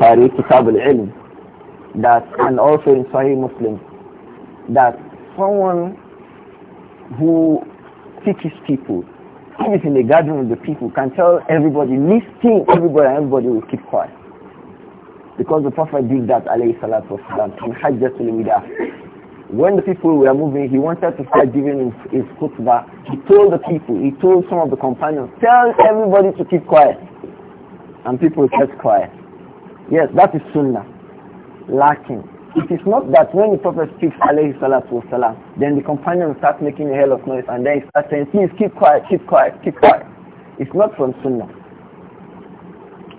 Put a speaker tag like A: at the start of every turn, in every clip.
A: Bukhari, Kitab al-Ilm, that, and also in Sahih Muslim, that someone who teaches people, is in the garden of the people, can tell everybody, listen everybody, everybody will keep quiet. Because the Prophet did that, alayhi salatu wasalam, in Hajjatul Wida. When the people were moving, he wanted to start giving his, his khutbah. He told the people, he told some of the companions, tell everybody to keep quiet. And people kept quiet. Yes, that is sunnah. Lacking. It is not that when the Prophet speaks, alayhi salatu wasalam, then the companion starts making a hell of noise and then he starts saying, please keep quiet, keep quiet, keep quiet. It's not from sunnah.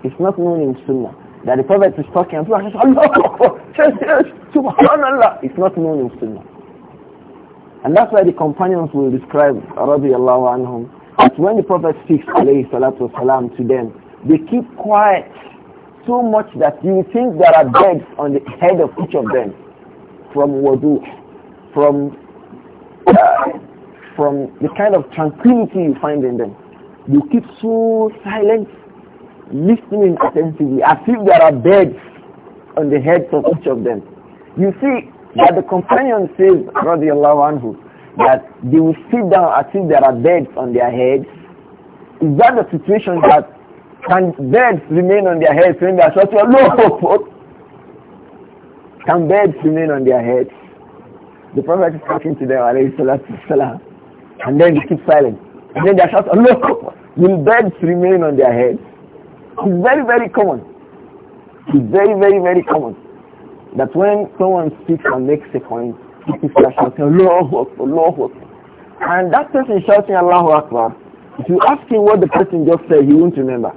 A: It's not known in sunnah that the Prophet is talking and people Allah, subhanallah. It's not known in Sunnah. And that's why the companions will describe, radiallahu anhum, that when the Prophet speaks, alayhi salatu wasalam, to them, they keep quiet so much that you think there are beds on the head of each of them from wudu, from uh, from the kind of tranquility you find in them. You keep so silent, listening attentively, as if there are beds on the heads of each of them. You see that the companion says, radiallahu anhu, that they will sit down as if there are beds on their heads. Is that the situation that can beds remain on their heads when they are shouting,
B: no!
A: Can beds remain on their heads? The Prophet is talking to them, alayhi salatu and then they keep silent. And then they are shouting, no! Will beds remain on their heads? It's very, very common. It's very, very, very common that when someone speaks and makes a point, people start shouting, Allahu Akbar, Allahu Akbar. And that person shouting Allahu Akbar, if you ask him what the person just said, he won't remember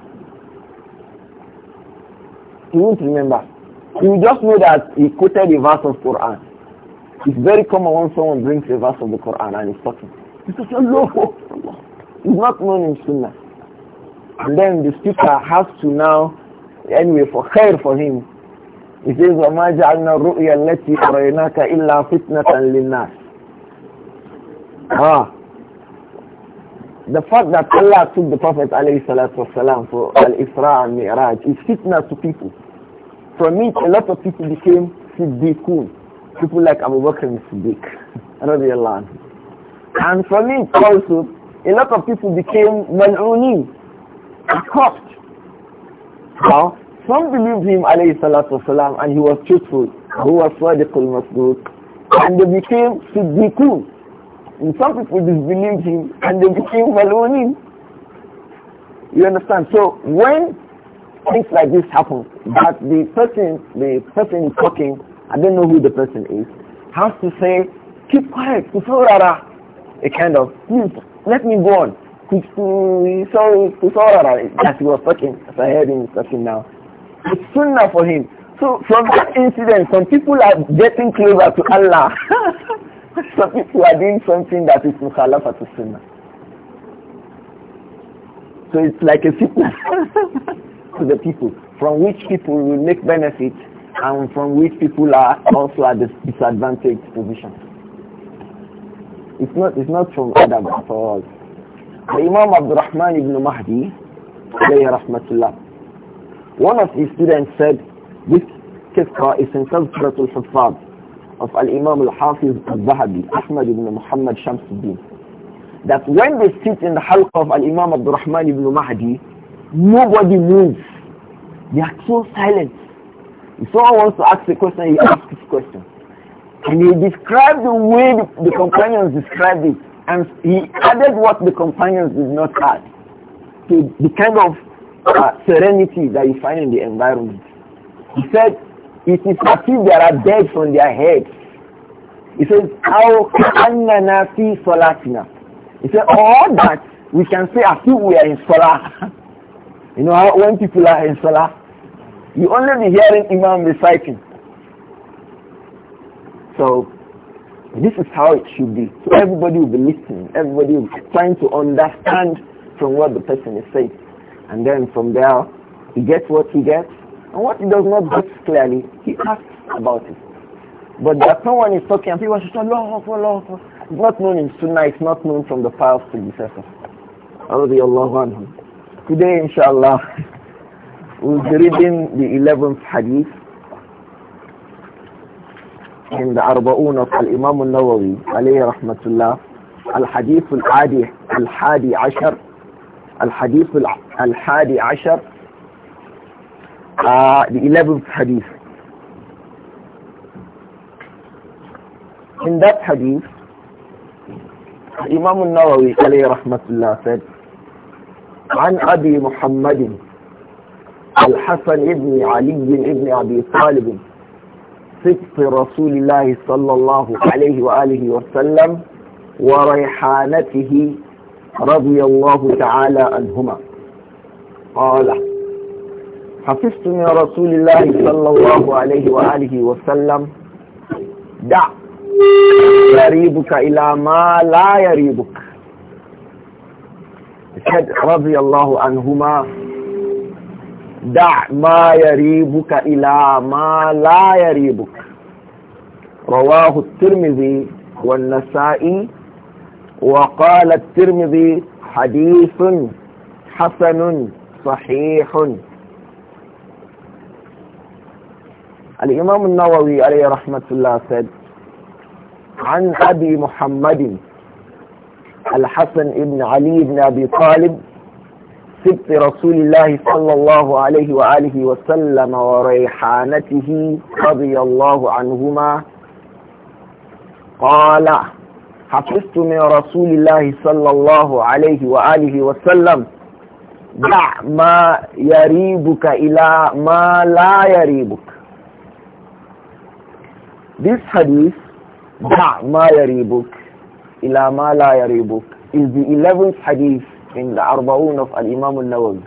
A: he won't remember. He will just know that he quoted a verse of Quran. It's very common when someone brings a verse of the Quran and he's talking. He says, a Allah. He's not known in Sunnah. And then the speaker has to now, anyway, for khair for him. He says, وَمَا جَعَلْنَا الرُّؤْيَا الَّتِي أَرَيْنَاكَ إِلَّا فِتْنَةً لِلنَّاسِ Ah. The fact that Allah took the Prophet ﷺ for Al-Isra and Mi'raj is fitna to people. From it, a lot of people became Siddiqun. People like Abu Bakr and Siddiq. And from it also, a lot of people became Mal'uni, cursed. Now, some believed him, alayhi salatu wasalam, and he was truthful. He was Sadiqul Masduq. And they became Siddiqun. And some people disbelieved him, and they became Mal'uni. You understand? So when things like this happen but the person the person talking I don't know who the person is has to say keep quiet kusorara a kind of please let me go on kusorara mm, that he was talking as I heard him talking now it's sunnah for him so from that incident some people are getting closer to Allah some people are doing something that is mukhalafa to sunnah so it's like a sickness to the people from which people will make benefit and from which people are also at the disadvantaged position. It's not, it's not from Adam at all. The Imam Abdul Rahman ibn Mahdi, one of his students said, this qisqa is in Tazkirat al-Huffaz of Al-Imam al-Hafiz al-Zahabi, Ahmad ibn Muhammad Shamsuddin, that when they sit in the halqa of Al-Imam Abdul Rahman ibn Mahdi, Nobody moves. They are so silent. If someone wants to ask a question, he asks this question. And he described the way the, the companions described it. And he added what the companions did not add. To the kind of uh, serenity that you find in the environment. He said, it is as if there are birds on their heads. He says, how fi solatina? He said, all that we can say as if we are in solar." You know how when people are in Salah, you only be hearing Imam reciting. So this is how it should be. So everybody will be listening. Everybody will be trying to understand from what the person is saying. And then from there, he gets what he gets. And what he does not get clearly, he asks about it. But that no one is talking and people should say, Allah, Allah, Allah. It's not known in Sunnah, it's not known from the Allah, Allah, Allah Today, inshallah, we'll be reading the 11th hadith in the Arba'un of Al-Imam al-Nawawi, alayhi rahmatullah, Al-Hadith al-Adi, Al-Hadi Ashar, Al-Hadith al-Hadi Ashar, uh, the 11th hadith. In that hadith, Imam al-Nawawi, alayhi rahmatullah, said, عن أبي محمد الحسن بن علي بن أبي طالب صدق رسول الله صلى الله عليه وآله وسلم وريحانته رضي الله تعالى عنهما قال حفظت يا رسول الله صلى الله عليه وآله وسلم دع يريبك إلى ما لا يريبك said الله عنهما دع ما يريبك إلى ما لا يريبك رواه الترمذي والنسائي وقال الترمذي حديث حسن صحيح الإمام النووي عليه رحمة الله said عن أبي محمد الحسن بن علي بن أبي طالب سبت رسول الله صلى الله عليه وآله وسلم وريحانته رضي الله عنهما قال حفظت من رسول الله صلى الله عليه وآله وسلم دع ما يريبك إلى ما لا يريبك This hadith دع ما يريبك إلى ما لا يريبك is the 11th hadith in the Arba'un of Al-Imam Al-Nawawi.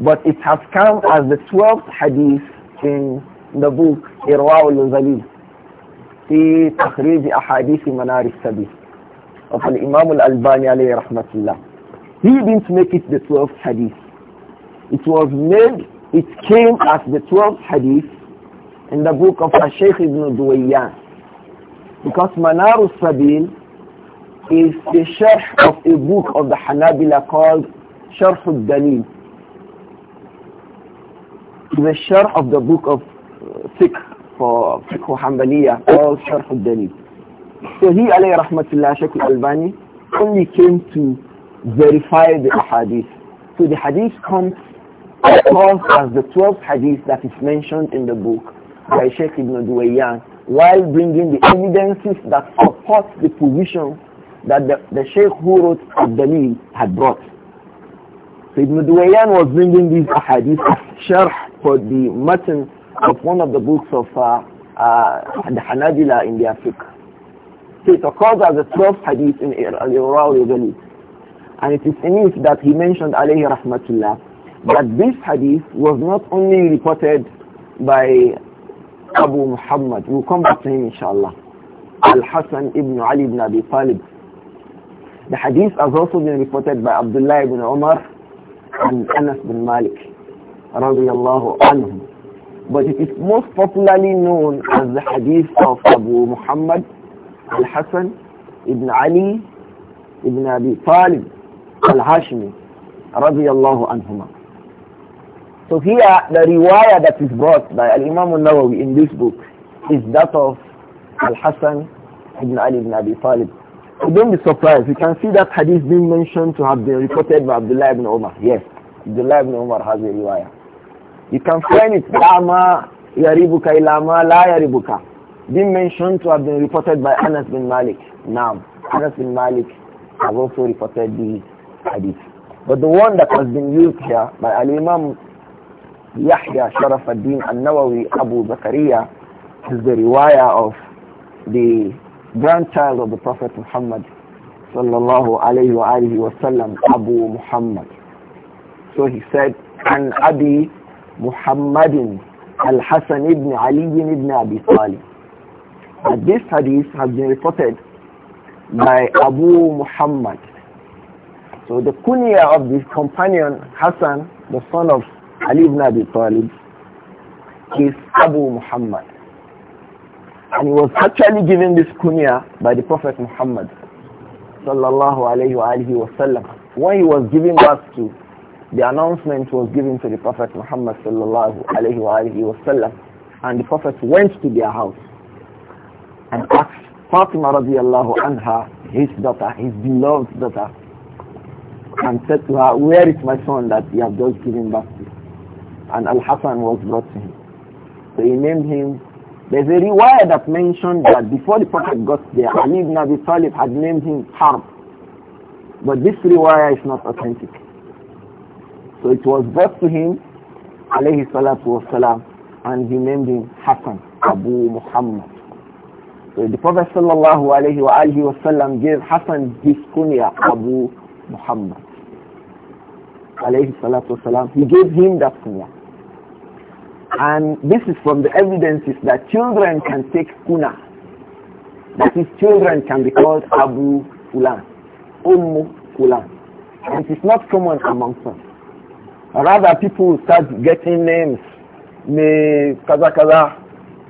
A: But it has come as the 12th hadith in the book Irwa al-Ghazali في تخريج أحاديث منار السبيل of Al-Imam Al-Albani عليه رحمة الله. He didn't make it the 12th hadith. It was made, it came as the 12th hadith in the book of Al-Sheikh Ibn Duwayyan. Because Manaru Sabil is the sharh of a book of the Hanabila called Sharh al-Dalil. The sharh of the book of uh, Fiqh for Fiqh Hanbaliya called Sharh al-Dalil. So he, alayhi rahmatullah, Shaykh al-Albani, only came to verify the hadith. So the hadith comes course as the 12th hadith that is mentioned in the book by Sheikh Ibn Duwayyan while bringing the evidences that support the position that the, the Sheikh who wrote Abdali had brought. So Ibn Duwayyan was bringing these hadiths sharh for the matan of one of the books of uh, uh, the Hanabila in the fiqh. So it occurs as the 12th hadith in Al-Iraw al And it is in it that he mentioned alayhi rahmatullah that this hadith was not only reported by Abu Muhammad, we'll come back to him inshallah, Al-Hasan ibn Ali ibn Abi Talib. The hadith has also been reported by Abdullah ibn Umar and Anas bin Malik radiyallahu anhum. But it is most popularly known as the hadith of Abu Muhammad Al-Hasan ibn Ali ibn Abi Talib Al-Hashmi الله anhumah. So here, the riwayah that is brought by Al-Imam al-Nawawi in this book is that of Al-Hassan ibn Ali ibn Abi Talib. So don't be surprised. You can see that hadith being mentioned to have been reported by Abdullah ibn Umar. Yes, Abdullah ibn Umar has a riwayah. You can find it, Lama yaribuka ilama la yaribuka. Being mentioned to have been reported by Anas bin Malik. Now, Anas bin Malik has also reported the hadith. But the one that has been used here by Al-Imam Yahya Sharaf ad-Din al-Nawawi Abu Zakaria is the riwayah of the grandchild of the Prophet Muhammad sallallahu alayhi wa alihi wa sallam, Abu Muhammad. So he said, An Abi Muhammadin al-Hasan ibn Ali ibn Abi Talib. And this hadith has been reported by Abu Muhammad. So the kunya of this companion, Hassan, the son of Ali ibn Abi Talib is Abu Muhammad. And he was actually given this kunya by the Prophet Muhammad sallallahu alayhi wa alihi wa When he was giving birth to, the announcement was given to the Prophet Muhammad sallallahu alayhi wa alihi wa And the Prophet went to their house and asked Fatima radiallahu anha, his daughter, his beloved daughter, and said to her, where is my son that you have just given birth to? and Al-Hasan was brought to him. So he named him. There's a riwayah that mentioned that before the Prophet got there, Ali ibn Abi Talib had named him Harb. But this riwayah is not authentic. So it was brought to him, alayhi salatu wasalam, and he named him Hassan, Abu Muhammad. So the Prophet sallallahu alayhi wa alihi wasallam gave Hassan his kunya, Abu Muhammad. Alayhi salatu wasalam. He gave him that kunya. And this is from the evidences that children can take kuna. That is, children can be called Abu Fulan, Ummu Fulan. And it is not common amongst us. Rather, people start getting names. Me kaza kaza,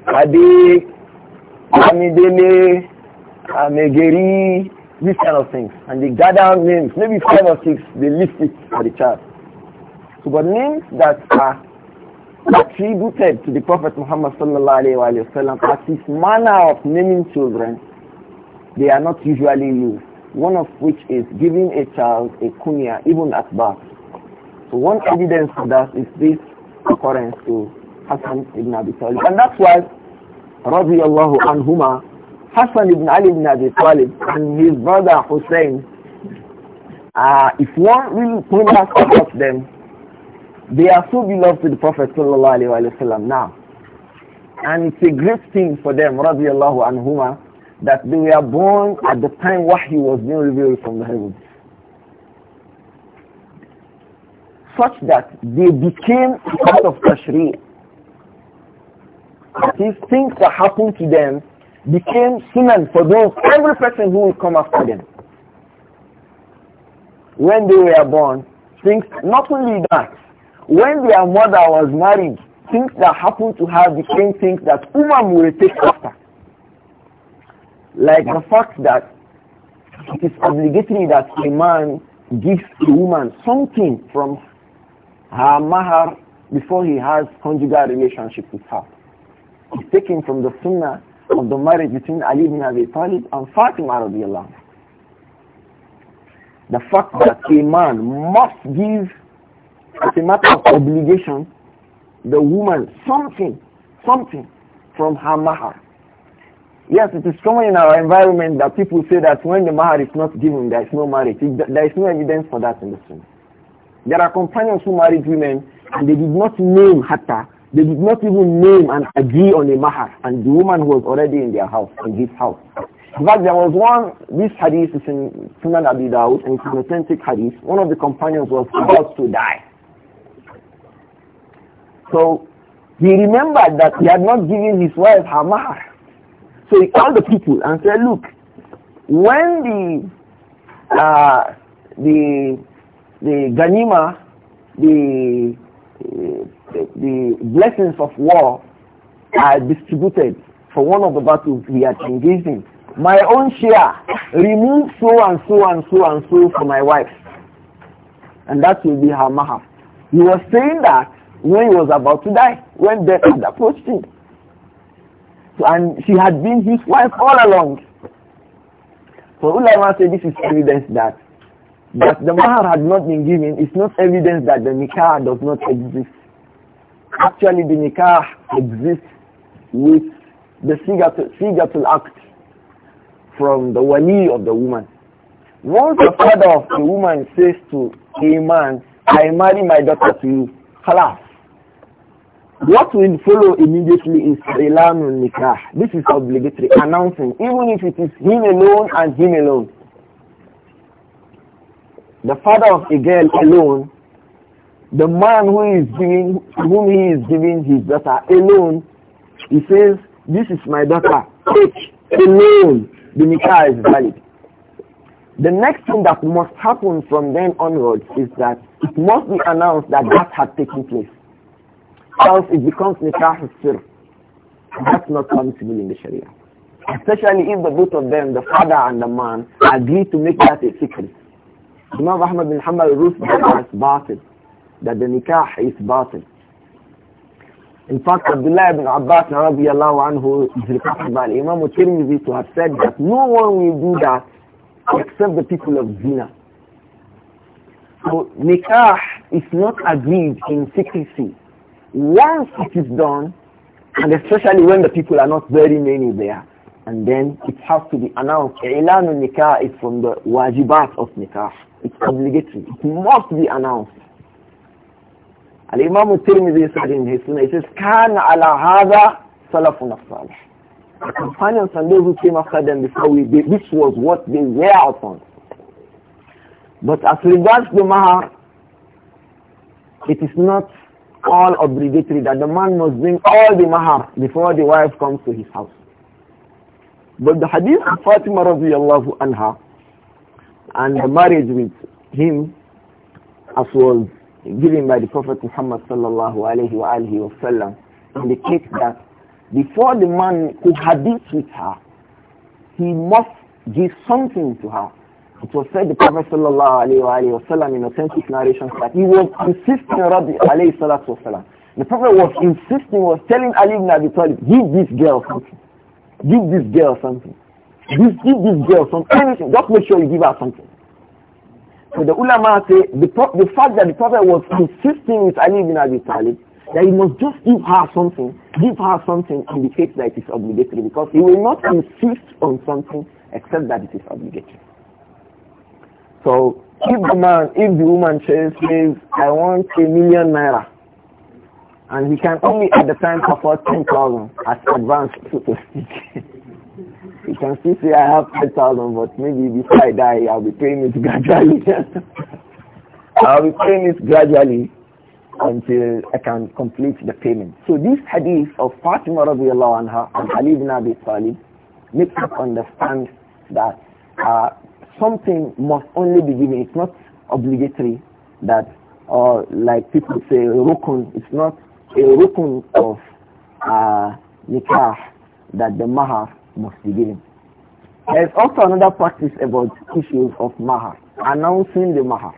A: Adi, Amidele, Amegeri, these kind of things. And they gather names, maybe five or six, they list it for the child. So, but names that are attributed to the Prophet Muhammad wasallam as his manner of naming children, they are not usually used. One of which is giving a child a kunya even at birth. So one evidence for that is this occurrence to Hassan ibn Abi Talib. And that's why radiallahu anhuma Hassan ibn Ali ibn Abi Talib and his brother Hussein uh, if one really us about them they are so beloved to the Prophet sallallahu alaihi wasallam now. And it's a great thing for them, radiallahu anhuma, that they were born at the time Wahy was being revealed from the heavens. Such that they became part of Tashri. These things that happened to them became sunan for those, every person who will come after them. When they were born, things, not only that, when their mother was married, things that happened to her became things that Umam will take after. Like the fact that it is obligatory that a man gives a woman something from her mahar before he has conjugal relationship with her. It's taken from the sunnah of the marriage between Ali ibn Abi Talib and Fatima radiallahu The fact that a man must give as a matter of obligation, the woman something, something from her mahar. Yes, it is common in our environment that people say that when the mahar is not given, there is no marriage. It, there is no evidence for that in the Sunnah. There are companions who married women and they did not name hatta. They did not even name and agree on a mahar. And the woman was already in their house, in his house. In fact, there was one, this hadith is in Sunan Abi Dawud, and it's an authentic hadith. One of the companions was about to die. So he remembered that he had not given his wife her mahar. So he called the people and said, look, when the, uh, the, the ganima, the, the, the blessings of war are distributed for one of the battles we had engaged in, my own share, remove so and so and so and so for my wife. And that will be her mahar. He was saying that when he was about to die, when death had approached him. So, and she had been his wife all along. So Ulama said this is evidence that that the mahar had not been given is not evidence that the nikah does not exist. Actually, the nikah exists with the sigatul, act from the wali of the woman. Once the father of the woman says to a man, I marry my daughter to you, halas, what will follow immediately is Rilanun Nikah. This is obligatory, announcing, even if it is him alone and him alone. The father of a girl alone, the man who is giving, whom he is giving his daughter alone, he says, this is my daughter, take alone, the Nikah is valid. The next thing that must happen from then onwards is that it must be announced that that had taken place else it becomes nikah sir. That's not permissible in the Sharia. Especially if the both of them, the father and the man, agree to make that a secret. Imam Ahmad bin Hanbal rules that as batil, that the nikah is batil. In fact, Abdullah ibn Abbas radiallahu anhu is reported by Imam Tirmidhi to have said that no one will do that except the people of Zina. So nikah is not agreed in secrecy. Once it is done, and especially when the people are not very many there, and then it has to be announced. Ilanun nikah is from the wajibat of nikah. It's obligatory. It must be announced. Al-Imam al-Tirmidhi said in his sunnah, he says, "Kan ala هَذَا سَلَفُنَا الصَّالِحِ The companions and those who came after them before we, they, this was what they were upon. But as regards the maha, it is not all obligatory that the man must bring all the mahar before the wife comes to his house. But the hadith of Fatima radiallahu anha and the marriage with him as was given by the Prophet Muhammad sallallahu alayhi wa alihi wa sallam indicates that before the man could hadith with her, he must give something to her it was said the Prophet wasallam in authentic narrations that he was insisting Rabbi alayhi salatu wasallam. The Prophet was insisting, was telling Ali ibn Abi Talib, give this girl something. Give this girl something. Give, give this girl something. Anything. Just make sure you give her something. So the ulama say the, the fact that the Prophet was insisting with Ali ibn Abi Talib that he must just give her something, give her something indicates that it is obligatory because he will not insist on something except that it is obligatory. So if the man, if the woman says, says I want a million naira, and he can only at the time afford 10,000 as advance, so to speak. he can still say, I have 10,000, but maybe before I die, I'll be paying it gradually. I'll be paying it gradually until I can complete the payment. So this hadith of Fatima radiallahu anha and Ali ibn Abi Talib makes us understand that uh, something must only be given. It's not obligatory that, uh, like people say, rukun, it's not a rukun of uh, nikah that the mahar must be given. There's also another practice about issues of mahar, announcing the mahar.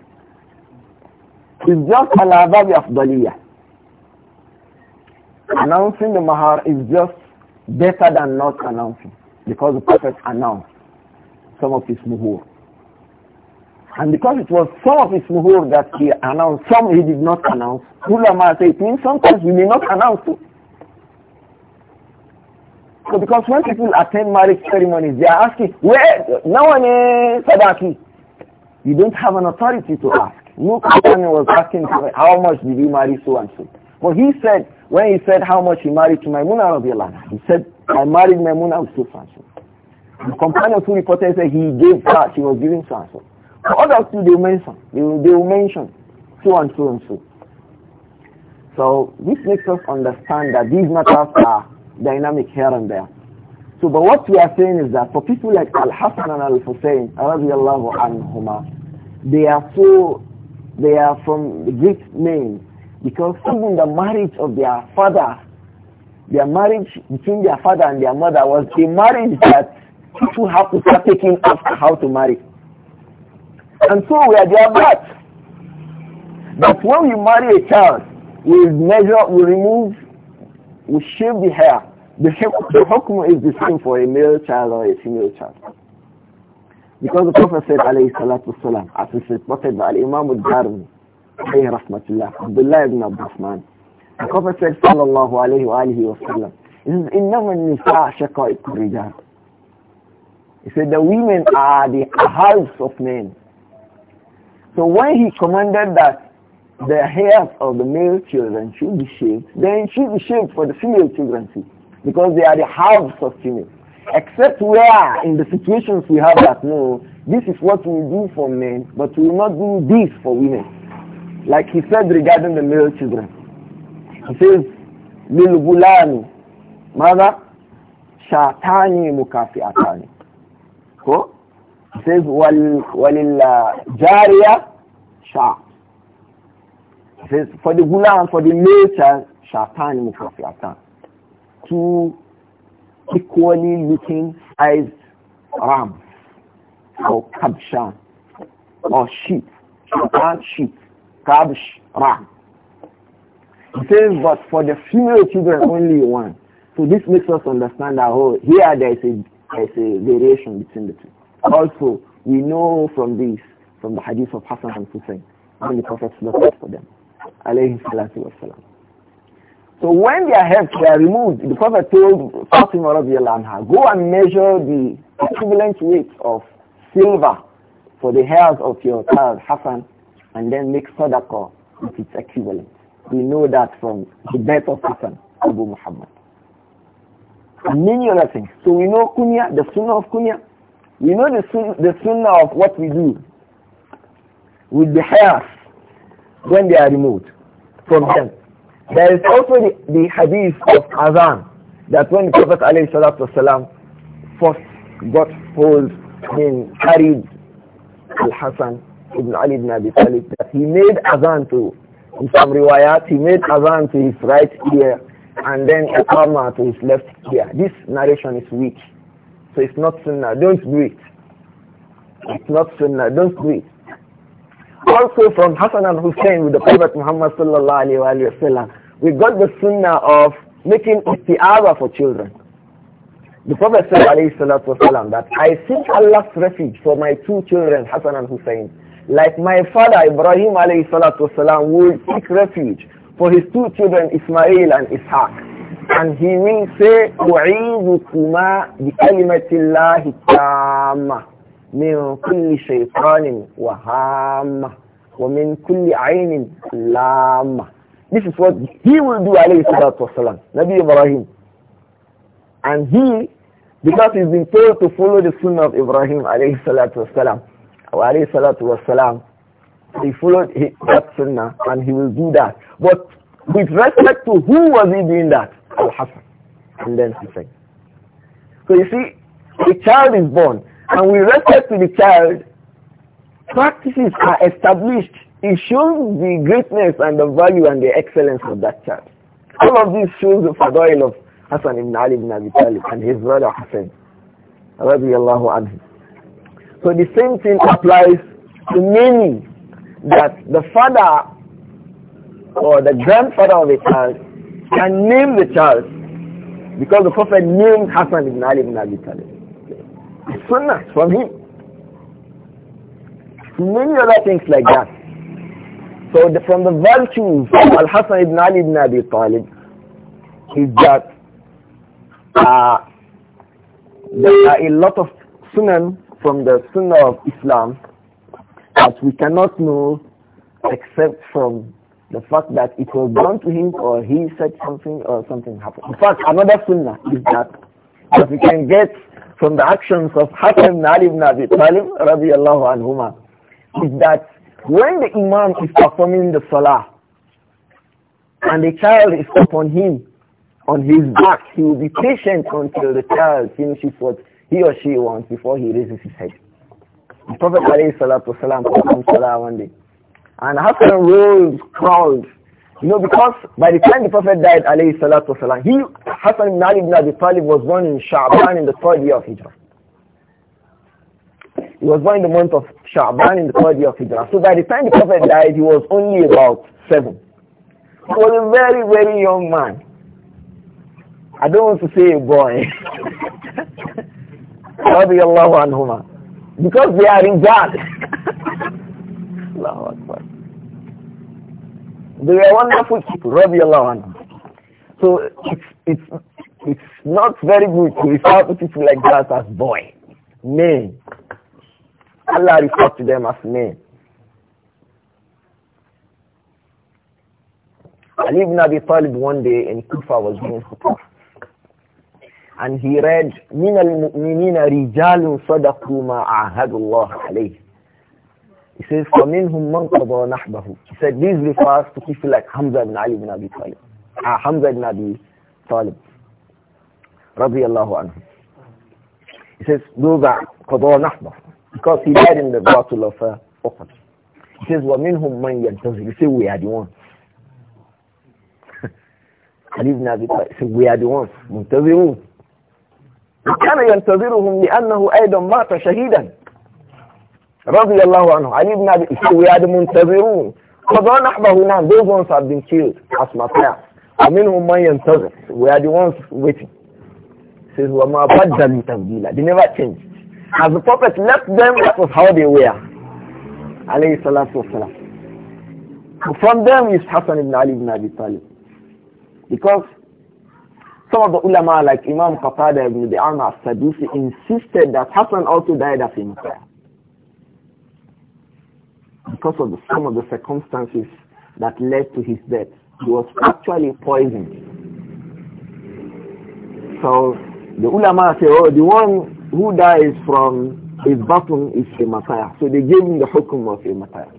A: It's just al of daliyah. Announcing the mahar is just better than not announcing because the Prophet announced some of his muhur. And because it was some of his muhur that he announced, some he did not announce, ulama say it means sometimes we may not announce too. So because when people attend marriage ceremonies, they are asking, where, now one sadaki. You don't have an authority to ask. No companion was asking, how much did you marry so and so? But he said, when he said how much he married to Maimuna, he said, I married Maimuna with so and so. The companions who reported said he gave that, he was giving so and so. For others too, they will mention, they will, they will mention so and so and so. So this makes us understand that these matters are dynamic here and there. So but what we are saying is that for people like Al-Hassan and Al-Hussein, radiallahu anhuma, they are so, they are from the great name because even the marriage of their father, their marriage between their father and their mother was a marriage that people have to start taking after how to marry. And so we are there that. But when we marry a child, we measure, we remove, we shave the hair. The, the hukum is the same for a male child or a female child. Because the Prophet said, alayhi salatu wasalam, as is reported by Imam al-Darmi, alayhi rahmatullah, Abdullah ibn Abbasman, the Prophet said, sallallahu alayhi wa alihi wa sallam, إنما النساء شقائق he said the women are the halves of men. So when he commanded that the hairs of the male children should be shaved, then it should be shaved for the female children too, because they are the halves of females. Except where in the situations we have that no, this is what we do for men, but we will not do this for women. Like he said regarding the male children. He says, Lil mother, Shatani Mukafi Atani. Ko? It says, وَلِلْ جَارِيَ شَعْ says, for the gula and for the nature, shatan mukaflatan. Two equally looking sized rams or kabsha or sheep. Shatan sheep. Kabsh ram. It says, but for the female children, only one. So this makes us understand that oh, here there is a there's a variation between the two. Also, we know from this, from the hadith of Hassan and Hussein, when the Prophet slaughtered for them. Alayhi salatu wasalam. So when their heads were removed, the Prophet told Fatima radiallahu anha, go and measure the equivalent weight of silver for the hairs of your child Hassan and then make sadaqah with its equivalent. We know that from the death of Hassan, Abu Muhammad and many other things. So we know kunya, the sunnah of kunya. We know the, sun, the sunnah of what we do with the hairs when they are removed from them. There is also the, the hadith of Azan that when the Prophet والسلام, first got hold and carried Al-Hassan ibn Ali ibn Abi Talib that he made Azan to, in some riwayat, he made Azan to his right ear and then a comma to his left here. This narration is weak. So it's not sunnah. Don't do it. It's not sunnah. Don't do it. Also from Hassan and Hussein with the Prophet Muhammad sallallahu alayhi wa we got the sunnah of making isti'aba for children. The Prophet said alayhi salatu wasalam, that I seek Allah's refuge for my two children, Hassan and Hussein. Like my father Ibrahim alayhi salatu wasalam would seek refuge for his two children, Ismail and Ishaq. And he will say, أعيذكما بكلمة الله التامة من كل شيطان وهامة ومن كل عين لامة. This is what he will do alayhi salatu wasalam, Nabi Ibrahim. And he, because he's been told to follow the sunnah of Ibrahim alayhi salatu wasalam, alayhi salatu wasalam, he followed that sunnah and he will do that. But with respect to who was he doing that? al Hassan? And then said, So you see, a child is born, and with respect to the child, practices are established. It shows the greatness and the value and the excellence of that child. All of this shows the fadail of Hassan ibn Ali ibn Abi Talib and his brother Hassan. Radiallahu anhu. So the same thing applies to many that the father or the grandfather of a child can name the child because the Prophet named Hassan ibn Ali ibn Abi Talib. It's sunnah from him. Many other things like that. So the, from the virtues of Al-Hassan ibn Ali ibn Abi Talib is that uh, there are a lot of sunnah from the sunnah of Islam that we cannot know except from the fact that it was done to him or he said something or something happened. In fact, another sunnah is that that we can get from the actions of Hassan Ali ibn Abi Talib radiallahu anhuma is that when the imam is performing the salah and the child is upon him, on his back, he will be patient until the child finishes what he or she wants before he raises his head. The Prophet ﷺ performed salah one day. And Hassan rose crowns. You know, because by the time the Prophet died, alayhi salatu wasalam, he, Hassan ibn Ali ibn Abi Talib was born in Sha'ban in the third year of Hijrah. He was born in the month of Sha'ban in the third year of Hijrah. So by the time the Prophet died, he was only about seven. He was a very, very young man. I don't want to say a boy. anhuma. because they are in God. Allahu Akbar. They were wonderful people, Rabbi anhu. So it's, it's, it's not very good to refer to people like that as boy, men. Allah refers to them as men. Ali ibn Abi Talib one day in Kufa was giving khutbah. And he read, مِنَ الْمُؤْمِنِينَ رِجَالٌ صَدَقُوا مَا عَهَدُ اللَّهُ عَلَيْهِ He says, فَمِنْهُمْ مَنْ قَضَى نَحْبَهُ He said, these refers to people like Hamza ibn Ali ibn Abi Talib. Ah, Hamza ibn Abi Talib. رضي الله عنه. He says, those are قَضَى نَحْبَهُ Because he died in the battle of uh, Uhud. He says, وَمِنْهُمْ مَنْ يَنْتَزِلُ He says, we are the ones. Ali ibn Abi Talib said, we are the ones. مُنْتَظِرُونَ وكان ينتظرهم لأنه أيضا مات شهيدا رضي الله عنه علي ibn Abi we are the منتظرون قضاء نحبه now those ones have been killed as my prayer ومنهم من ينتظر we are the ones waiting says وما بدلوا تبديلا they never changed as the prophet left them that was how they were عليه الصلاة والسلام from them is Hassan ibn Ali ibn Abi Talib because some of the ulama like Imam Qatada ibn Da'ama al-Sadusi insisted that Hassan also died as a Messiah because of the, some of the circumstances that led to his death. He was actually poisoned. So the ulama say, oh, the one who dies from his batun is a matayah. So they gave him the hukum of a matayah.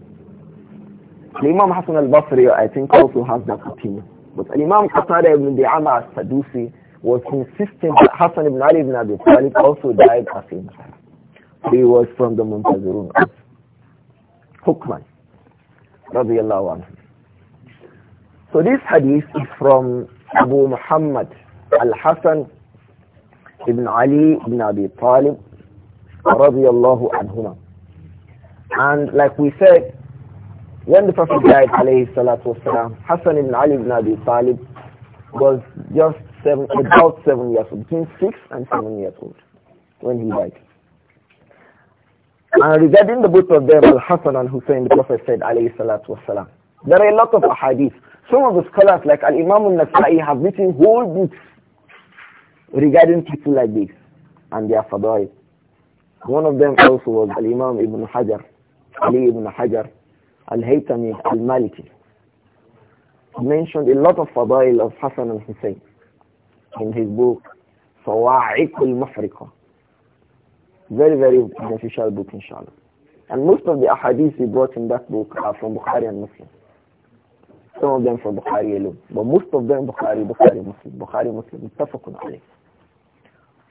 A: The Imam Hassan al-Basri, I think, also has that opinion. But Imam Qatada ibn Di'ama al-Sadusi was insisting that Hassan ibn Ali ibn Abi Talib also died as a He was from the Muntazirun. Hukman. So this hadith is from Abu Muhammad al-Hasan ibn Ali ibn Abi Talib radiyallahu anhuma. And like we said, when the Prophet died alayhi salatu wasalam, Hassan ibn Ali ibn Abi Talib was just seven, about seven years old, between six and seven years old when he died. And regarding the both of them, Al-Hassan and Hussein, the Prophet said, alayhi salatu wasalam, there are a lot of ahadith. Some of the scholars like Al-Imam al-Nasai have written whole books regarding people like this and their fadail. One of them also was Al-Imam Ibn Hajar, Ali Ibn Hajar, Al-Haytami Al-Maliki. He mentioned a lot of fadail of Hassan and Hussein in his book, Sawa'iq al-Mufriqah. Very, very beneficial book, inshallah. And most of the ahadith we brought in that book are from Bukhari and Muslim. Some of them from Bukhari alone. But most of them Bukhari, Bukhari, Muslim, Bukhari, Muslim, Muttafaqun alayh.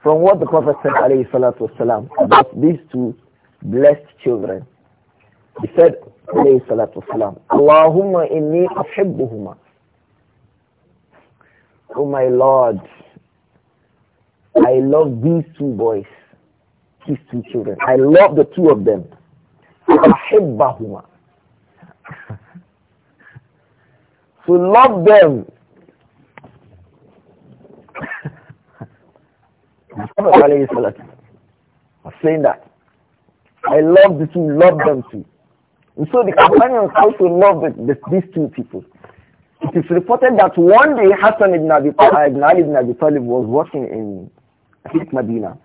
A: From what the Prophet said alayhi salatu wasalam about these two blessed children, he said alayhi salatu wasalam, Allahumma inni afhibbuhuma. Oh my Lord, I love these two boys his two children. I love the two of them. so love them. I'm saying that. I love the two, love them too. And so the companions also loved the, the, these two people. It is reported that one day Hassan ibn Abi, ibn Ali ibn Abi Talib was walking in, I think, Medina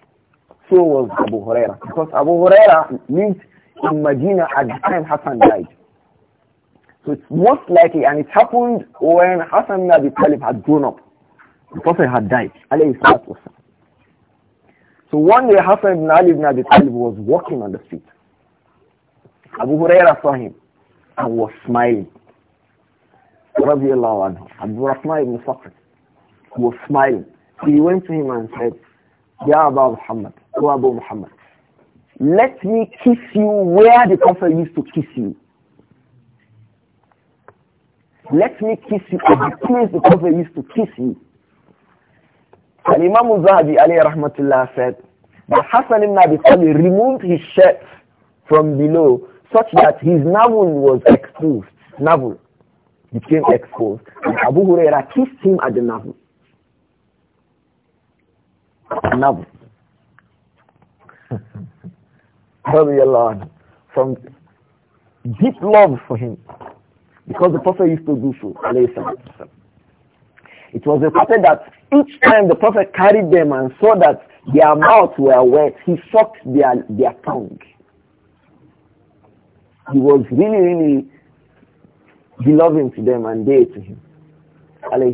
A: so was Abu Huraira. Because Abu Huraira lived in Medina at the time Hassan died. So it's most likely, and it happened when Hassan ibn Abi Talib had grown up. The Prophet had died. So one day Hassan ibn Ali ibn Abi Talib was walking on the street. Abu Huraira saw him and was smiling. Radiallahu anhu. Abu Rahman ibn Fakr was smiling. So he went to him and said, Ya Abu Muhammad, Abu Muhammad, let me kiss you where the Prophet used to kiss you. Let me kiss you at the place the Prophet used to kiss you. And Imam Zahabi alayhi rahmatullah said But Hassan ibn Abi Talib removed his shirt from below such that his navel was exposed. Navel became exposed. And Abu Huraira kissed him at the navel. Navel. from deep love for him. Because the Prophet used to do so. It was reported that each time the Prophet carried them and saw that their mouths were wet, he sucked their, their tongue. He was really, really beloved to them and dear to him. So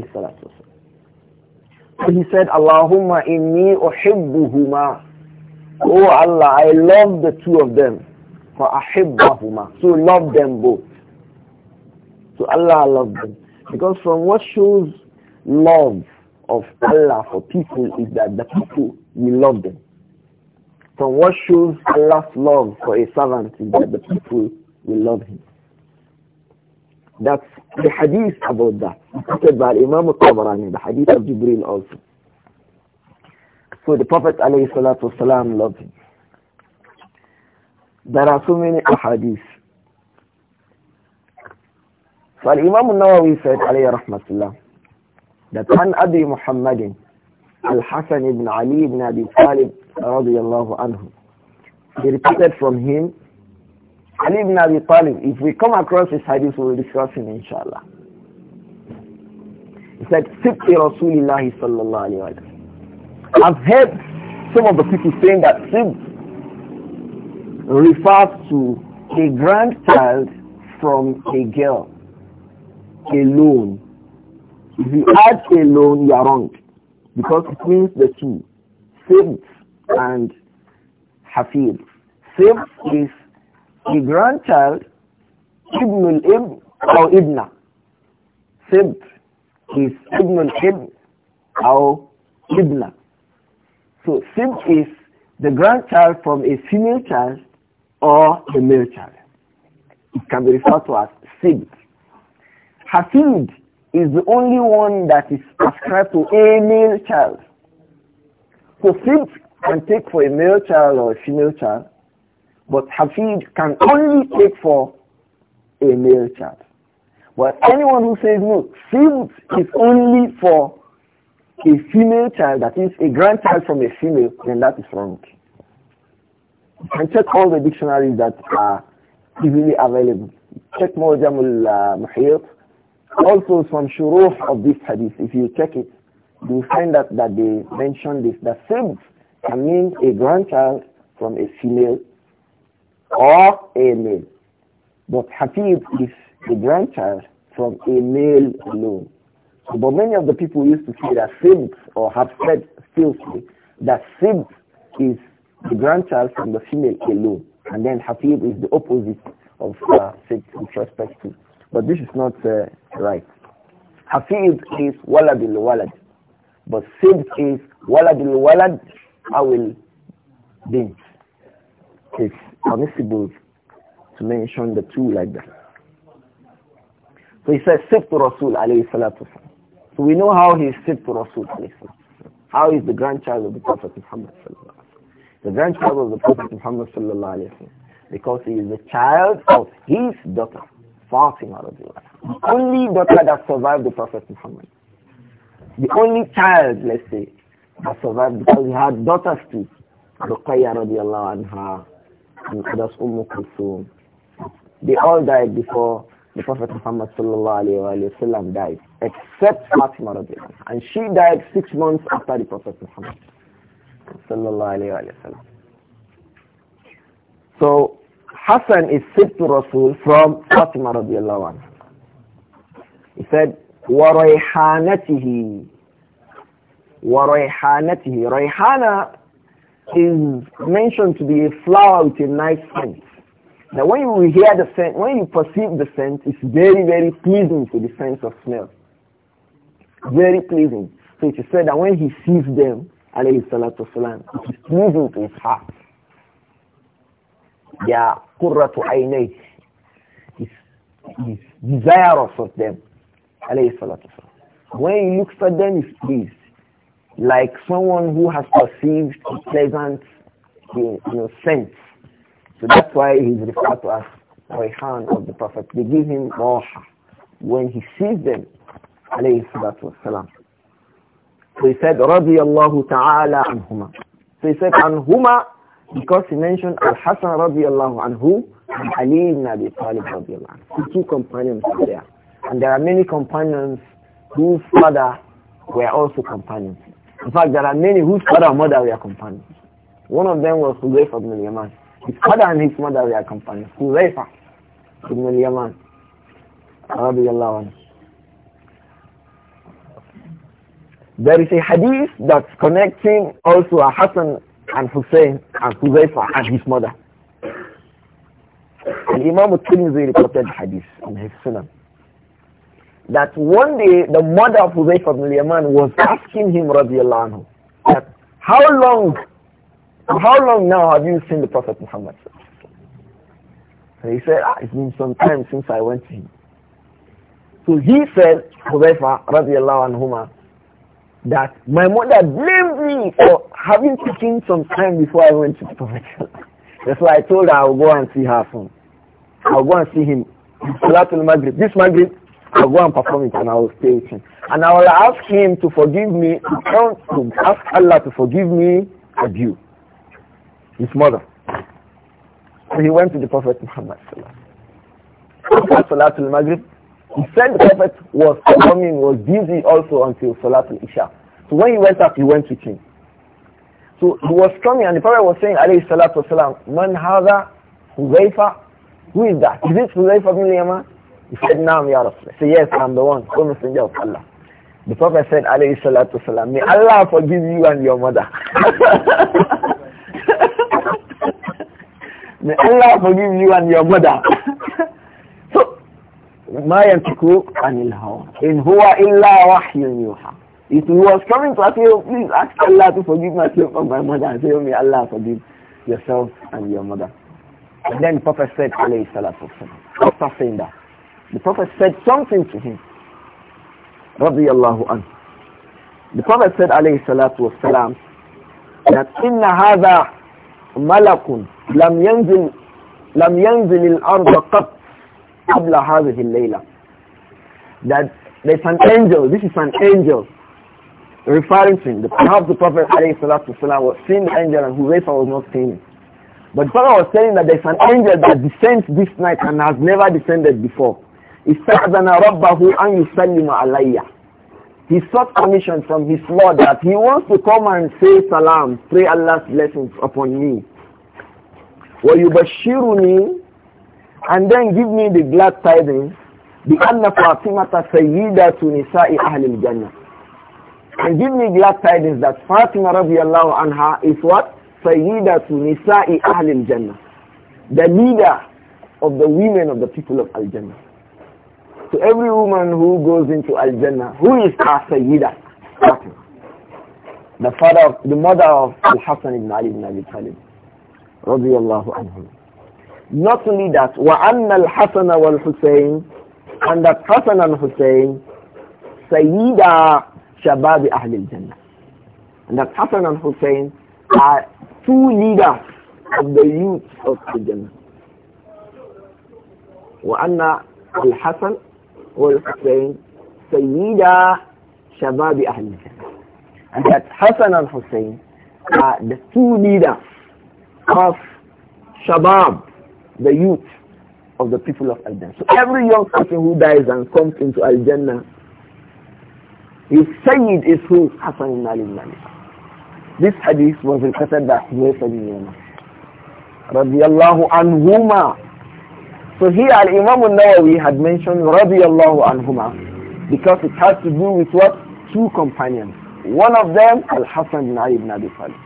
A: he said, Allahumma inni uhibbuhuma Oh Allah, I love the two of them. فَأَحِبَّهُمَا So love them both. So Allah loves them. Because from what shows love of Allah for people is that the people will love them. From what shows Allah's love for a servant is that the people will love him. That's the hadith about that. Quoted by Imam al the hadith of Jibril also. So the Prophet والسلام, loved him. There are so many ahadith. So Imam nawawi said alayhi rahmatullah that an Abi Muhammadin al-Hasan ibn Ali ibn Abi Talib radiyallahu anhu. He repeated from him Ali ibn Abi Talib, if we come across this hadith, we will discuss him inshallah. He said, Sibti Rasulullah sallallahu alayhi wa sallam. I've heard some of the people saying that Sib refers to a grandchild from a girl alone. If you add alone, you are wrong because it means the two, Sib and "Hafid." Sib is a grandchild, Ibn al-Ibn or Ibna. Sib is Ibn al-Ibn or Ibna. So sim is the grandchild from a female child or a male child. It can be referred to as Sib. Hafid is the only one that is ascribed to a male child. So sim can take for a male child or a female child, but Hafid can only take for a male child. But anyone who says no, sim is only for a female child, that is a grandchild from a female, then that is wrong. can check all the dictionaries that are easily available. Check Mawjamul uh, Muhayyat. Also some shuruh of this hadith, if you check it, you will find out that they mention this. The same can mean a grandchild from a female or a male. But Hafiz is the grandchild from a male alone. But many of the people used to say that Sibs or have said still that Sibs is the grandchild from the female alone, and then Hafib is the opposite of uh, Sibs with respect to. But this is not uh, right. Hafib is waladil walad, but Sibs is waladil walad awil bint. It's permissible to mention the two like that. So he says, "Sift Rasul alayhi salatu wasalam. So we know how he is said to Rasul How is the grandchild of the Prophet Muhammad The grandchild of the Prophet Muhammad because he is the child of his daughter, Fatima The only daughter that survived the Prophet Muhammad. The only child, let's say, that survived because he had daughters too. Ruqayya radiallahu anha and others, Umm Kulthum. They all died before the Prophet Muhammad وسلم died, except Fatima and she died six months after the Prophet Muhammad So Hassan is said to Rasul from Fatima radiallahu anha. He said, وَرَيْحَانَتِهِ وَرَيْحَانَتِهِ Rayhana is mentioned to be a flower with a nice scent. Now when you hear the scent, when you perceive the scent, it's very, very pleasing to the sense of smell. Very pleasing. So it is said that when he sees them, alayhi salatu salam, it is pleasing to his heart. Ya qurratu aynay. he's his desirous of them, alayhi salatu salam. When he looks at them, he's pleased. Like someone who has perceived a pleasant you know, sense so that's why he's referred to as Rayhan of the Prophet. They give him Roha when he sees them, alayhi salatu wasalam. So he said, radiyallahu ta'ala anhuma. So he said, anhuma, because he mentioned Al-Hasan radiyallahu anhu, and Ali ibn Abi Talib radiyallahu anhu. Two companions there. And there are many companions whose father were also companions. In fact, there are many whose father and mother were companions. One of them was Hudayf ibn al-Yaman. His father and his mother were companions. Huzaifa ibn al-Yaman. There is a hadith that's connecting also Hassan and Hussein and Huzaifa and his mother. And Imam al-Tirmidhi reported hadith on his sunan that one day the mother of Huzayf ibn Yaman was asking him radiallahu anhu that how long how long now have you seen the Prophet Muhammad? And he said, ah, it's been some time since I went to him. So he said, Hudayfa radiallahu anhuma, that my mother blamed me for having taken some time before I went to the Prophet. That's why I told her I'll go and see her soon. I'll go and see him. Salatul Maghrib. This Maghrib, I'll go and perform it and I will stay with him. And I will ask him to forgive me, to ask Allah to forgive me a due his mother. So he went to the Prophet Muhammad After Salatul Maghrib, he said the Prophet was coming, was busy also until Salatul Isha. So when he went up, he went with him. So he was coming and the Prophet was saying, alayhi salatu wasalam, man hadha Huzaifa? Who is that? Is it Huzaifa bin Yaman? He said, Naam ya Rasul. He said, yes, I'm the one, O Messenger of Allah. The Prophet said, alayhi salatu wasalam, may Allah forgive you and your mother. May Allah forgive you and your mother. so, ما ينطق عن الهوى إن هو إلا وحي يوحى If he was coming to us, please ask Allah to forgive myself and my mother and say, oh, may Allah forgive yourself and your mother. And then the Prophet said, alayhi salatu After saying that, the Prophet said something to him. Radiallahu anhu. The Prophet said, alayhi salatu wasalam, that inna hadha malakun lam yanzil lam yanzil al-ard qat qabla hadhihi that there's an angel this is an angel referring to him the, perhaps the prophet alayhi salatu was seeing the angel and Huzaifa was not seeing it but Pharaoh was saying that there's an angel that descends this night and has never descended before. Istazana rabbahu an yusallima alayya he sought permission from his Lord that he wants to come and say salam, pray Allah's blessings upon me. you me, And then give me the glad tidings, the بِأَنَّ فَاطِمَةَ سَيِّدَةُ نِسَاءِ أَهْلِ Jannah, And give me glad tidings that Fatima radiallahu anha is what? سَيِّدَةُ نِسَاءِ أَهْلِ Jannah, The leader of the women of the people of Al-Jannah. So every woman who goes into Al-Jannah, who is her Sayyidah? The father of, the mother of Al-Hassan ibn Ali ibn Abi Talib. Radiallahu anhu. Not only that, وَأَنَّ الْحَسَنَ وَالْحُسَيْنِ And that Hassan and Hussein, Sayyida Shabab أَهْلِ al-Jannah. And that Hassan and Hussein are two leaders of the youth of the Jannah. وأن الحسن was saying, Sayyida Shababi Ahl And that Hassan al-Hussein are uh, the two leaders of Shabab, the youth of the people of Al-Jannah. So every young person who dies and comes into Al-Jannah, his Sayyid is who? Hassan ibn Ali This hadith was reported by Huwayf ibn Yama. رضي الله عنهما so here Al-Imam al-Nawawi had mentioned radiyallahu anhuma because it has to do with what? Two companions. One of them, Al-Hasan ibn Ali ibn Abi Talib.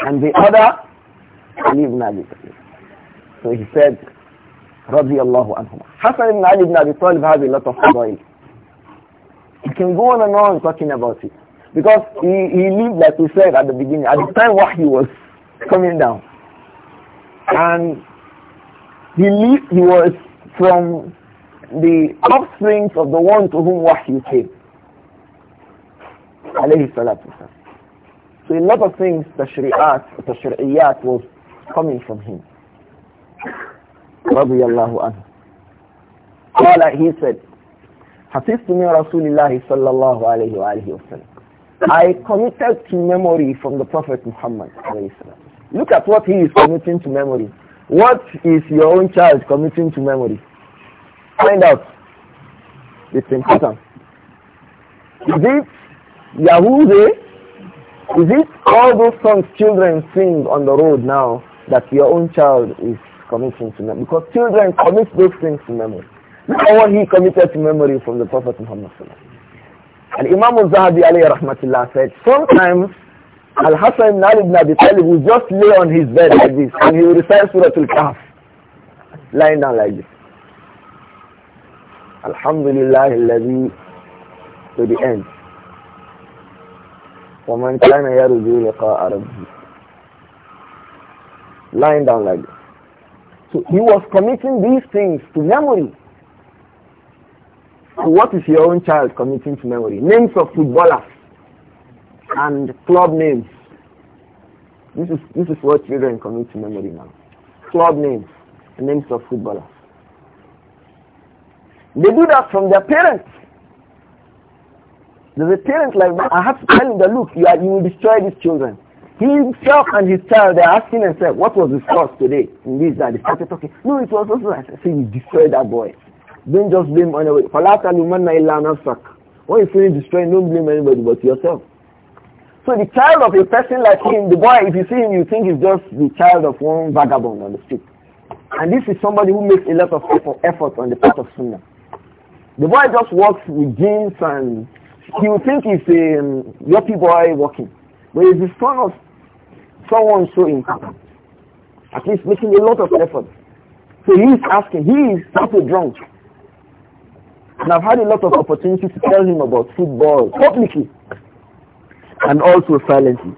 A: And the other, Ali ibn Abi Talib. So he said, radiyallahu anhuma. Hasan ibn Ali ibn Abi Talib has a lot of fadail. He can go on and on talking about it. Because he, he lived, like we said at the beginning, at the time when he was coming down. And he, lived, he was from the offspring of the one to whom wahy came. said salatu So a lot of things, tashri'at, tashri'iyat was coming from him. رضي الله عنه قال he said حفظت من رسول الله صلى الله عليه وآله وسلم I committed to memory from the Prophet Muhammad Look at what he is committing to memory what is your own child committing to memory? Find out. It's important. Is it Yahoo? Is it all those songs children sing on the road now that your own child is committing to memory? Because children commit those things to memory. Look at what he committed to memory from the Prophet Muhammad. And Imam al-Zahabi alayhi rahmatullah said, sometimes Al-Hassan ibn Ali ibn Abi Talib will just lay on his bed like this and he will recite Surah Al-Kahf lying down like this. Alhamdulillah الذي to the end. ومن كان يرجو لقاء ربه lying down like this. So he was committing these things to memory. So what is your own child committing to memory? Names of footballers and club names. This is, this is what children commit to memory now. Club names, names of footballers. They do that from their parents. There's a parent like that. I have to tell him that look, you, are, you will destroy these children. He himself and his child, they're asking themselves, what was the source today in this that they started talking? No, it was also, I said, you destroyed that boy. Don't just blame anybody. When you finish destroying, don't blame anybody but yourself. So the child of a person like him, the boy, if you see him, you think he's just the child of one vagabond on the street. And this is somebody who makes a lot of effort on the part of Sunnah. The boy just walks with jeans and he would think he's a um, yuppie boy walking. But he's the son of someone so important. At least making a lot of effort. So he's asking, he is not a drunk. And I've had a lot of opportunity to tell him about football publicly and also silently.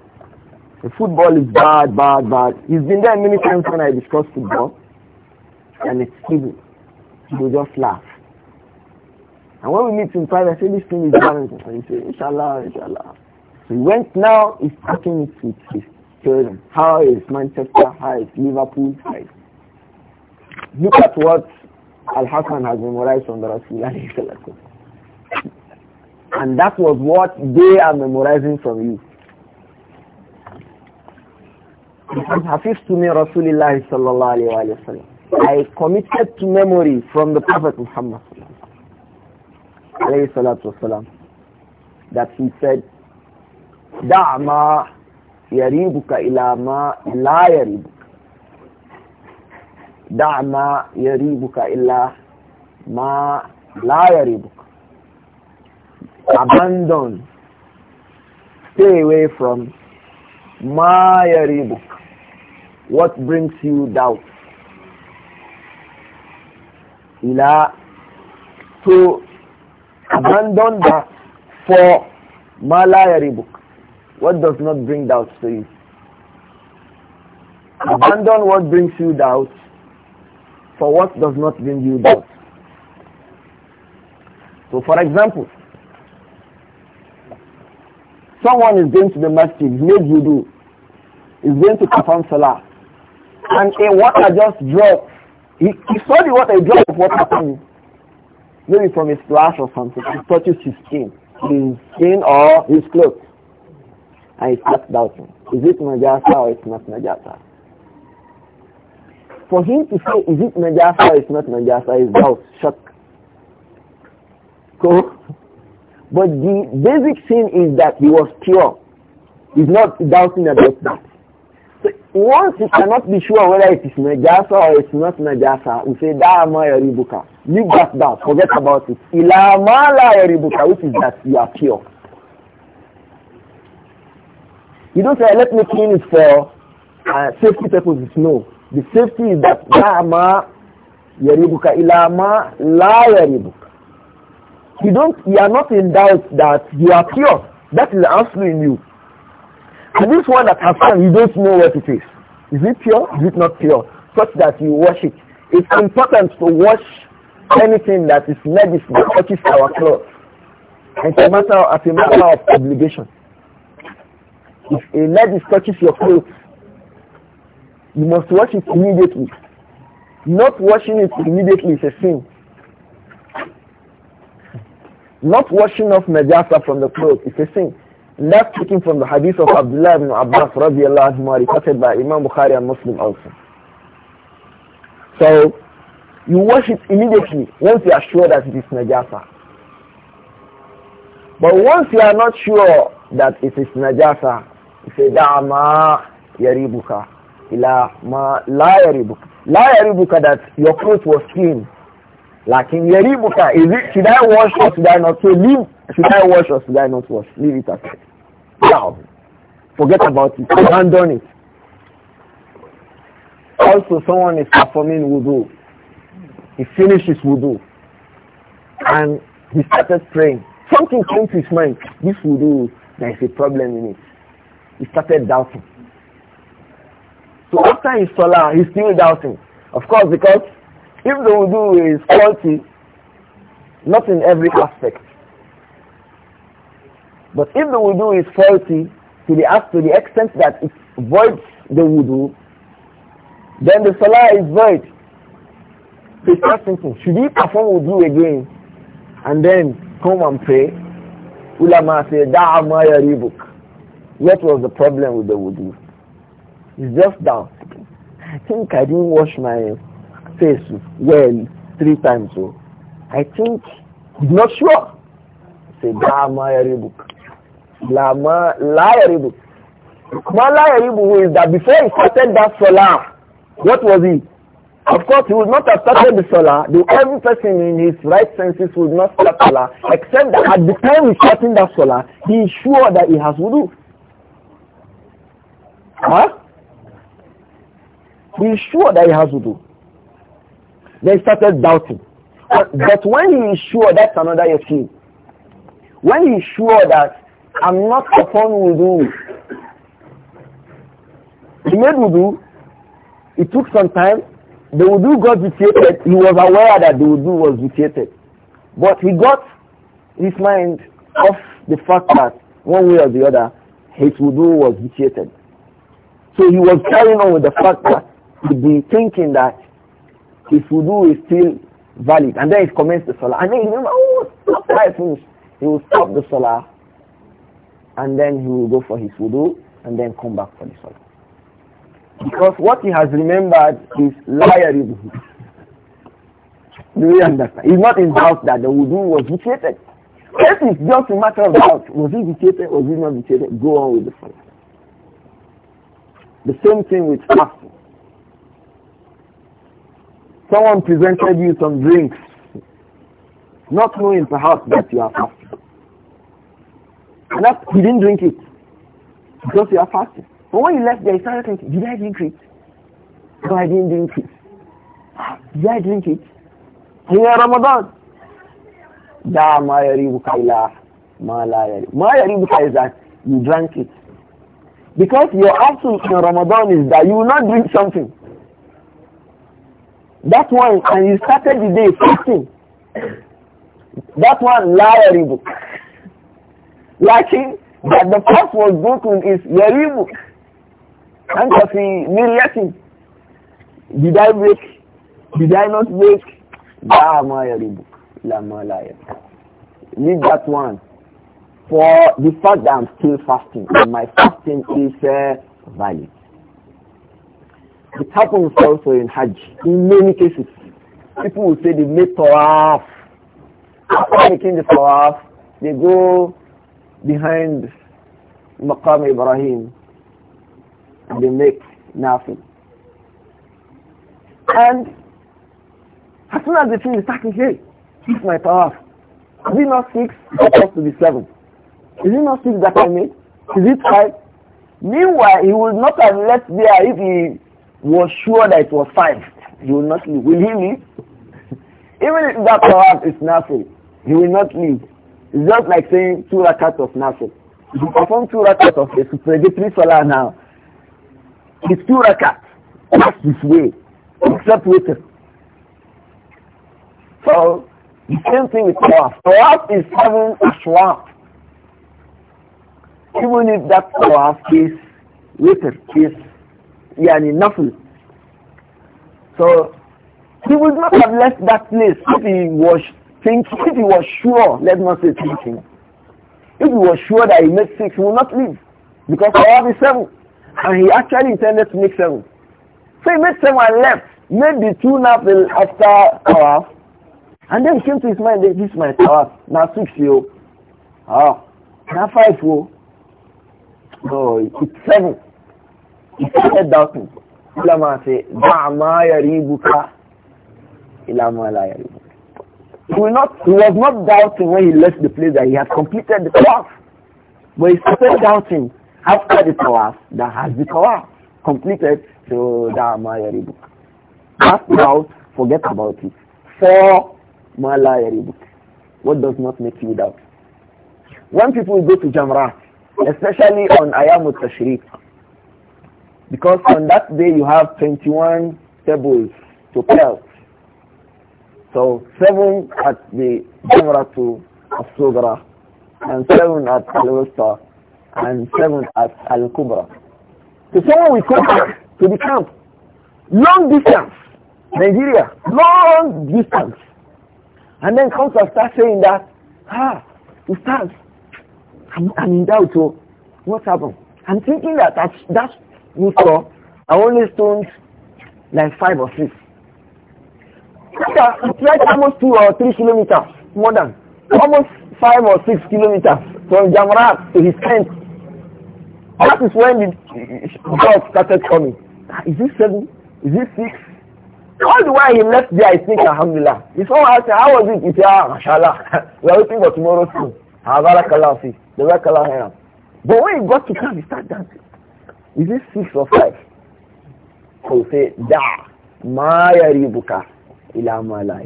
A: The football is bad, bad, bad. He's been there many times when I discuss football, and it's He will just laugh. And when we meet in private, I say, this thing is balanced. And he say, inshallah, inshallah. So he went now, he's talking it with his children. How is Manchester? How is Liverpool? How is... Look at what Al-Hassan has memorized on the Rasul. And that was what they are memorizing from you. حفظت من رسول الله صلى الله عليه وآله وسلم I committed to memory from the Prophet Muhammad عليه الصلاة والسلام that he said دع ما يريبك إلى ما لا يريبك دع ما يريبك إلا ما لا يريبك abandon, stay away from ma book. what brings you doubt. Ila, to abandon that for ma book. what does not bring doubt to you. Abandon what brings you doubt for what does not bring you doubt. So for example, Someone is going to the masjid, he you do. is going to perform salah, and a water just dropped. He, he saw the water, drop of water coming, maybe from his splash or something. He touches his skin, his skin or his clothes, and he starts doubting. Is it najasa or it's not najasa? For him to say, is it najasa or it's not najasa, is doubt, shock. Cool? But the basic thing is that he was pure. He's not doubting about that. So once you cannot be sure whether it is najasa or it's not najasa, we say da'ama yaribuka. Leave that doubt. Forget about it. Ilama la yaribuka, which is that you are pure. You don't say, let me clean it for uh, safety purposes. No. The safety is that da'ama yaribuka. Ilama la yaribuka you don't you are not in doubt that you are pure that is absolute in you and this one that has come you don't know what it is is it pure is it not pure such that you wash it it's important to wash anything that is medicine that touches our clothes it's a matter of, a matter of obligation if a medicine touches your clothes you must wash it immediately not washing it immediately is a sin not washing off najasa from the clothes is a sin. And that's taken from the hadith of Abdullah ibn Abbas radiallahu reported by Imam Bukhari and Muslim also. So you wash it immediately once you are sure that it is najasa. But once you are not sure that it is najasa, you say da'ama yaribuka ila ma la yaribuka. La yaribuka that your clothes was clean like in Yeribuka, is it should I wash or should I not? So leave should I wash or should I not wash? Leave it aside. Now forget about it. Abandon it. Also someone is performing wudu. He finishes wudu and he started praying. Something came to his mind. This wudu, there is a problem in it. He started doubting. So after his salah, he's still doubting. Of course, because if the wudu is faulty, not in every aspect, but if the wudu is faulty to the, to the extent that it voids the wudu, then the salah is void. So it's simple. Should he perform wudu again and then come and pray? Ulama say, Da'a ma yaribuk. What was the problem with the wudu? It's just down. I think I didn't wash my Face well three times so oh. I think not sure. Say Lama Yaribu. Lama La Yaribu. Mala is that before he started that solar, what was he? Of course, he would not have started the solar. The every person in his right senses would not start solar, except that at the time he's starting that solar, he is sure that he has wudu. Huh? He is sure that he has wudu. They started doubting. But when he is sure, that's another issue. When he is sure that I'm not upon wudu, he made wudu, it took some time, the wudu got vitiated, he was aware that the wudu was vitiated. But he got his mind off the fact that one way or the other, his wudu was vitiated. So he was carrying on with the fact that he'd been thinking that his wudu is still valid. And then he commences the salah. And then he remember, oh, after I finish, he will stop the salah. And then he will go for his wudu and then come back for the salah. Because what he has remembered is liars. Do you understand? It's not in doubt that the wudu was vitiated. This is just a matter of doubt. Was it vitiated? Was it not vitiated? Go on with the salah. The same thing with fasting. Someone presented you some drinks, not knowing perhaps that you are fasting. And that he didn't drink it because you are fasting. But when you left there, you started thinking, did I drink it? No, I didn't drink it. Did I drink it? In Ramadan. Da ma yaribuka ma Ma is that you drank it. Because your absolute in Ramadan is that you will not drink something. That one, and you started the day fasting. That one, liable. Lacking that eh, the fast was broken is yaribu. And of the Did I break? Did I not break? Lama ah, yaribu. Lama liar. Leave that one. For the fact that I'm still fasting, and my fasting is uh, valid. It happens also in Hajj. In many cases, people will say they make tawaf. After making the tawaf, they go behind Maqam Ibrahim and they make nothing. And as soon as they finish attacking, hey, it's my tawaf. Is it not six? It's supposed to be seven. Is it not six that I made? Is it five? Meanwhile, he would not have left there if he was sure that it was five, he will not leave. Will he leave? Even if that tawaf is nafil, he will not leave. It's just like saying two rakats of nafil. If you perform two rakats of the predatory salah now, it's two rakats. That's his way, except witr. So, the same thing with tawaf. Tawaf is having a swamp. Even if that tawaf is witr, is yani nafl. So he would not have left that place if he was thinking, if he was sure, let me say thinking. If he was sure that he made six, he would not leave. Because I have seven. And he actually intended to make seven. So he made seven and left. Made the two nafil after Tawaf. And then it came to his mind, that this is my Tawaf. Now six, yo. Ah. Now five, four. Oh. No, it's seven. He started doubting. Ulama say, yaribuka la yaribuka. He, will not, he was not doubting when he left the place that he had completed the tawaf. But he started doubting after the tawaf that has the tawaf completed. So Da'ma yaribuka. That doubt, forget about it. For ma la yaribuka. What does not make you doubt? When people go to Jamrat, especially on Ayamut Tashriq, because on that day you have 21 tables to pelt. So seven at the Jamratu to sugra and seven at al and seven at Al-Kubra. So someone will come back to the camp. Long distance. Nigeria. Long distance. And then comes and start saying that, ah, Ustaz, I'm, I'm in doubt. So oh. what happened? I'm thinking that that's, that's who saw, I only stoned like five or six. It's like almost two or three kilometers, more than, almost five or six kilometers from Jamrat to his tent. That is when the God started coming. Ah, is it seven? Is it six? All the while he left there, I think, Alhamdulillah. saw someone asked how was it? He said, ah, mashallah, we are waiting for tomorrow soon. Habarakallah ah, fi, the But when he got to camp, he started dancing. Is it six or five? So say, da, maya ribuka ila ma la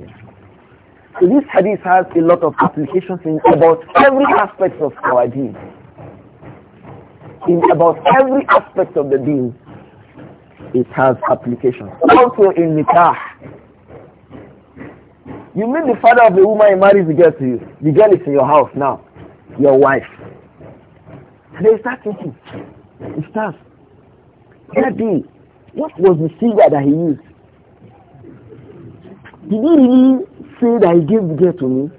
A: So this hadith has a lot of applications in about every aspect of our deen. In about every aspect of the deen, it has applications. Also in nikah. You meet the father of the woman you marries the girl to you. The girl is in your house now, your wife. They start thinking, it starts Nabi, what was the singer that he used? Did he really say that he gave the girl to me?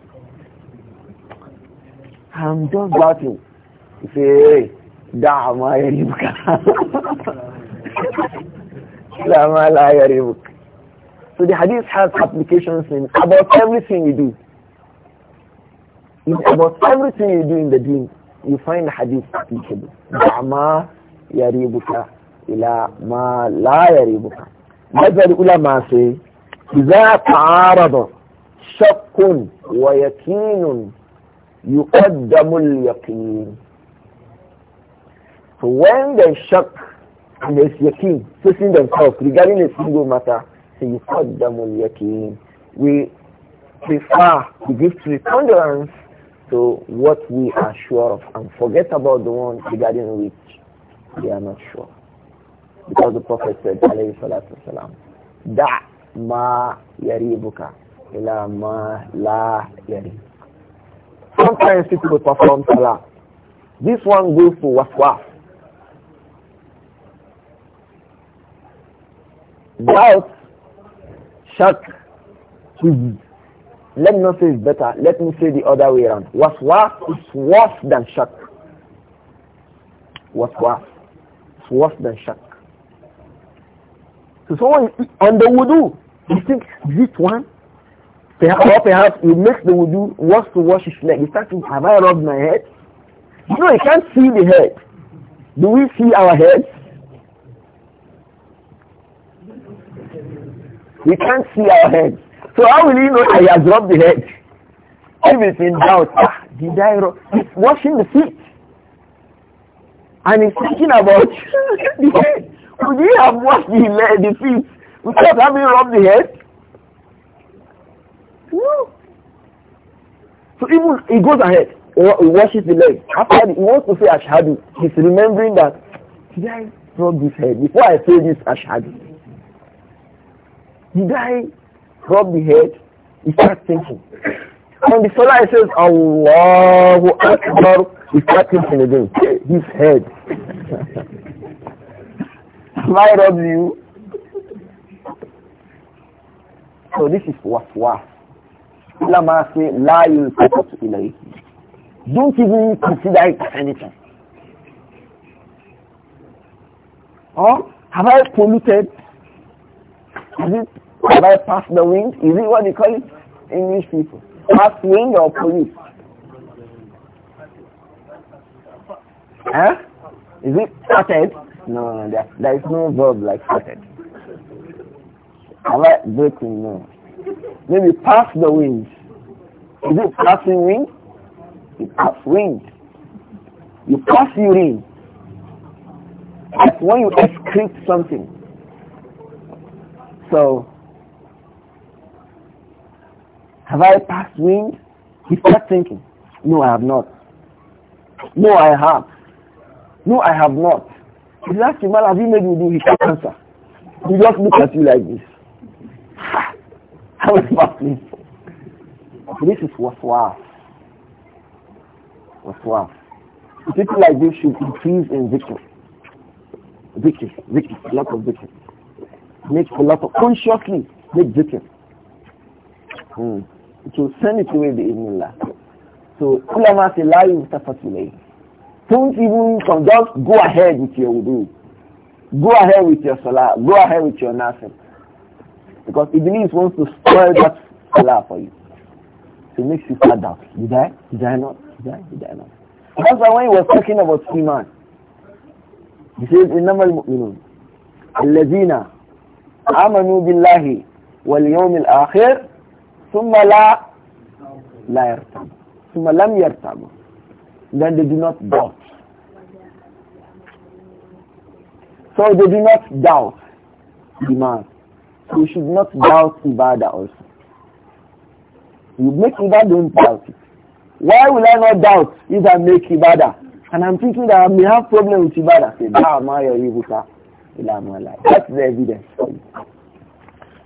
A: I'm just doubting.
B: He said, hey,
A: دع ما يريبك So the hadith has applications in about everything you do. In about everything you do in the deen, you find the hadith applicable. Dama Yaribuka ila ma la yaribuka mazal ulama say idza ta'arada shakkun wa yakinun yuqaddamu al-yaqin so when the shak and there's yakin facing themselves regarding a single matter so yuqaddamu al-yaqin we prefer to give preponderance to what we are sure of and forget about the one regarding which we are not sure because the Prophet said, alayhi salatu wasalam, da' ma yaribuka ila ma la yari. Sometimes people perform salah. This one goes to waswas. Doubt, shock, hizb. Let me not say it's better. Let me say the other way around. Waswas is worse than shock. Waswas is worse than shock. So someone on the wudu, you think this one, perhaps, or perhaps he makes the wudu wants to wash his leg. He starts to, have I rubbed my head? You know, he can't see the head. Do we see our heads? We can't see our heads. So how will you know I have rubbed the head? If it's in doubt, ah, did I rub? He's washing the feet. And he's thinking about the head. Could he have washed the, leg, the feet without having rubbed the head? No. So even he goes ahead, he washes the leg. After he wants to say Ashadu, he's remembering that, did I rub this head? Before I say this Ashadu, did I rub the head? He starts thinking. When the salah says, Allahu Akbar, he starts thinking again. His head. fly rubs you. So this is waswas. Ulama say, la yulqatu ilayhi. Don't even consider it as anything. Or have I polluted? Is it, have I passed the wind? Is it what they call it? English people. Pass wind or pollute? Huh? Is it started? No, there, there is no verb like started. I like breaking, no. Maybe pass the wind. Is it passing wind? You pass wind. You pass urine. That's when you excrete something. So, have I passed wind? He starts thinking, no, I have not. No, I have. No, I have not. If you ask have you made wudu? He can't answer. He just look at you like this. How is baffling? This is waswas. Waswas. People like this should increase in victory. Victory, victory, a lot of victory. Make a lot of, consciously make victory. Hmm. It will send it away the Ibn So, ulama say, la mister ilayhi. Don't even come, just go ahead with your wudu. Go ahead with your salah. Go ahead with your nafil. Because Iblis wants to spoil that salah for you. So makes you start doubt. Did I? Did I not? Did I? Did I not? Because when he was talking about Iman, he says, إِنَّمَا الْمُؤْمِنُونَ الَّذِينَ آمَنُوا بِاللَّهِ وَالْيَوْمِ الْآخِرِ ثُمَّ لَا لَا يَرْتَبُوا ثُمَّ لَمْ يَرْتَبُوا Then they do not doubt. So they do not doubt the man. you should not doubt ibadah also. You make ibadah, don't doubt it. Why will I not doubt if I make ibadah? And I'm thinking that I may have problem with ibadah. Say, ah, That's the evidence.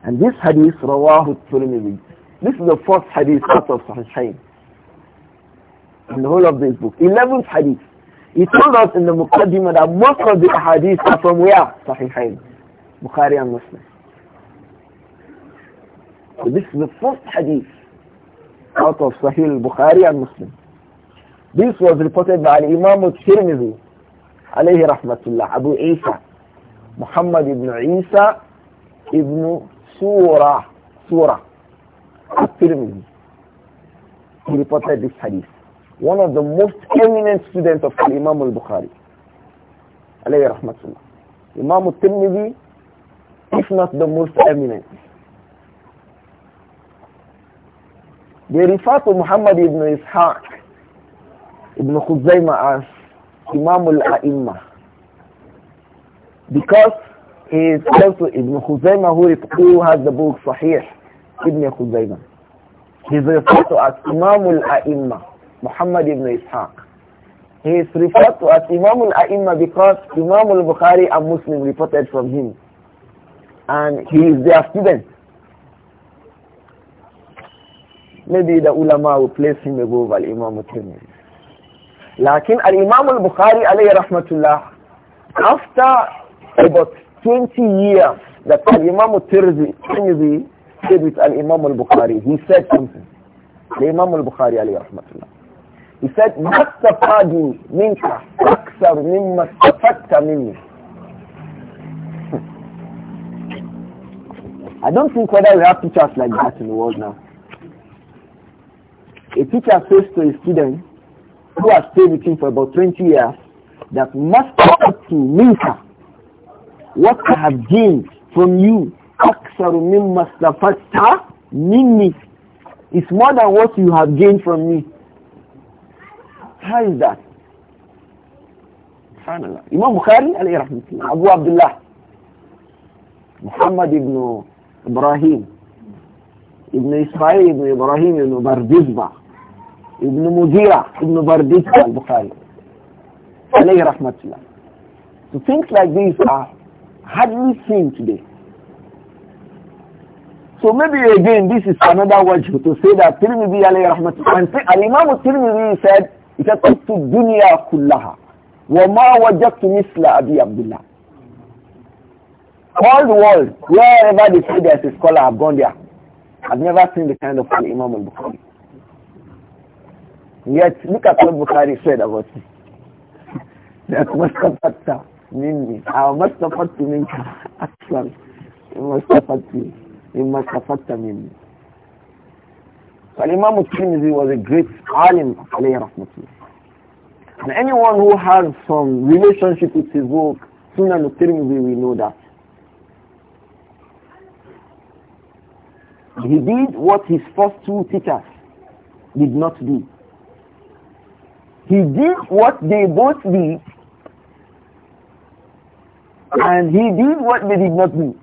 A: And this hadith, Rawahu Tirmidhi. This is the first hadith out of Sahih in the whole of this book. 11th hadith. He told us in the Muqaddimah that most of the hadiths are from where? Sahihain, Bukhari and Muslim. So this is the first hadith out of Sahih Bukhari and Muslim. This was reported by Imam al-Tirmidhi, alayhi rahmatullah, Abu Isa, Muhammad ibn Isa ibn Surah, Surah, al-Tirmidhi. He reported this hadith. one of the most eminent students of Imam al-Bukhari. Alayhi rahmatullah. Imam al-Tirmidhi, if not the most eminent. They refer to Muhammad ibn Ishaq ibn Khuzaimah as Imam al-A'immah because he is also Ibn Khuzaimah who, is, who has the book Sahih Ibn Khuzaimah. He is referred to as Imam al-A'immah Muhammad ibn Ishaq. He is referred to as Imam al-A'imma because Imam al-Bukhari and Muslim reported from him. And he is their student. Maybe the ulama will place him above al-Imam al-Tirmidhi. Lakin al-Imam al-Bukhari alayhi rahmatullah, after about 20 years that al-Imam al-Tirmidhi stayed with al-Imam al-Bukhari, he said something. Imam al-Bukhari alayhi rahmatullah. He said, Mastafadu minka aksar mimma stafatta minni. I don't think whether we have teachers like that in the world now. A teacher says to a student who has stayed with him for about 20 years that Mastafatu minka, what I have gained from you, aksar mimma stafatta minni, is more than what you have gained from me. How is that? بخاري Imam Bukhari, الله rahmatullah, عبد الله Muhammad ibn Ibrahim, ibn إسرائيل ibn Ibrahim ibn Bardizba, ibn Mudira ibn Bardizba البخاري عليه رحمة الله So things like these are hardly seen today. So maybe again this is another wajh to say that Tirmidhi alayhi rahmatullah and say, Al-Imam al-Tirmidhi said ìtẹ́kọ̀tù dúníà kùlàhà wọ́n máa wọ́jọ́ kìíní sílá àbí abdullah all the world wherever they say there is a scholar I've gone there I've never seen the kind of an Imam al-Bukhari yet look at what Bukhari said about him that mustafata minni aw mustafatu minka aslan mustafati mustafata Al-Imam al-Tirmidhi was a great alim, And anyone who has some relationship with his work, Sunan al-Tirmidhi, we know that. He did what his first two teachers did not do. He did what they both did, and he did what they did not do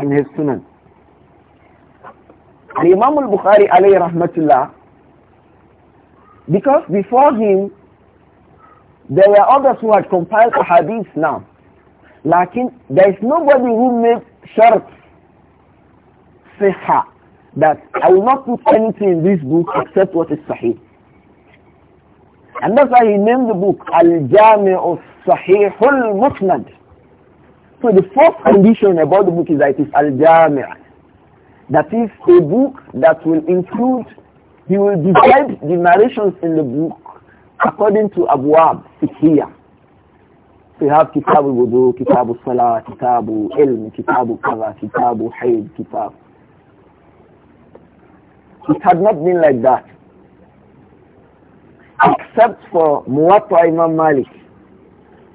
A: in his Sunan. And Imam al-Bukhari alayhi rahmatullah, because before him, there were others who had compiled hadiths. hadith now. Lakin, there is nobody who made shart siha that I will not put anything in this book except what is sahih. And that's why he named the book al Jam'ah al-Sahih al-Musnad. So the first condition about the book is that it is Jam'ah. That is a book that will include, he will divide the narrations in the book according to Abwab Fikhiyah. So you have Kitab al-Wudu, Kitab al-Salah, Kitab al-Ilm, Kitab al-Kaza, Kitab al-Hayd, Kitab. It had not been like that. Except for Muwatta Imam Malik.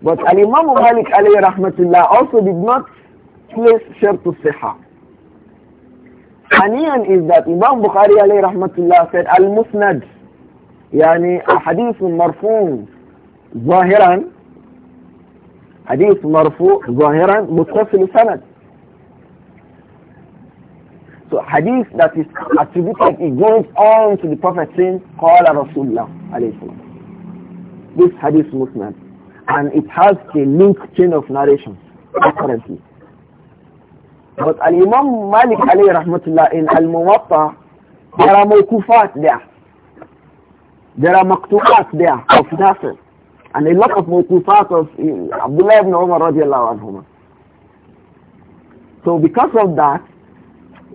A: But Al-Imam Malik alayhi rahmatullah also did not place Shirtu Sihah. Aniyan is that Imam Bukhari alayhi rahmatullah said al-musnad yani hadith marfu zahiran hadith marfu zahiran muttasil sanad so hadith that is attributed it goes on to the prophet saying qala rasulullah alayhi salam this hadith musnad and it has a link chain of narration apparently But Al-Imam Malik alayhi rahmatullah in Al-Muwatta, there are mawkufat there. There are maqtuqat there of Nasr. And a lot of mawkufat of uh, Abdullah ibn Umar So because of that,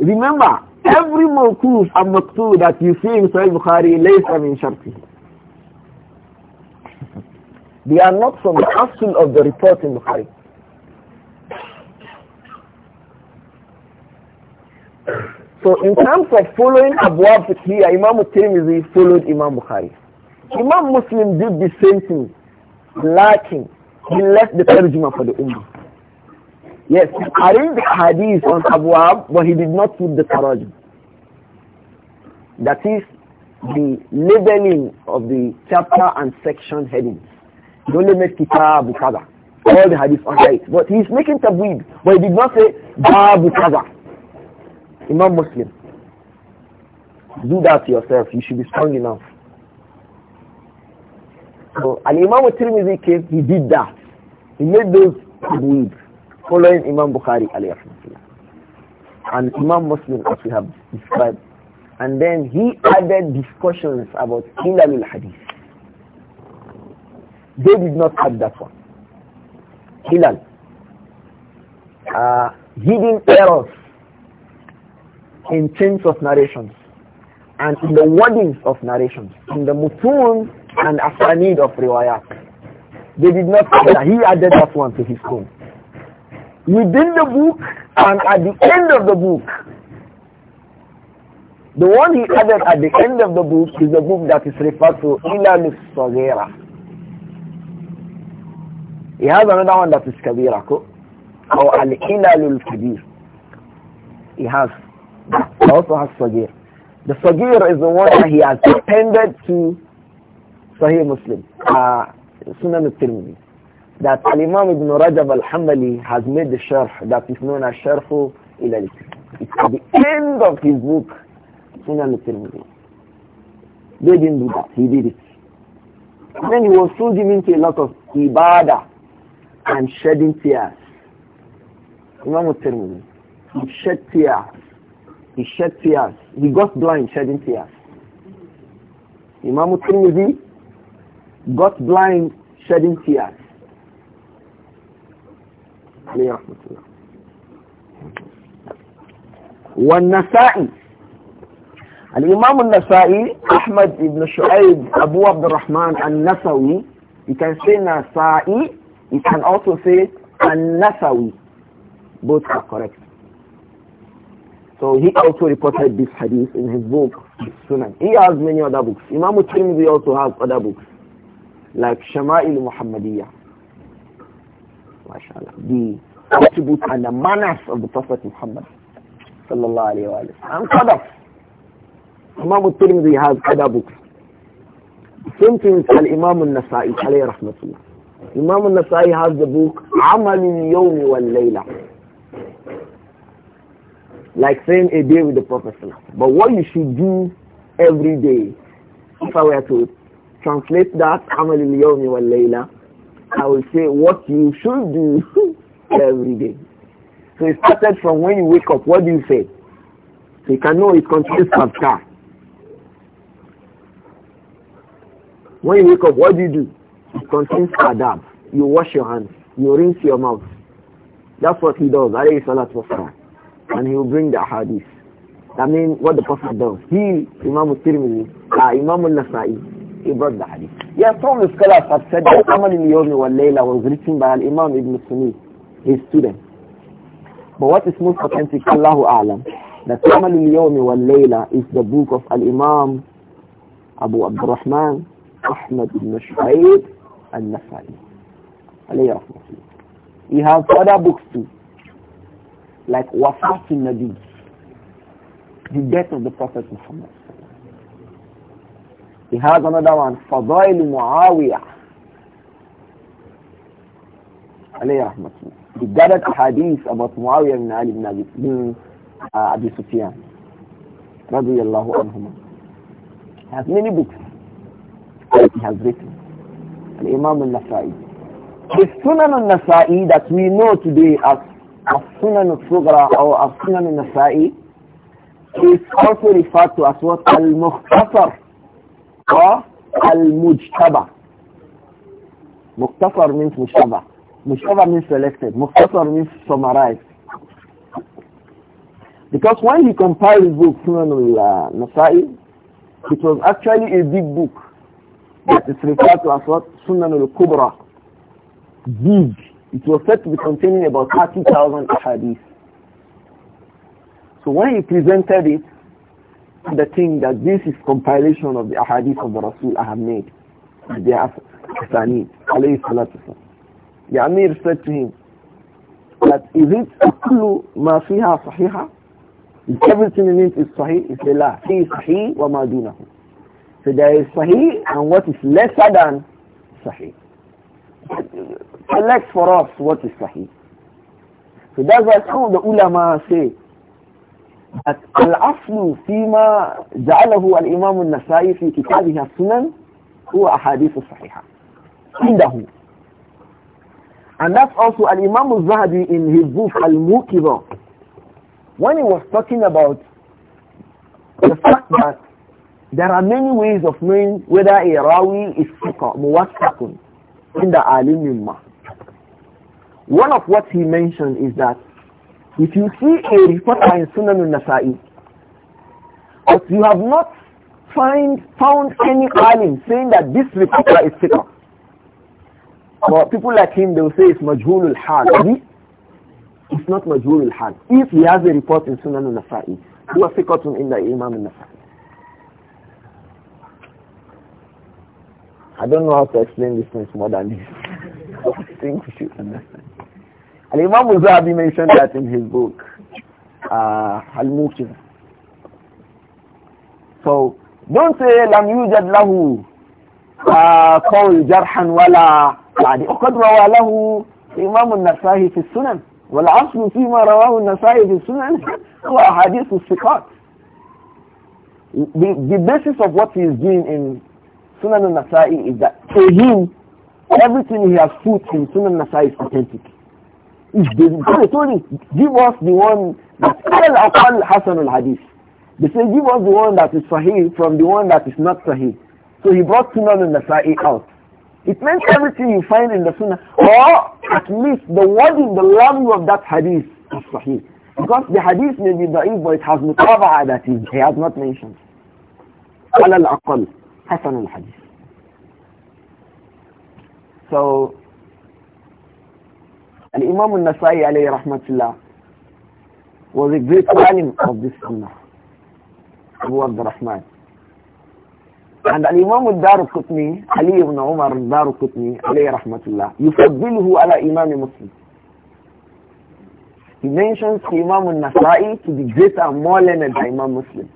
A: remember, every mawkuf and maqtu that you see in Sahih Bukhari laysa min sharti. They are not from the asul of the report in Bukhari. So in terms of following Abu Fiqhiyya, Imam Tirmidhi followed Imam Bukhari. Imam Muslim did the same thing, lacking. He left the tarjuma for the Ummah. Yes, he arranged the hadith on Abwab, but he did not put the tarajum. That is the labeling of the chapter and section headings. He only made kitab kaza, all the hadith on it. But he is making tabweed, but he did not say babu Imam Muslim. Do that yourself. You should be strong enough. So, and Imam Tirmidhi came, he did that. He made those tabweed, following Imam Bukhari alayhi and Imam Muslim as we have described. And then he added discussions about Hilal al-Hadith. They did not have that one. Hilal. Uh, hidden errors in terms of narrations and in the wordings of narrations, in the mutun and asanid of riwayat. They did not say that. He added that one to his own. Within the book and at the end of the book, the one he added at the end of the book is the book that is referred to Ilal Sagira. He has another one that is Kabirako, or Al Ilalul Kabir. He has also has Sagir. The Sagir is the one that he has appended to Sahih Muslim, uh, Sunan al-Tirmidhi. That Al-Imam Ibn Rajab al-Hambali has made the sharh that is known as Sharfu ila It's at the end of his book, Sunan al-Tirmidhi. They didn't do that, he did it. then he was sold into a lot of ibadah and shedding tears. Imam al-Tirmidhi, he shed tears he shed tears. He got blind shedding tears. Imam Tirmidhi got blind shedding tears. والنسائي الإمام النسائي أحمد بن شعيب أبو عبد الرحمن النسوي you can say نسائي you can also say النسوي both are correct so he also reported this hadith in his book, Sunan. He has many other books. Imam Tirmidhi also has other books, like Shama'il Muhammadiyah. MashaAllah. The attributes and the manners of the Prophet Muhammad. Sallallahu alayhi wa sallam. And Qadaf. Imam Tirmidhi has other books. Same thing with imam Al-Nasai, alayhi rahmatullah. Imam Al-Nasai has the book, Amal Al-Yawmi Wal-Layla like saying a day with the Prophet. But what you should do every day, if I were to translate that, I will say what you should do every day. So it started from when you wake up, what do you say? So you can know it contains Kafka. When you wake up, what do you do? It contains adab. You wash your hands. You rinse your mouth. That's what he does. lot salatu wasalam and he will bring the hadith. I mean, what the Prophet does. He, Imam al-Tirmidhi, uh, Imam al-Nasai, he brought the hadith. Yes, some of the scholars have said that Amal al-Yawmi wal was written by Imam Ibn Sunni, his student. But what is most authentic, Allahu A'lam, that Amal al-Yawmi wal is the book of al-Imam Abu Abdurrahman Ahmad ibn Shu'ayb al-Nasai. He has other books too like wafatun nabi, the death of the Prophet Muhammad. He has another one, Fadail Muawiyah. Alayhi rahmatullah. The gathered hadith about Muawiyah and Ali bin Abi, ibn, uh, Abi Sufyan. Radiyallahu He has many books that he has written. Al-Imam al-Nasai. The Sunan al-Nasai that we know today as as-Sunan al sugra or As-Sunan al-Nasa'i is also referred to as what? Al-Mukhtasar or Al-Mujtaba. Mukhtasar means Mujtaba. Mujtaba means selected. Mukhtasar means summarized. Because when he compiled his book, Sunan al-Nasa'i, it was actually a big book that is referred to as what? Sunan al-Kubra. Big it was said to be containing about 30,000 hadith. So when he presented it, the thing that this is compilation of the ahadith of the Rasul I have made, the asanid. alayhi salatu The Amir said to him, that is it kullu ma fiha sahiha? Is everything in it is sahih? He said, la, fi sahih wa ma dunahu. So there is sahih and what is lesser than sahih select for us what is sahih. So that's why some of the ulama say that al-aslu fima ja'alahu al-imam al-nasai fi kitabihi as-sunan huwa ahadith sahiha Indahu. And that's also al-imam al-zahabi in his book al-mukiba. When he was talking about the fact that there are many ways of knowing whether a rawi is thiqa, muwassaqun, in the alim one of what he mentioned is that if you see a reporter in Sunan al-Nasa'i, but you have not find, found any alim saying that this reporter is sicker. For people like him, they will say it's majhul al-hal. It's not majhul al-hal. If he has a report in Sunan al-Nasa'i, who was sikatun in the Imam al-Nasa'i. I don't know how to explain this much more than this. I think we should understand. And Imam Muzabi mentioned that in his book, uh, al Mukhtar. So, don't say, Lam لم يوجد له قول جرحا ولا يعني وقد روى له إمام النسائي في السنن والعصر فيما رواه النسائي في السنن هو أحاديث الثقات the, the basis of what he is doing in Sunan al-Nasai is that to him, everything he has put in Sunan al-Nasai is authentic. If they told give us the one that tell upon al Hadith. They say give us the one that is Sahih from the one that is not Sahih. So he brought Sunan and Nasa'i out. It meant everything you find in the Sunnah, or at least the wording, the language of that hadith is Sahih. Because the hadith may be da'if, but it has mutaba'a that is, he has not mentioned. على الأقل حسن الحديث. So And Imam al-Nasai alayhi rahmatullah was a great alim of this sunnah. Abu Abdurrahman. And Imam al-Dar Qutni, Ali ibn Umar al-Dar Qutni, alayhi rahmatullah, يفضله على Imam Muslim. He mentions Imam al-Nasai to be greater and more learned than Imam Muslim.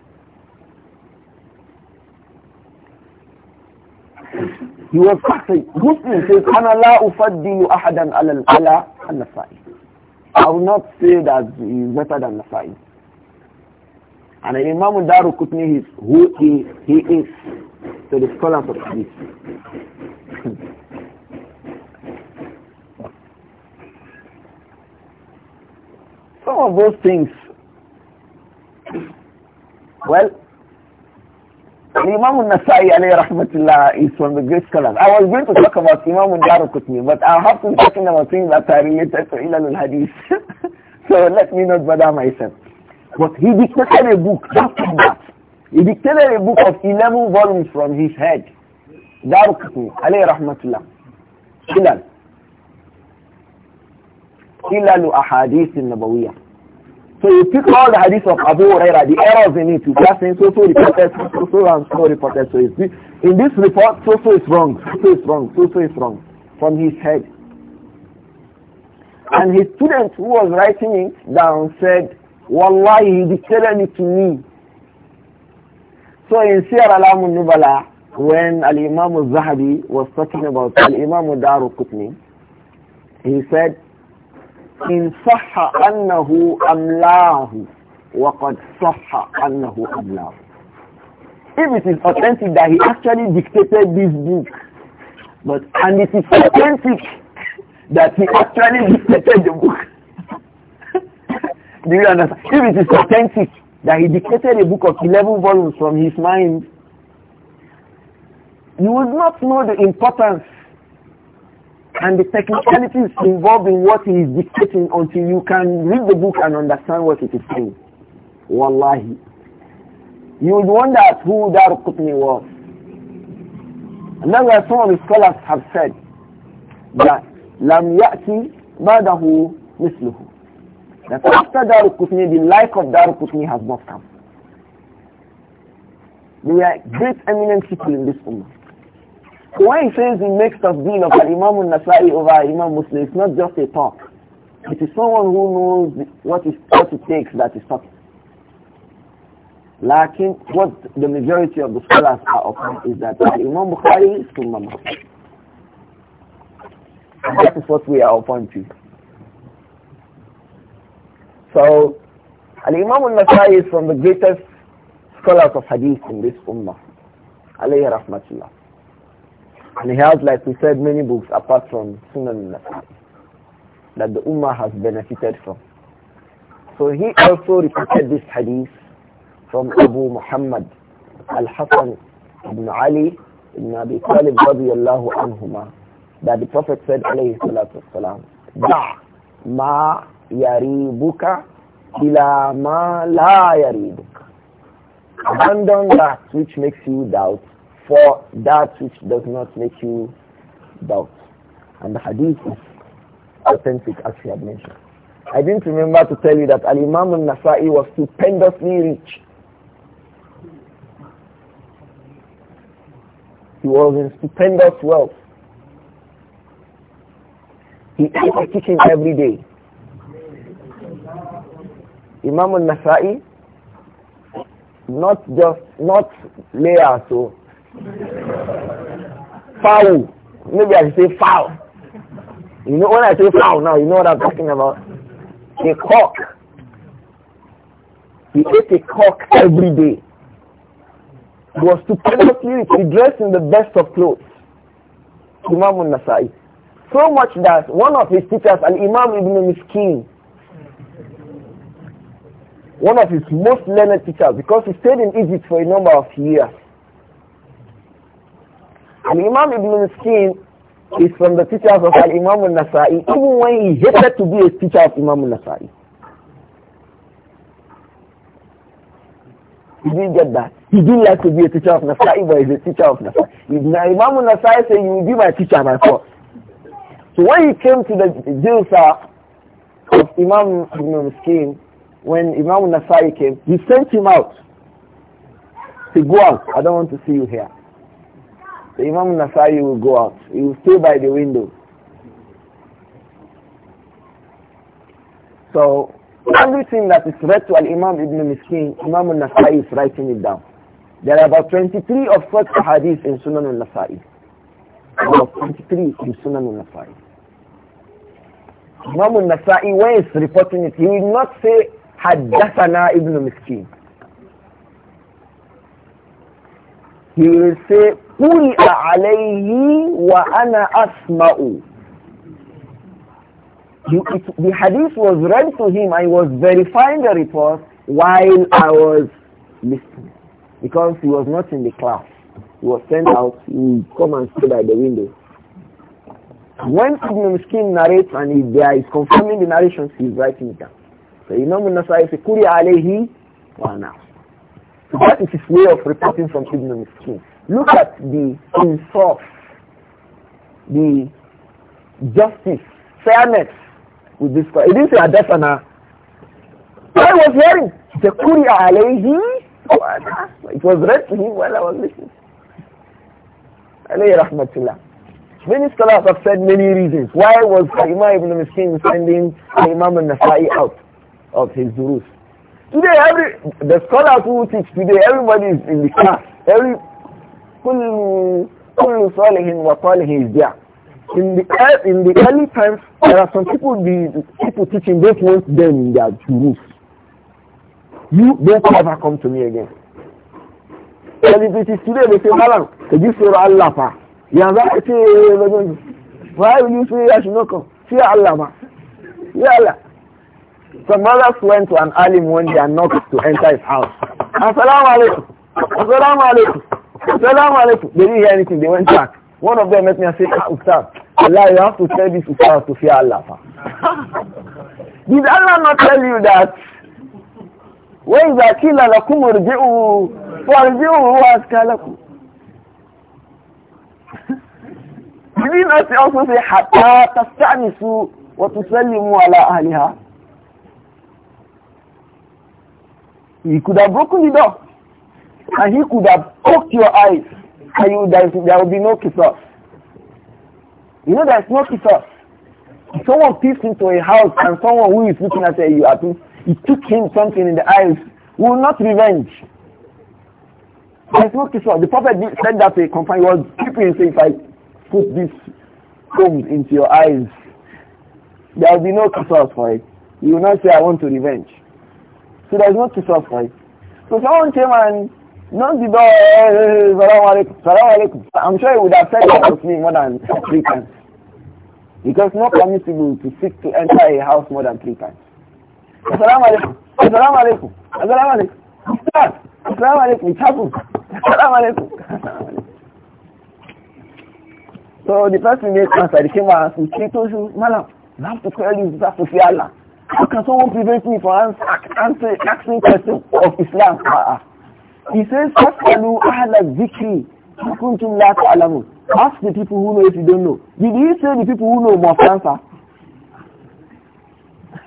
A: He was asked, Muslim says, أنا لا أفضل أحدا على الألا and I will not say that he is better than Nafai. And Imam Daru Kutni is who he, he is to the scholars of this. Some of those things, well, Imam al-Nasai alayhi rahmatullah is from the great scholars. I was going to talk about Imam al-Darukutni, but I have to be talking about things that are related to Ilal al-Hadith. so let me not bother myself. But he dictated a book, just like that. He dictated a book of 11 volumes from his head. Darukutni alayhi rahmatullah. Ilal. Ilal al hadith al-Nabawiyah. So you pick all the hadith of Abu Huraira, the errors in it, you just saying so so reported, so so and so reported. So in this report, so so is wrong, so so is wrong, so so is wrong, from his head. And his student who was writing it down said, Wallahi, he dictated it to me. So in Sir Alamun Nubala, when Al-Imam al-Zahabi was talking about Al-Imam al-Daru Qutni, he said, if it is authentic that he actually dictated this book, but and it is authentic that he actually dictated the book. Do you understand? If it is authentic that he dictated a book of 11 volumes from his mind, you would not know the importance and the technicalities involved in what he is dictating until you can read the book and understand what it is saying. Wallahi. You would wonder who Qutni was. And that's why some of the scholars have said that Lam Ya'ti Badahu Misluhu. That after Qutni, the like of Qutni has not come. They are great eminent people in this ummah. So when he says he makes tafdeel of Imam al-Nasai over Imam Muslim, it's not just a talk. It is someone who knows what, is, what it takes that is talking. Lakin, what the majority of the scholars are upon is that the Imam Bukhari is Sunnah Muslim. That is what we are upon to. So, Al-Imam al-Nasai is from the greatest scholars of hadith in this ummah. Alayhi rahmatullah. And he has, like we said, many books apart from Sunan that the Ummah has benefited from. So he also recorded this hadith from Abu Muhammad al Hassan ibn Ali ibn Abi Talib radiyallahu anhuma that the Prophet said alayhi salatu wasalam, Da' ma yaribuka ila ma la yaribuka. Abandon that which makes you doubt for that which does not make you doubt. And the hadith is authentic as we have mentioned. I didn't remember to tell you that Al-Imam al-Nasa'i was stupendously rich. He was in stupendous wealth. He ate a chicken every day. Imam al-Nasa'i, not just, not layer, so Foul. Maybe I should say foul. You know when I say foul now, you know what I'm talking about. A cock. He ate a cock every day. He was stupendously rich. He dressed in the best of clothes. Imam nasai So much that one of his teachers, an imam Ibn Miskin, one of his most learned teachers, because he stayed in Egypt for a number of years, and Imam Ibn Miskin is from the teachers of Al Imam al Nasa'i, even when he hated to be a teacher of Imam al Nasa'i. He didn't get that. He didn't like to be a teacher of Nasa'i, but he's a teacher of Nasa'i. Now Imam al Nasa'i said, You will be my teacher by force. So when he came to the Jilsa of Imam Ibn Miskin, when Imam al Nasa'i came, he sent him out. He said, Go out, I don't want to see you here. The Imam Nasai will go out. He will stay by the window. So everything that is read to Al-Imam Ibn Miskin, Imam Nasai is writing it down. There are about 23 of such hadiths in Sunan al-Nasai. About 23 in Sunan al-Nasai. Imam al-Nasai, when he's reporting it, he will not say, Haddathana Ibn Miskin. he will say quri'a alayhi wa ana asma'u the hadith was read to him I was verifying the report while I was listening because he was not in the class he was sent out he would come and sit by the window when Ibn Miskin narrates and he there is confirming the narrations, he's writing it down. So Imam nasai says, Kuri alayhi wa ana. So that is his way of reporting from Ibn Miskin. Look at the insult, the justice, fairness with this guy. He didn't say Adesana. I was hearing the Kuri It was read to him while I was listening. Alayhi rahmatullah. Many scholars have said many reasons. Why was Imam ibn Miskin sending Imam al-Nasa'i out of his durus? Today, every the scholars who teach today, everybody is in the class. Every kullu salihin wa salihin is there. In the in the early times, there are some people the people teaching don't want them in their jurus. You don't ever come to me again. And if it is today, they say, Malam, could you say Allah pa? Yeah, why will you say I should not come? Say Allah pa. Yeah, Allah. Some brothers went to an alim when They are knocked to enter his house. Assalamu alaikum. Assalamu alaikum. Assalamu alaikum. They didn't hear anything. They went back. One of them met me and said, ah, Ustaz, Allah, you have to tell this Ustaz to fear Allah. Did Allah not tell you that? وَإِذَا كِلَ لَكُمْ ارْجِعُوا فَارْجِعُوا you أَزْكَى لَكُمْ Did he not also say, حَتَّى تَسْتَعْنِسُوا وَتُسَلِّمُوا ala أَهْلِهَا He could have broken the door. And he could have poked your eyes. And you, there, there will be no kiss You know there's no kiss If someone peeps into a house and someone who is looking at you at him, took him something in the eyes, will not revenge. There's no kiss The prophet said that to a companion, he was peeping and saying, if I put this comb into your eyes, there will be no kiss for it. You will not say, I want to revenge. So there is no kiss up for it. So someone came and knocked the door, hey, alaikum, I'm sure he would have said that to me more than three times. Because not permissible to seek to enter a house more than three times. Assalamu alaikum, assalamu alaikum, assalamu alaikum. Start. Assalamu Assalamu alaikum. So the person made answer, they came and asked me, She told you, Malam, I have to call you, you to fear Allah. How can someone prevent me from answering? Answer asking question of Islam. Ah, ah. He says, Asalu ahla zikri, kuntum la ta'lamun. Ask the people who know if you don't know. Did he say the people who know must answer?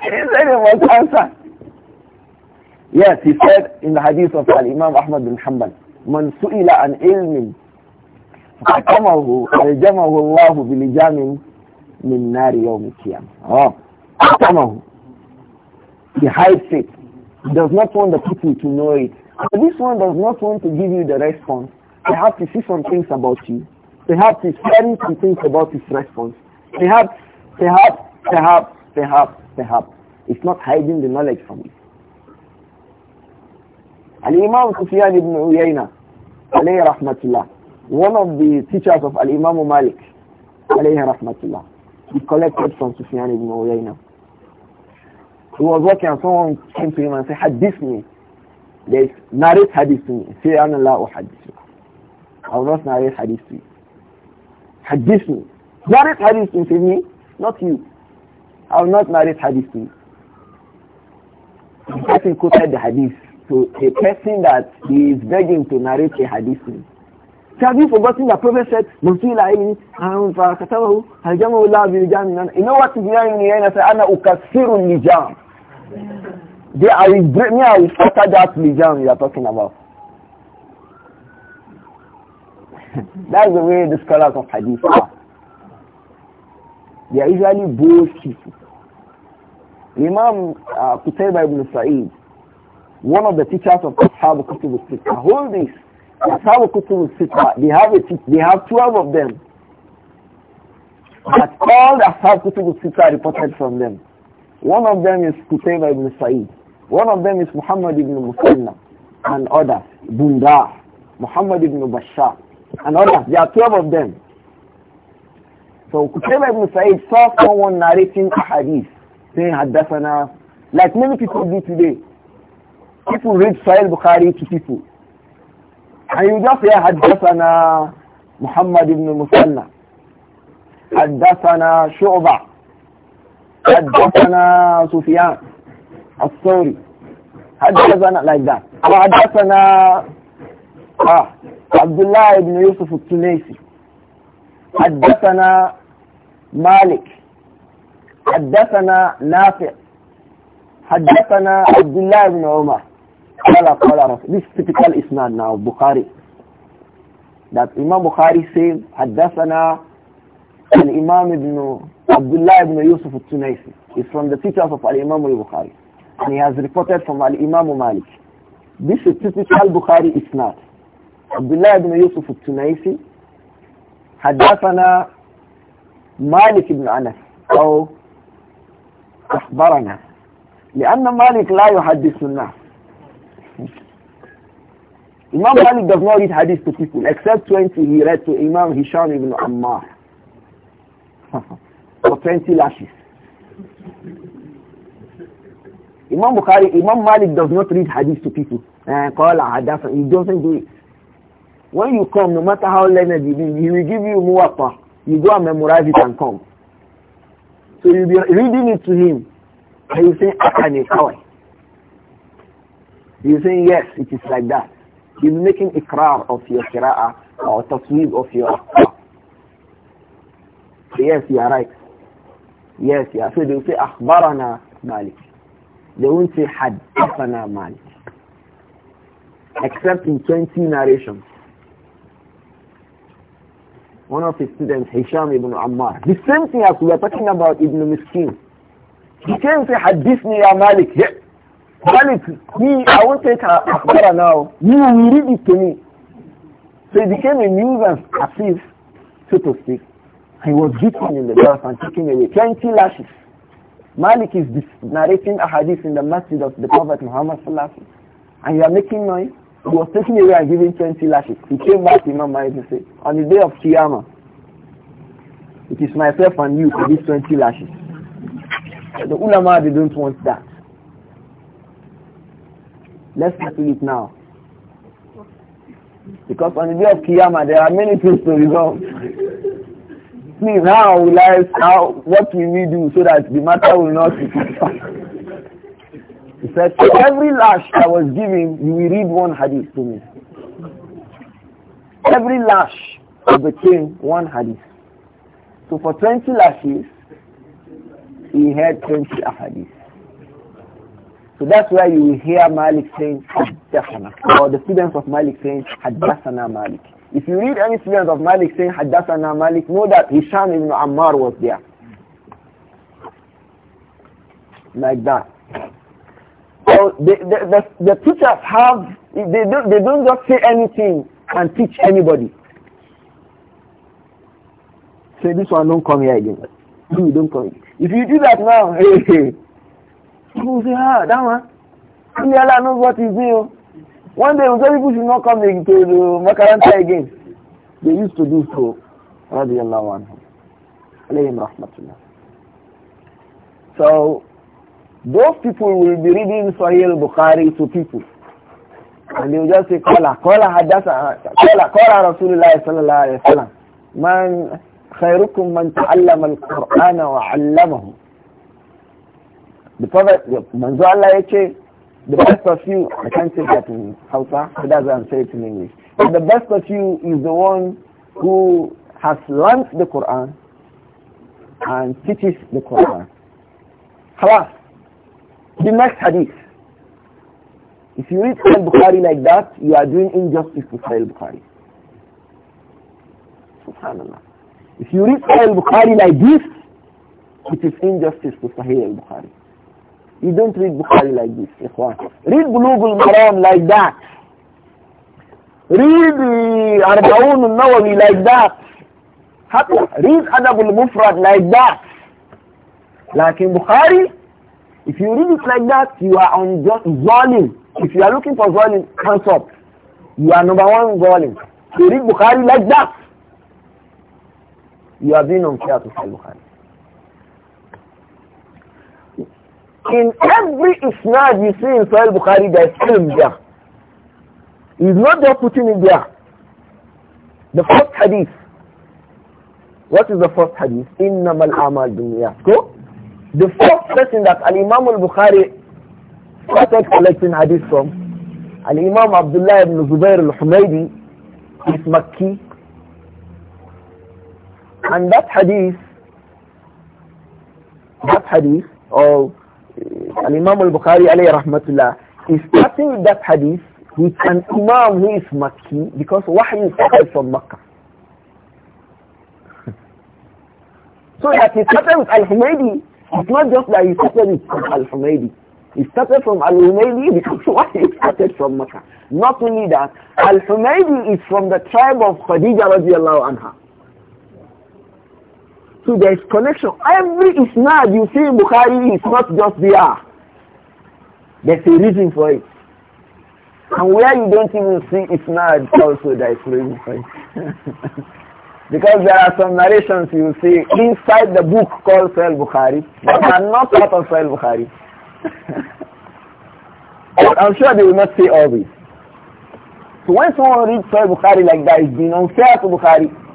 A: he said he must answer. Yes, he said in the hadith of Al-Imam Ahmad bin Hanbal, من Suila an Ilmin, فأقمه رجمه الله بلجام min Oh, yawm al-qiyamah. Oh. He hides it. He does not want the people to know it. But this one does not want to give you the response. Perhaps he sees some things about you. Perhaps he's hearing some things about his response. Perhaps, perhaps, perhaps, perhaps, perhaps. It's not hiding the knowledge from you. Al-Imam Sufyan ibn Uyayna, alayhi rahmatullah, one of the teachers of Al-Imam Malik, alayhi rahmatullah, he collected from Sufyan ibn Uyayna. He was walking and someone came to him and said, Hadith me. They narrate hadith to me. Say, Allah or hadith. I will not narrate hadith to you. Hadith me. Narrate hadith to me, not you. I will not narrate hadith to you. The person quoted the hadith to so a person that he is begging to narrate a hadith to. Have you forgotten that Prophet said, Mutila ilmi, fa katabahu, aljamu la bil jannah. You know what he did the I said, Ana ukasiru lijam. They are me, I will scatter that lijam you are talking about. That's the way the scholars of hadith are. They are usually bold people. Imam uh, ibn Sa'id, one of the teachers of Ashab Qutb al-Sittah, hold this. Ashabu Kutub Sita, they have it, they have 12 of them.
B: But all the Ashabu
A: Kutub Sita reported from them. One of them is Kutayba ibn Sa'id. One of them is Muhammad ibn Musanna and others. Bunda, Muhammad ibn Bashar and others. There are 12 of them. So Kutayba ibn Sa'id saw someone narrating a hadith saying Haddathana like many people do today. People read Sahih Bukhari to people. And you حدثنا محمد بن مسلم حدثنا شعبة حدثنا سفيان الثوري حدثنا لا that آه عبد الله بن يوسف التونسي حدثنا مالك حدثنا نافع حدثنا عبد الله بن عمر Qala qala This typical isna now Bukhari. That Imam Bukhari said, Haddasana Al-Imam ibn Abdullah ibn Yusuf al-Tunaisi. is from the teachers of Al-Imam al-Bukhari. And he has reported from Al-Imam Malik. This is typical Bukhari is not. Abdullah ibn Yusuf al-Tunaisi حدثنا مالك بن أنس أو أخبرنا لأن مالك لا يحدث الناس Imam Malik does not read hadith to people, except 20 he read to Imam Hisham ibn Ammar for 20 lashes. Imam Bukhari, Imam Malik does not read hadith to people. Uh, eh, call hadith, he doesn't do it. When you come, no matter how learned you be, he will give you muwapa. You go and memorize it and come. So you'll be reading it to him. And you say, Akane Kawai. You saying yes, it is like that you be making ikrar of your qira'ah or tasweeb of your qira'ah. Yes, you are right. Yes, you are. So they'll say, akhbarana malik. They won't say, haddathana malik. Except in 20 narrations. One of his students, Hisham ibn Ammar. The same thing as we are talking about Ibn Miskin. He came and said, hadithni ya malik. Yeah. Malik, me, I won't take a Akbara now. You will read it to me. So he became a nuisance, a thief, so to speak. He was beaten in the dust and taken away. 20 lashes. Malik is narrating a hadith in the masjid of the Prophet Muhammad Sallallahu And you are making noise. He was taken away and given 20 lashes. He came back to Imam Malik and said, on the day of Qiyamah, it is myself and you to give 20 lashes. The ulama, they don't want that. Let's settle it now. Because on the day of Qiyamah, there are many things to resolve. Please, now, will I, how, what will we do so that the matter will not be He said, every lash I was giving, you will read one hadith to me. Every lash I became one hadith. So for 20 lashes, he had 20 hadiths. So that's why you will hear Malik saying Hadassana. or the students of Malik saying Hadassana Malik. If you read any students of Malik saying Hadassana Malik, know that Hisham ibn Ammar was there. Like that. So the, the, the, the teachers have, they don't, they don't just say anything and teach anybody. Say this one don't come here again. You don't come. Here. If you do that now, hey, hey People say, ah, that one. Allah knows what he's doing. One day, some people should not come to the Makaranta again. They used to do so. Radiallahu anhu. Alayhim rahmatullah. So, those people will be reading Sahih Bukhari to people. And they will just say, Qala, Qala hadasa, Qala, Qala Rasulullah sallallahu alayhi wa sallam. Man khairukum man ta'allama al-Qur'ana wa 'allamahu. The Prophet, manzo Allah eche, the best of you, I can't say that in Hausa, but that's I'm saying it in English. But the best of you is the one who has learned the Quran and teaches the Quran. Halas. The next hadith. If you read Sahih Bukhari like that, you are doing injustice to Sahih Bukhari. Subhanallah. If you read Sahih Bukhari like this, it is injustice to Sahih Bukhari. You don't read Bukhari like this, Ikhwan. Read Bulugul Maram like that. Read the uh, Arbaun Nawawi like that. Read Adabul Mufrad like that. Like in Bukhari, if you read it like that, you are on Zalim. If you are looking for Zalim, hands up. You are number one Zalim. You read Bukhari like that. You are being unfair to Bukhari. In every isnad you see in Sahih Bukhari, there is ilm there. He's not just putting it there. The first hadith. What is the first hadith? Innamal amal dunya. So, The first person that Al-Imam al-Bukhari started collecting hadith from, Al-Imam Abdullah ibn Zubair al-Humaydi is Makki. And that hadith, that hadith, of. Al Imam al-Bukhari alayhi rahmatullah is starting with that hadith with an Imam who is Makki because Wahyu started from Makkah. so that he started with Al-Humaydi, it's not just that he started with Al-Humaydi. He started from Al-Humaydi because Wahyu started from Makkah. Not only that, Al-Humaydi is from the tribe of Khadija radiallahu anha. So there is connection. Every isnad you see in Bukhari is not just there. There's a reason for it. And where you don't even see isnad also there is reason for it. because there are some narrations you see inside the book called Sahih Bukhari that are not part of Sahih Bukhari. I'm sure they will not say all this. So when someone reads Sahih Bukhari like that, it's been unfair to Bukhari.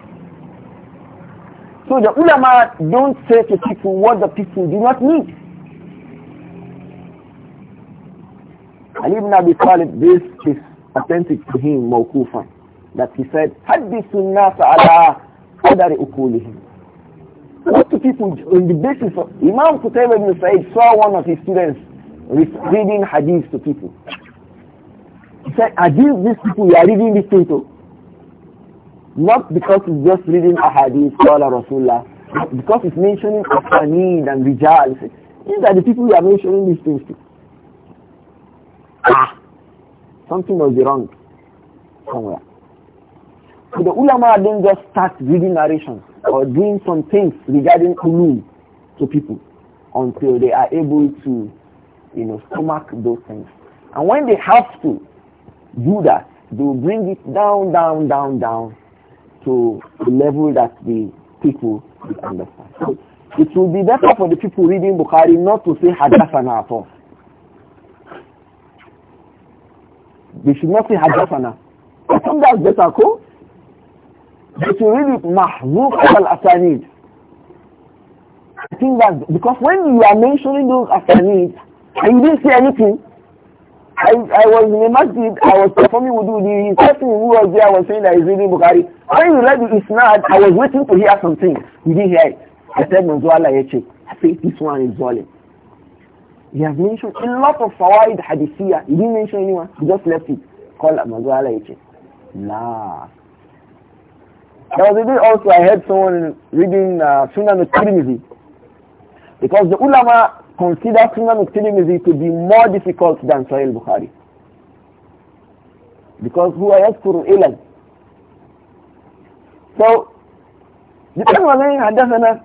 A: So the ulama don't say to people what the people do not need. Ali ibn Abi Talib, this is authentic to him, Mawkufan, that he said, حَدِّثُ النَّاسَ عَلَىٰ قَدَرِ أُقُولِهِمْ What do people, on the basis of, Imam Qutayb ibn Sa'id saw one of his students reading hadith to people. He said, are these, these people you are reading this thing to? Not because it's just reading a hadith, a rasulah, because it's mentioning Asanid and Rijal. These are the people who are mentioning these things to. Ah, something must be wrong somewhere. So the ulama then not just start reading narrations or doing some things regarding ulum to people until they are able to, you know, stomach those things. And when they have to do that, they will bring it down, down, down, down to the level that the people will understand. So it will be better for the people reading Bukhari not to say Hadassana at all. They should not say Hadassana. I think that's better, cool? They should read it Mahzuf al-Asanid. I think that because when you are mentioning those Asanid and you didn't say anything, I, I was in a masjid, I was performing wudu, the person who was there I was saying that he's reading Bukhari. When he read it's not. I was waiting to hear something. He didn't hear it. I said, Mazwala Yeche. I think this one is Zalim. He has mentioned a lot of Fawaid hadithia. He didn't mention anyone. He just left it. Call Mazwala Eche. Nah. There was a day also I heard someone reading uh, Sunan al-Tirmidhi. Because the ulama consider Sunan al-Tirmidhi to be more difficult than Sahih bukhari Because who يذكر إلًا So, depending on any حدثنا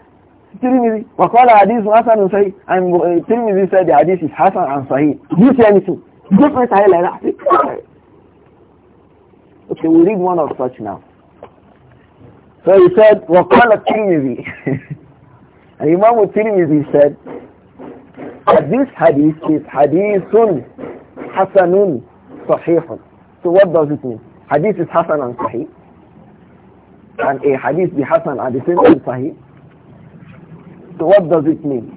A: Tirmidhi, وقال حديث حسن Hasan and Sahih. Uh, Tirmidhi said the hadith is Hasan and Sahih. Do you see anything? Different Sahih like that. Okay, we read one of such now. So he said, وقال الترمذي. and Imam al-Tirmidhi said, but this hadith is hadithun hasanun sahihun. So what does it mean? Hadith is hasan and sahih. And a hadith be hasan and the same sahih. So what does it mean?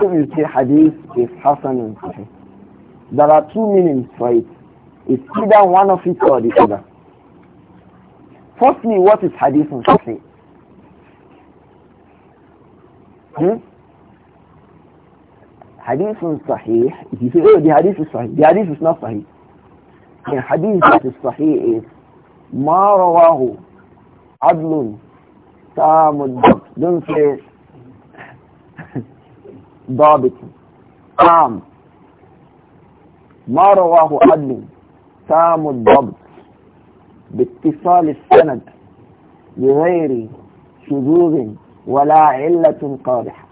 A: So you say hadith is hasan and sahih. There are two meanings for it. It's either one of it or the other. Firstly, what is hadith and sahih? Hmm? حديث صحيح دي the دي حديث صحيح دي حديث مش not صحيح يعني حديث الصحيح is ما رواه عدل تام دون don't ضابط تام ما رواه عدل تام الضبط باتصال السند بغير شذوذ ولا علة قادحة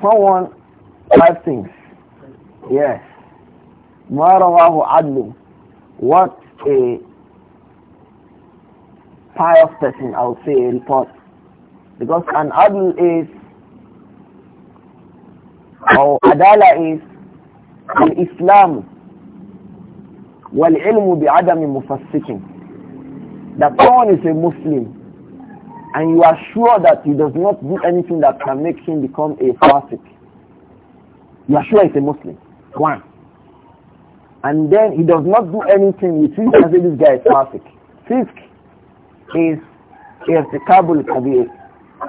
A: Someone, five things. Yes. Marawahu Adlu. What a pious person, I would say, report. Because an Adl is, or Adala is, Al-Islam wal-ilmu bi-adami mufassikin. That someone is a Muslim and you are sure that he does not do anything that can make him become a fanatic. you are sure he's a Muslim. One. And then he does not do anything which you can say this guy is fanatic. Fisk is irtikabul kabir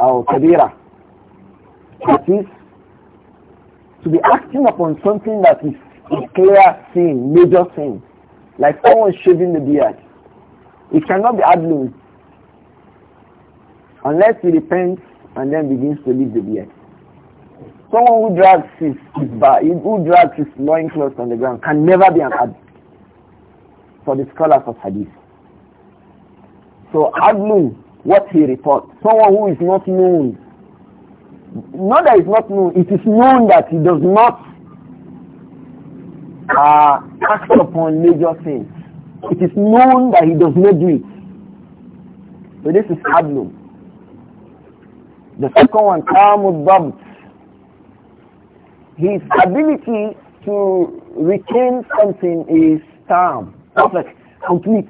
A: al kabira. That is to be acting upon something that is a clear sin, major sin. Like someone shaving the beard. It cannot be adlun Unless he repents and then begins to leave the beard. Someone who drags his, his bar, who drags his loincloth on the ground can never be an adult for the scholars of hadith. So Adlu, what he reports, someone who is not known. Not that is not known, it is known that he does not uh, act upon major sins. It is known that he does not do it. So this is Adlu. The second one, Tamud His ability to retain something is Tam, perfect, complete.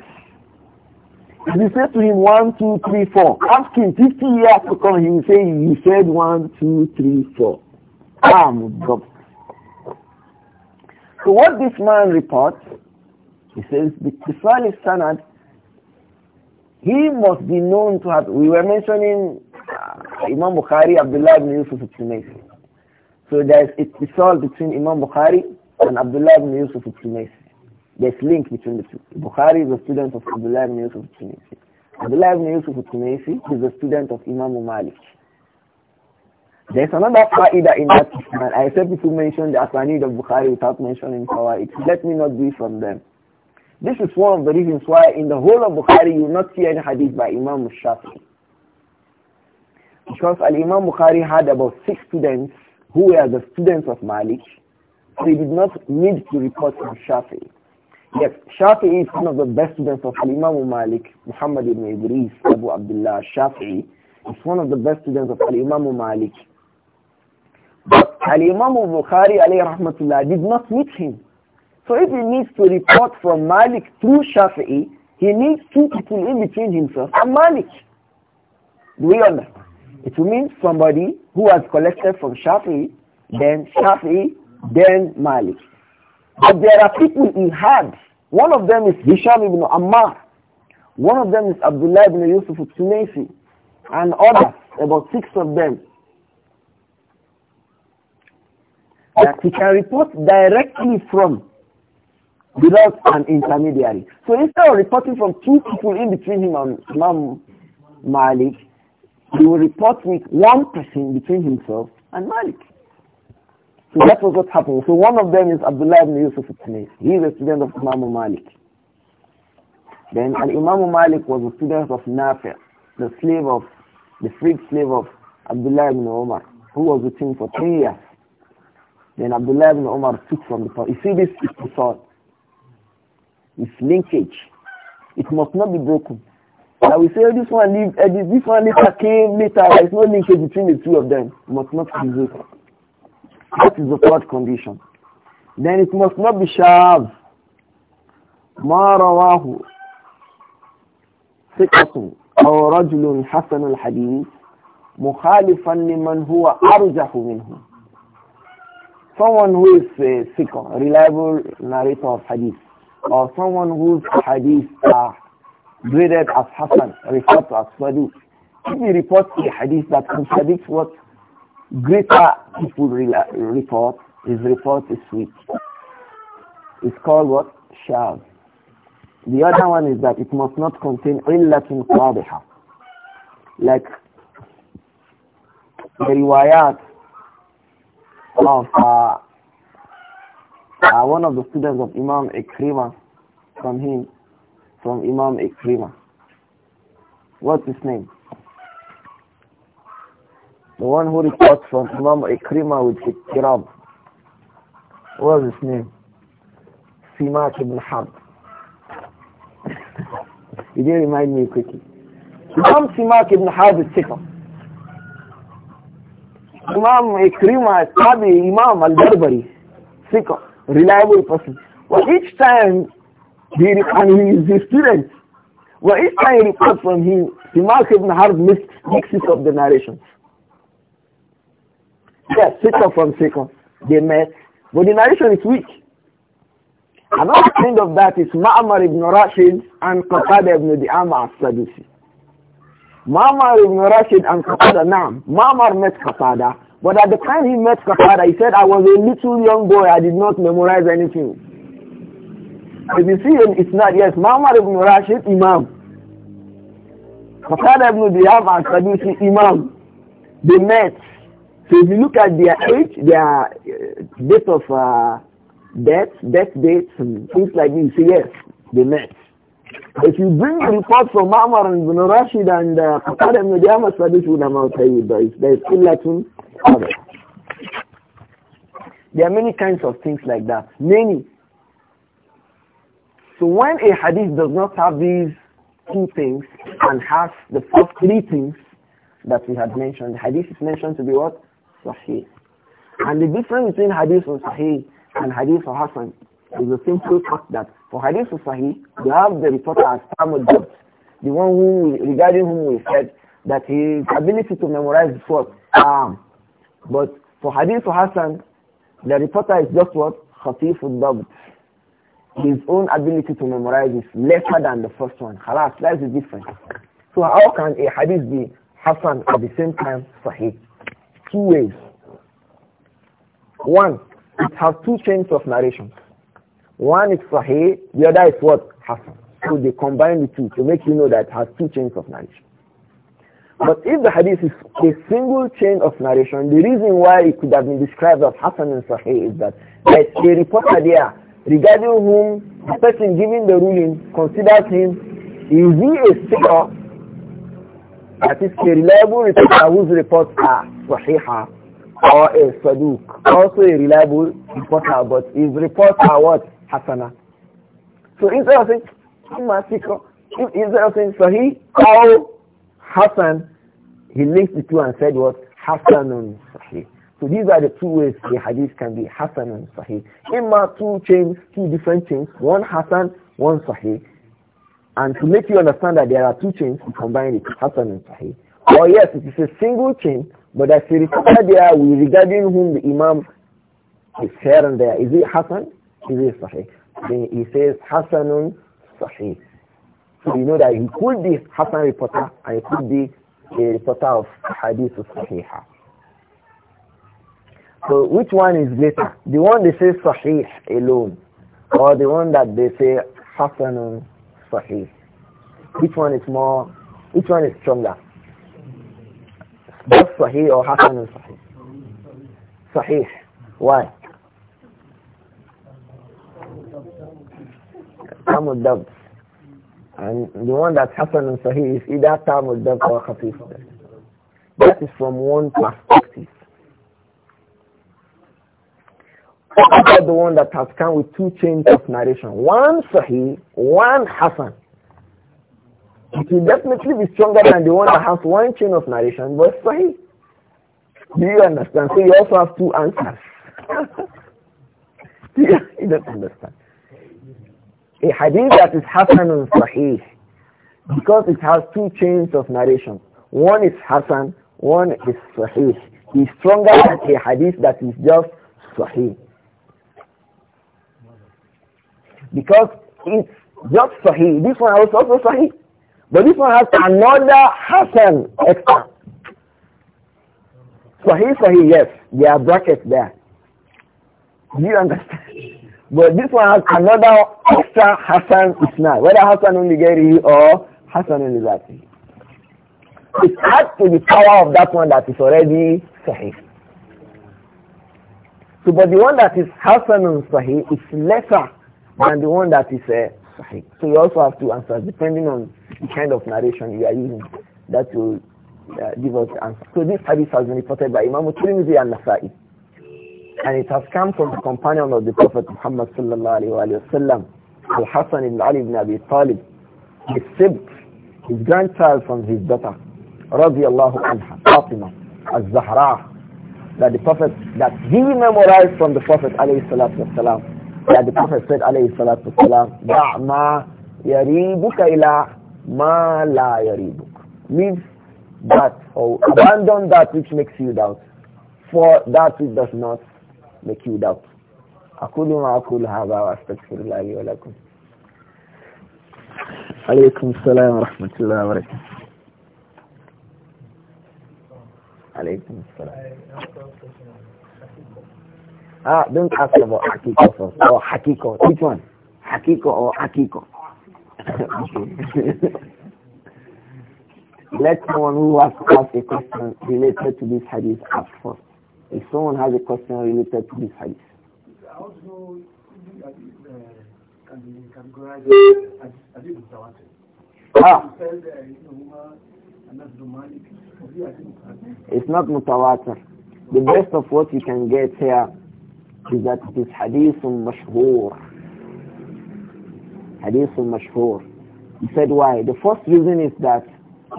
A: If you say to him one, two, three, four, ask him fifty years to come, he will say you said one, two, three, four. Tam Dabt. So what this man reports, he says, the Israeli standard, he must be known to have, we were mentioning Imam Bukhari, Abdullah ibn Yusuf al-Tumaisi. So there's it's all between Imam Bukhari and Abdullah ibn Yusuf al-Tumaisi. There's link between the two. Bukhari is a student of Abdullah ibn Yusuf al-Tumaisi. Abdullah ibn Yusuf al-Tumaisi is a student of Imam Malik. There's another fa'idah in that statement. I said people mention the Asanid of Bukhari without mentioning Fawaid. Let me not be from them. This is one of the reasons why in the whole of Bukhari you will not see any hadith by Imam Shafi'i. Because Al-Imam Bukhari had about six students who were the students of Malik. So he did not need to report from Shafi. Yes, Shafi is one of the best students of Al-Imam Malik, Muhammad ibn Idris, Abu Abdullah Shafi. is one of the best students of Al-Imam Malik. But Al-Imam Bukhari alayhi rahmatullah did not meet him. So if he needs to report from Malik through Shafi'i, he needs two people in between himself and Malik. Do we understand? It will mean somebody who has collected from Shafi, then Shafi, then Malik. But there are people he had. One of them is Hisham ibn Ammar. One of them is Abdullah ibn Yusuf al And others, about six of them. That he can report directly from without an intermediary. So instead of reporting from two people in between him and Imam Malik, he will report with one person between himself and Malik. So that was what happened. So one of them is Abdullah ibn Yusuf al-Tanis. He is a student of Imam Malik. Then imam Malik was a student of Nafi, the slave of, the freed slave of Abdullah ibn Umar, who was with him for three years. Then Abdullah ibn Umar took from the power. You see this thought its linkage. It must not be broken. I will say oh, this one leave, uh, this, this one later came later. There is no linkage between the two of them. It must not be later. That is the third condition. Then it must not be shav. Marawahu. رواه ثقة أو رجل حسن الحديث مخالفا لمن هو أرجح منه someone who is a uh, eh, thicker, reliable narrator of hadith or someone whose hadith are graded as Hassan, referred to as Sadiq. If he reports a hadith that contradicts what greater people report, his report is weak. It's called what? Shaz. The other one is that it must not contain Latin qadiha. Like the riwayat of uh, uh, one of the students of Imam Ikrimah from him from Imam Ikrima. What's his name? The one who reports from Imam Ikrima with Ikram. What was his name? Simak ibn Harb. you didn't remind me quickly. Imam Simak ibn Harb is Sikh. Imam a Tabi, Imam al darbari Sikh, reliable person. Well, each time and he is his student. Well, each time he reports from him, Imam ibn Harb mixes up the narrations. Yes, Sikha from Sikha, they met, but the narration is weak. Another kind of that is Ma'amar ibn Rashid and Qatada ibn Di'ama al-Sadusi. Ma'amar ibn Rashid and Qatada, now, Ma'amar met Qatada, but at the time he met Qatada, he said, I was a little young boy, I did not memorize anything. If you see him, it's not, yes, Muhammad ibn Rashid, Imam. Qatada ibn Diyab and Sadusi, Imam. They met. So if you look at their age, their uh, date of uh, death, death dates, and things like this, so yes, they met. If you bring the report from Muhammad and ibn Rashid and uh, Qatada ibn Diyab and tell you Tayyid, there is still Latin. There are many kinds of things like that. Many. So when a hadith does not have these two things and has the first three things that we had mentioned, hadith is mentioned to be what? Sahih. And the difference between hadith and Sahih and hadith of Hassan is the simple fact that for hadith of Sahih, we have the reporter as Tamadot, the one who, regarding whom we said that his ability to memorize is what? Um, but for hadith of Hassan, the reporter is just what? Khatif al-Dabt his own ability to memorize is lesser than the first one. Halas, that is different. So how can a hadith be Hassan at the same time Sahih? Two ways. One, it has two chains of narration. One is Sahih, the other is what? Hassan. So they combine the two to make you know that it has two chains of narration. But if the hadith is a single chain of narration, the reason why it could have been described as Hassan and Sahih is that there's a reporter there regarding whom the person giving the ruling considers him, is he a seer? That is a reliable reporter whose reports are Sahiha or a Saduq, also a reliable reporter, but his reports are what? Hasana. So instead of saying, instead of saying Sahih or Hassan, he links the two and said what? hasanun?" So these are the two ways the hadith can be Hassan and Sahih. Imma two chains, two different chains, one Hassan, one Sahih. And to make you understand that there are two chains, we combine it, Hassan and Sahih. Or yes, it is a single chain, but as a reporter, there, we regarding whom the Imam is here and there. Is it Hassan? Is it Sahih? Then he says Hassanun Sahih. So you know that he could be Hassan reporter and he could be a reporter of Hadith Sahihah. So which one is greater? The one they say Sahih alone or the one that they say Hasanun Sahih? Which one is more, which one is stronger? Both Sahih or Hasanun Sahih? Sahih. Why? Tamud Dab. And the one that Hasanun Sahih is either Tamud Dab or Khafif. That is from one perspective. about the one that has come with two chains of narration? One Sahih, one Hassan. It will definitely be stronger than the one that has one chain of narration, but Sahih. Do you understand? So you also have two answers. you don't understand. A hadith that is Hassan and Sahih, because it has two chains of narration. One is Hassan, one is Sahih. It's stronger than a hadith that is just Sahih. Because it's just Sahih. This one is also Sahih. But this one has another Hassan extra. Sahih, Sahih, yes. There are brackets there. Do you understand? But this one has another extra Hassan Isna, whether Hassan Unigeri or Hassan Unigati. It adds to the power of that one that is already Sahih. So, but the one that is Hassan Sahih is lesser than the one that is uh, sahih. So you also have to answer depending on the kind of narration you are using. That will uh, give us the answer. So this hadith has been reported by Imam Tirmidhi and Nasa'i. And it has come from the companion of the Prophet Muhammad sallallahu alayhi wa sallam, Al-Hassan ibn Ali ibn Abi Talib, his sibt, his grandchild from his daughter, radiallahu anha, Fatima, al-Zahra, that the Prophet, that he memorized from the Prophet alayhi salatu wasalam, that the Prophet said alayhi salatu wasalam, Da'ma yaribuka ila ma la yaribuk. Leave that or abandon that which makes you doubt for that which does not make you doubt. أقول ما أقول هذا وأستغفر الله لي ولكم عليكم السلام ورحمة الله وبركاته عليكم السلام Ah, don't ask about Akiko first. Or Hakiko. Which one? Hakiko or Akiko? Let someone who has ask a question related to this hadith ask first. If someone has a question related to this hadith.
C: Also, uh, can be categorized as, as Ah.
A: It's not mutawatir. The best of what you can get here is that it is hadith mashhur. Hadith mashhur. He said why? The first reason is that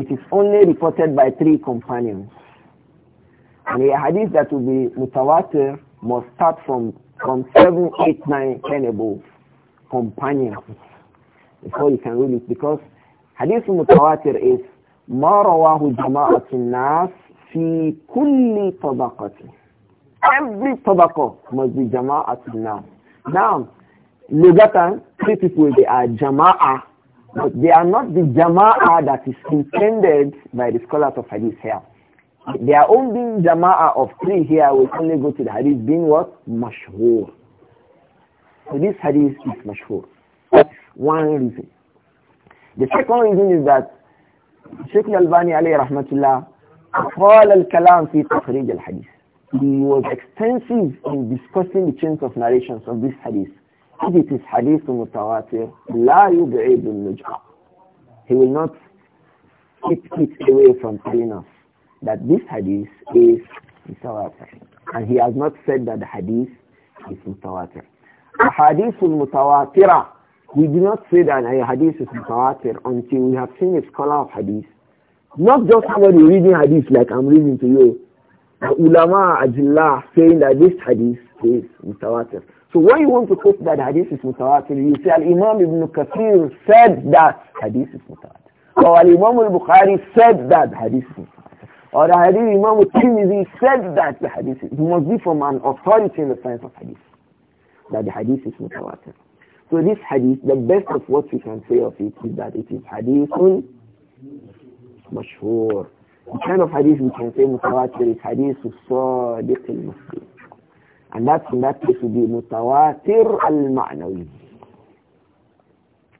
A: it is only reported by three companions. And a hadith that will be mutawatir must start from, from 7, 8, 9, 10 above companions before you can read it because hadith mutawatir is ما رواه جماعة الناس في كل طبقة Every tobacco must be jama'at now. Now, Lugatan, three people, they are Jama'a, but they are not the Jama'a that is intended by the scholars of hadith here. Their own being Jama'a of three here will only go to the hadith being what? Mashhur. So this hadith is mashhur. That's one reason. The second reason is that Sheikh Al-Albani alayhi rahmatullah قال الكلام في تخريج الحديث he was extensive in discussing the chains of narrations of this hadith. If it is hadith mutawatir, la yub'idun nuj'a. He will not keep it away from telling us that this hadith is mutawatir. And he has not said that the hadith is mutawatir. Hadith mutawatir. We do not say that a hadith is mutawatir until we have seen a scholar of hadith. Not just somebody reading hadith like I'm reading to you, the ulama ajillah saying that this hadith is mutawatir. So when you want to quote that hadith is mutawatir, you say Al-Imam Ibn Kathir said that hadith is mutawatir. Or Al-Imam Al-Bukhari said that hadith is mutawatir. Or the hadith Imam Al-Tirmidhi said that the hadith is, it must be from an authority in the science of hadith. That the hadith is mutawatir. So this hadith, the best of what we can say of it is that it is hadithun mashhur. The kind of hadith we can say mutawatir is hadith sadiq al-muslim. And that's in that case would be mutawatir al-ma'nawi.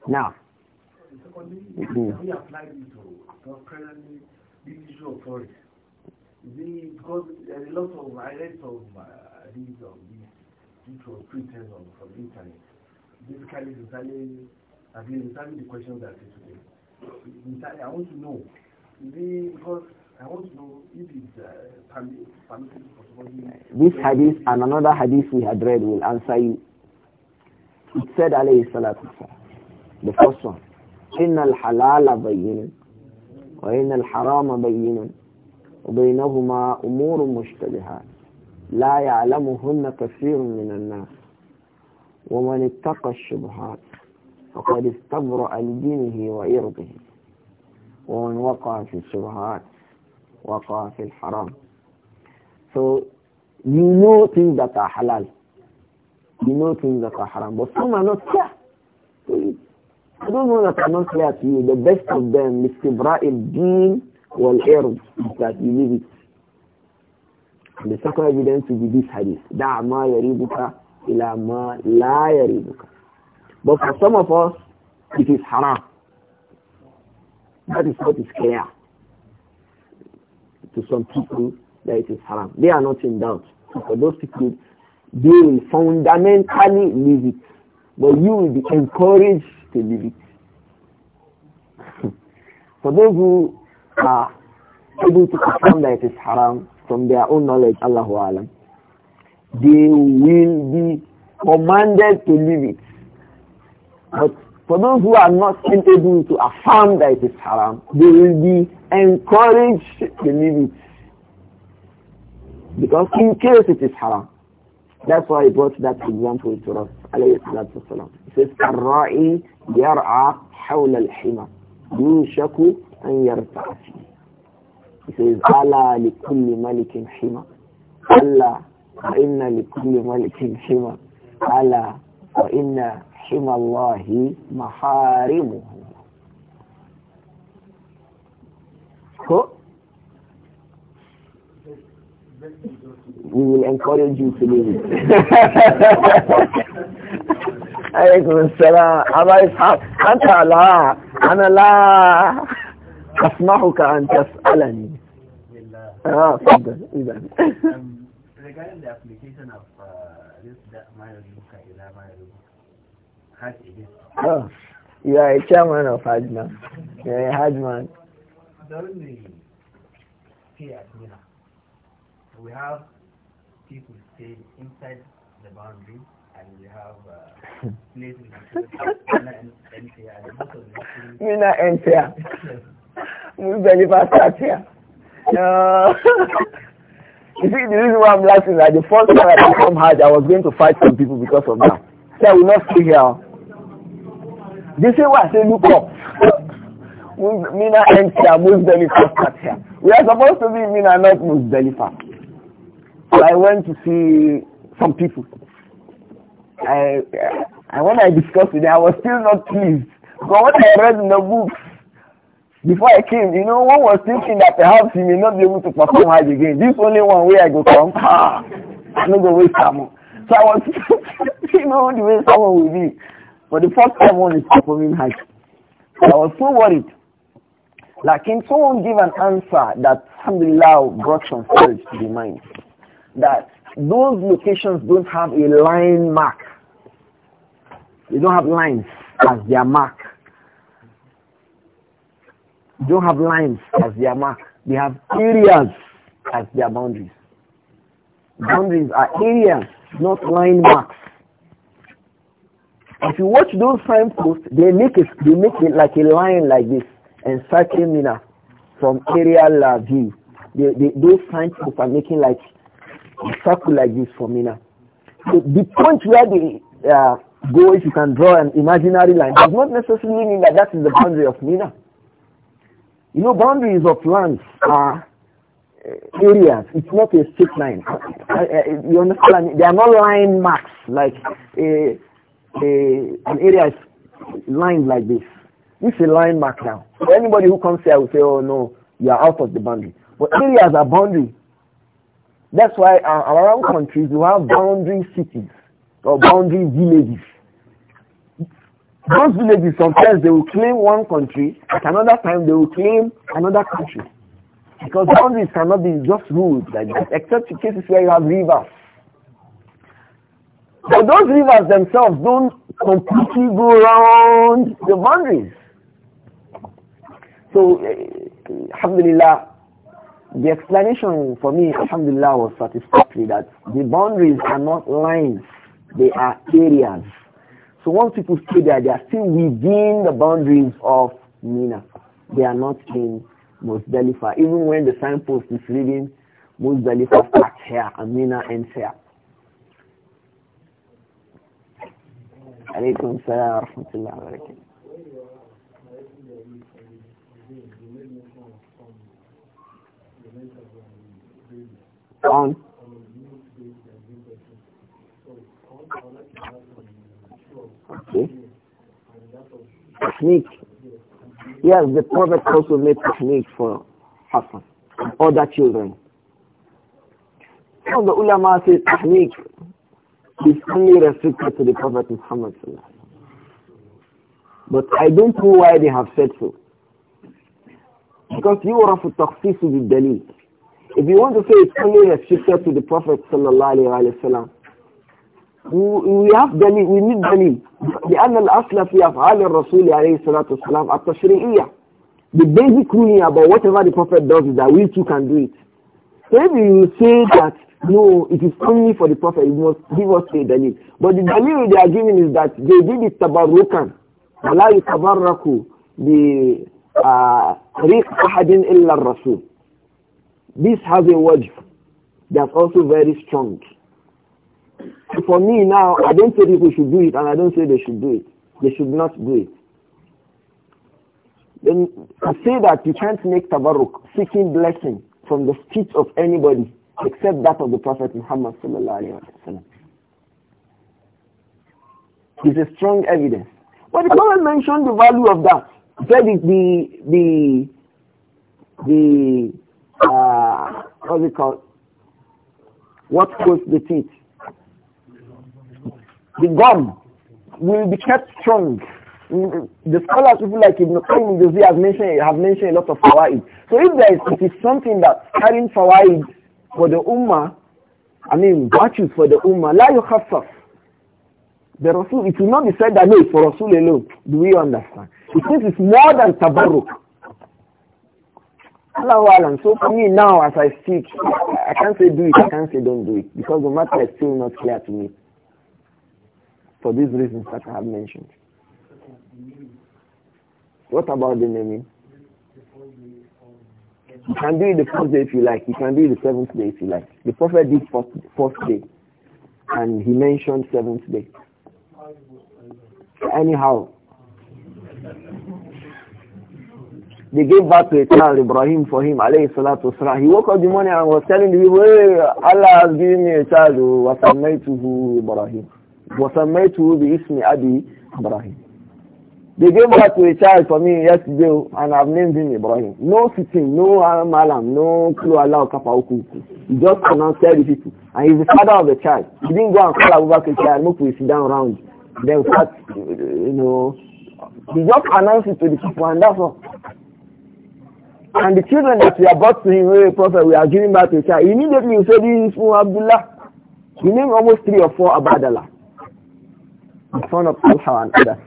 A: Now, because there are a lot of I read uh, of these these the question that is I want to know Uh, This hadith and another hadith we had read will answer you. It said alayhi salatu the first one, إِنَّ الْحَلَالَ بَيِّنٌ وَإِنَّ الْحَرَامَ بَيِّنٌ وبينهما أمور مشتبهات لا يعلمهن كثير من الناس ومن اتقى الشبهات فقد استبرأ لدينه وإرضه ومن وقع في الشبهات وقع في الحرام so you know things that are halal you know things that are haram but some are not clear I don't know that are not clear to you the best of them is Ibrahim deen wal ird that you leave it and the second evidence will be this hadith da' ma yaribuka ila ma la yaribuka but for some of us it is haram that is what is clear to some people that it is haram. They are not in doubt. for those people, they will fundamentally leave it. But you will be encouraged to leave it. for those who are able to confirm that it is haram from their own knowledge, Allahu Alam, they will be commanded to leave it. But for those who are not able to affirm that it is haram, they will be encouraged to believe it. Because in case it is haram. That's why I brought that example to us. Alayhi salatu wasalam. It says, الرَّائِي يَرْعَى حَوْلَ الْحِمَى يُوشَكُ أَنْ يَرْتَعَ فِيهِ He says, أَلَا لِكُلِّ مَلِكٍ حِمَى أَلَّا وَإِنَّ لِكُلِّ مَلِكٍ حِمَى أَلَا وَإِنَّ حرم الله محارمه هو we will encourage you to do it عليكم السلام أبا إسحاق أنت لا أنا لا أسمحك أن تسألني آه تفضل إذا regarding the application of Oh, you are a chairman of Hajna. You are a Hajman. During the stay at Mina, we have people staying inside the boundary and we have uh,
C: places in Mina NCR.
A: Muzdalifa starts here. No. you see, the reason why I'm laughing is like the first time I become hard, I was going to fight some people because of that. So I will not stay here. They say, why? I say, look up.
C: Mina
A: ends here, Muzdalifa starts here. We are supposed to be Mina, not Muzdalifa. So I went to see some people. I, I when I discussed with them, I was still not pleased. But what I read in the books before I came, you know, one was thinking that perhaps he may not be able to perform Hajj again. This only one way I go come. Ah, I am not to waste time. So I was, you know, the way someone with be. But the first time one is performing Hajj. I was so worried. Like can someone give an answer that Alhamdulillah brought some courage to the mind? That those locations don't have a line mark. They don't have lines as their mark. They don't have lines as their mark. They have areas as their boundaries. Boundaries are areas, not line marks. If you watch those signposts, they make it they make it like a line like this, encircling Mina from aerial view. They, they, those signposts are making like a circle like this for Mina. So the point where they uh, go, if you can draw an imaginary line, does not necessarily mean that that is the boundary of Mina. You know, boundaries of lands are uh, areas. It's not a straight line. you understand? They are not line marks like a, uh, a, an area is lined like this. This is a line mark now. So anybody who comes here will say, oh no, you are out of the boundary. But areas are boundary. That's why uh, our, own countries will have boundary cities or boundary villages. Those villages sometimes they will claim one country, at another time they will claim another country. Because boundaries cannot be just ruled like that, except in cases where you have rivers. But those rivers themselves don't completely go around the boundaries. So, uh, alhamdulillah, the explanation for me, alhamdulillah, was satisfactory that the boundaries are not lines, they are areas. So once people stay there, they are still within the boundaries of Mina. They are not in Muzdalifah. Even when the signpost is reading, Muzdalifah starts here and Mina ends here. عليكم السلام ورحمة الله وبركاته on okay technique yes the prophet also made technique for Hassan other children some the ulama say technique it's only restricted to the Prophet Muhammad But I don't know why they have said so. Because you are of taqsis with dalil. If you want to say it's only restricted to the Prophet sallallahu we have Dali. we need dalil. لأن الأصل في أفعال الرسول عليه الصلاة والسلام التشريعية. The basic ruling about whatever the Prophet does is that we too can do it. Maybe you say that, no, it is only for the prophet, He must give us a dalil. But the dalil they are giving is that they did it tabarrukan. وَلَا bi بِرِيْقْ uh, أَحَدٍ illa Rasul. This has a word that's also very strong. for me now, I don't say people should do it, and I don't say they should do it. They should not do it. Then I say that you can't make tabarruk, seeking blessing from the speech of anybody except that of the Prophet Muhammad sallallahu It's a strong evidence. But the Quran mentioned the value of that. He said the the the uh, what's it called? What coats the teeth? The gum will be kept strong the scholars, people like Ibn Qayyim have mentioned, have mentioned a lot of fawaid. So if there is, it is something that carrying fawaid for the ummah, I mean virtues for the ummah, la yukhassaf. The Rasul, it will not be said that no, it's for Rasul alone. Do we understand? It means it's more than tabarruk. So for me now, as I speak, I can't say do it, I can't say don't do it, because the matter is still not clear to me. For these reasons that I have mentioned. What about the naming?
C: You can do it the first
A: day if you like. You can do it the seventh day if you like. The prophet did first, first day, and he mentioned seventh day. Anyhow, they gave birth to a child, Ibrahim, for him, alayhi salatu wasalam. He woke up the morning and was telling the people, hey, Allah has given me a child, wasammaituhu Ibrahim. Wasammaituhu bi ismi Abi Ibrahim. They gave birth to a child for me yesterday and I've named him Ibrahim. No sitting, no uh, malam, no kulu Allah kapa okuku. He just pronounced the people. And he's the father of the child. He didn't go and call Abubakar child, look we sit down around. Then start, you know. He just announced it to the people and that's all. And the children that we are brought to him, hey, eh, Prophet, we are giving birth to a child. Immediately you say this is Abdullah. He named almost three or four Abadallah. The son of Talha and others.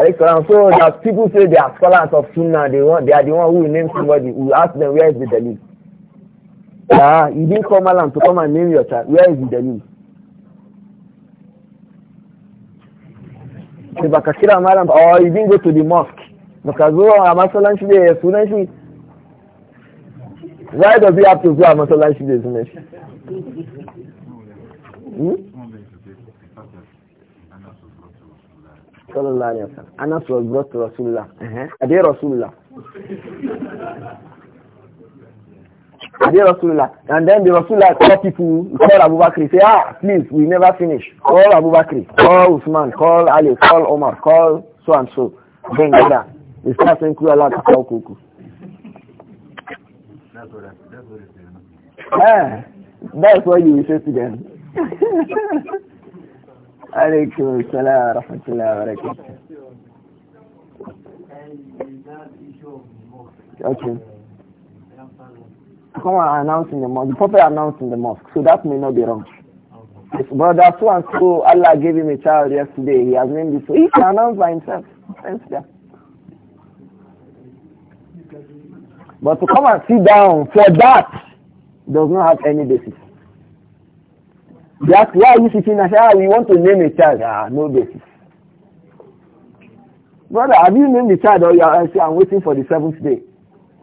A: So that people say they are scholars of Sunnah, they want they are the one who will name somebody. We ask them where is the Dalil. Ah, you didn't come along to come and name your child. Where is the Dalil? Bakakira Malam or you didn't go to the mosque. Makazo Amasalanshi Sunanshi. Why does he have to go Amasalanshi Sunanshi? Hmm? Sallallahu alayhi wa sallam. Anas was brought to Rasulullah. Uh-huh. Adi Rasulullah? Adi Rasulullah? And then the Rasulullah call people, call Abu Bakr, say, ah, please, we never finish. Call Abu Bakr, call Usman, call Ali, call Omar, call so and so. Then get that. They start saying, Kuyala, Kakao, Kuku.
C: That's what, I, that's what it's saying.
A: that's what you say to them. Alaikum salam wa rahmatullahi wa barakatuh. Okay. Someone announcing the mosque. The prophet in the mosque, so that may not be wrong. But brother, so and so, Allah gave him a child yesterday. He has named it so. He can announce by himself. But to come and sit down for that does not have any basis. They why are you sitting and say, ah, we want to name a child. Ah, no basis. Brother, have you named the child or you are, I say, I'm waiting for the seventh day?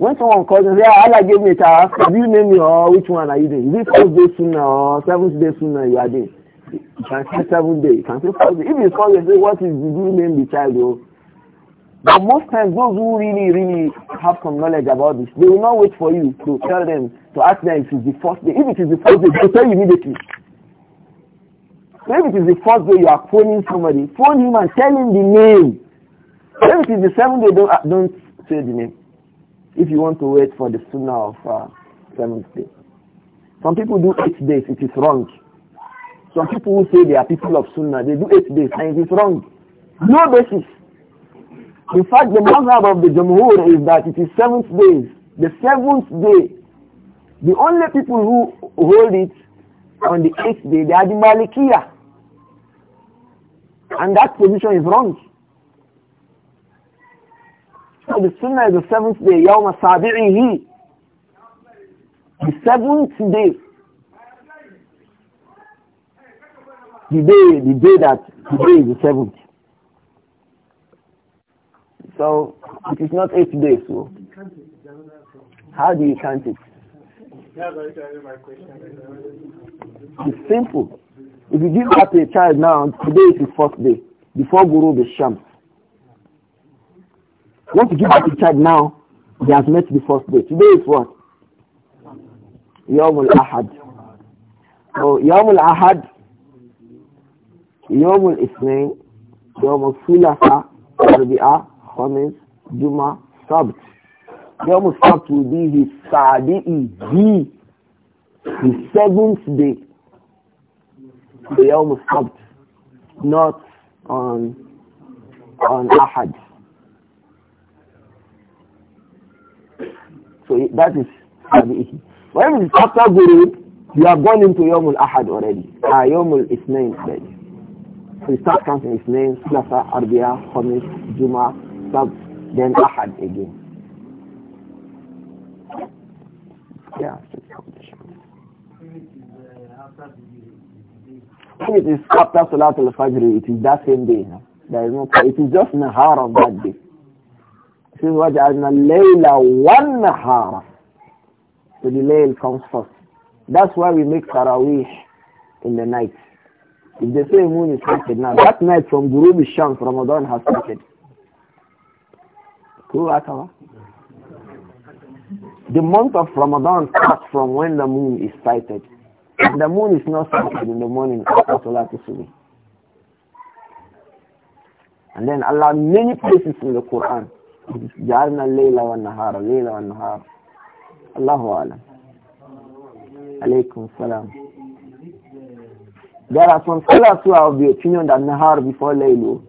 A: When someone calls and says, ah, Allah gave me a child, have you named me which one are you doing? Is it first day sooner or seventh day sooner you are doing? You can say seventh day, you can say first day. If you call and say, what is, did you name the child? Oh? But most times, those who really, really have some knowledge about this, they will not wait for you to tell them, to ask them if it's the first day. If it is the first day, they'll tell you immediately. Maybe it is the first day you are phoning somebody, phone him and tell him the name. Maybe it is the seventh day, don't, uh, don't say the name. If you want to wait for the sunnah of uh, seventh day. Some people do eight days, it is wrong. Some people who say they are people of sunnah, they do eight days and it is wrong. No basis. In fact, the mazhab of the Jamhur is that it is seventh days. The seventh day, the only people who hold it on the eighth day, they are the Malikiyah. And that position is wrong. So the sunnah is the seventh day, Yawm He The seventh day. The day, the day that, today is the seventh. So, it is not eight days, so. How do you count it? It's simple. If you give that to a child now, today is the first day, before Guru Bisham. Once you give that to a child now, he has met the first day. Today is what? Yawmul Ahad. So Yawmul Ahad, Yawmul Ismail, Yawmul Sulasa, Arbi'a, Khamis, Juma, Sabt. Yawmul Sabt will be his Sadi'i, the seventh day the Yawm Sabt, not on, on Ahad. So that is Sabi'ihi. Whatever is after Guru, you have gone into Yawm al-Ahad already. Uh, Yawm al-Isnain already. So you start counting Isnain, Sulasa, Arbiya, Khamis, Juma, Sabt, then Ahad again. Yeah, it's it is after al-Fajr. Fajr, it is that same day. No? There is no, it is just Nahar of that day. This is in Ja'alna Layla one Nahara. So the Layl comes first. That's why we make Taraweeh in the night. If the same moon is started now, that night from Guru Shams, Ramadan has started. The month of Ramadan starts from when the moon is sighted the moon is not sighted in the morning after Salat Subi. And then Allah many places in the Quran. wa الليل Layla wa والنهار Allahu أعلم عليكم salam. There are some scholars who have the opinion that Nahar before Laylu.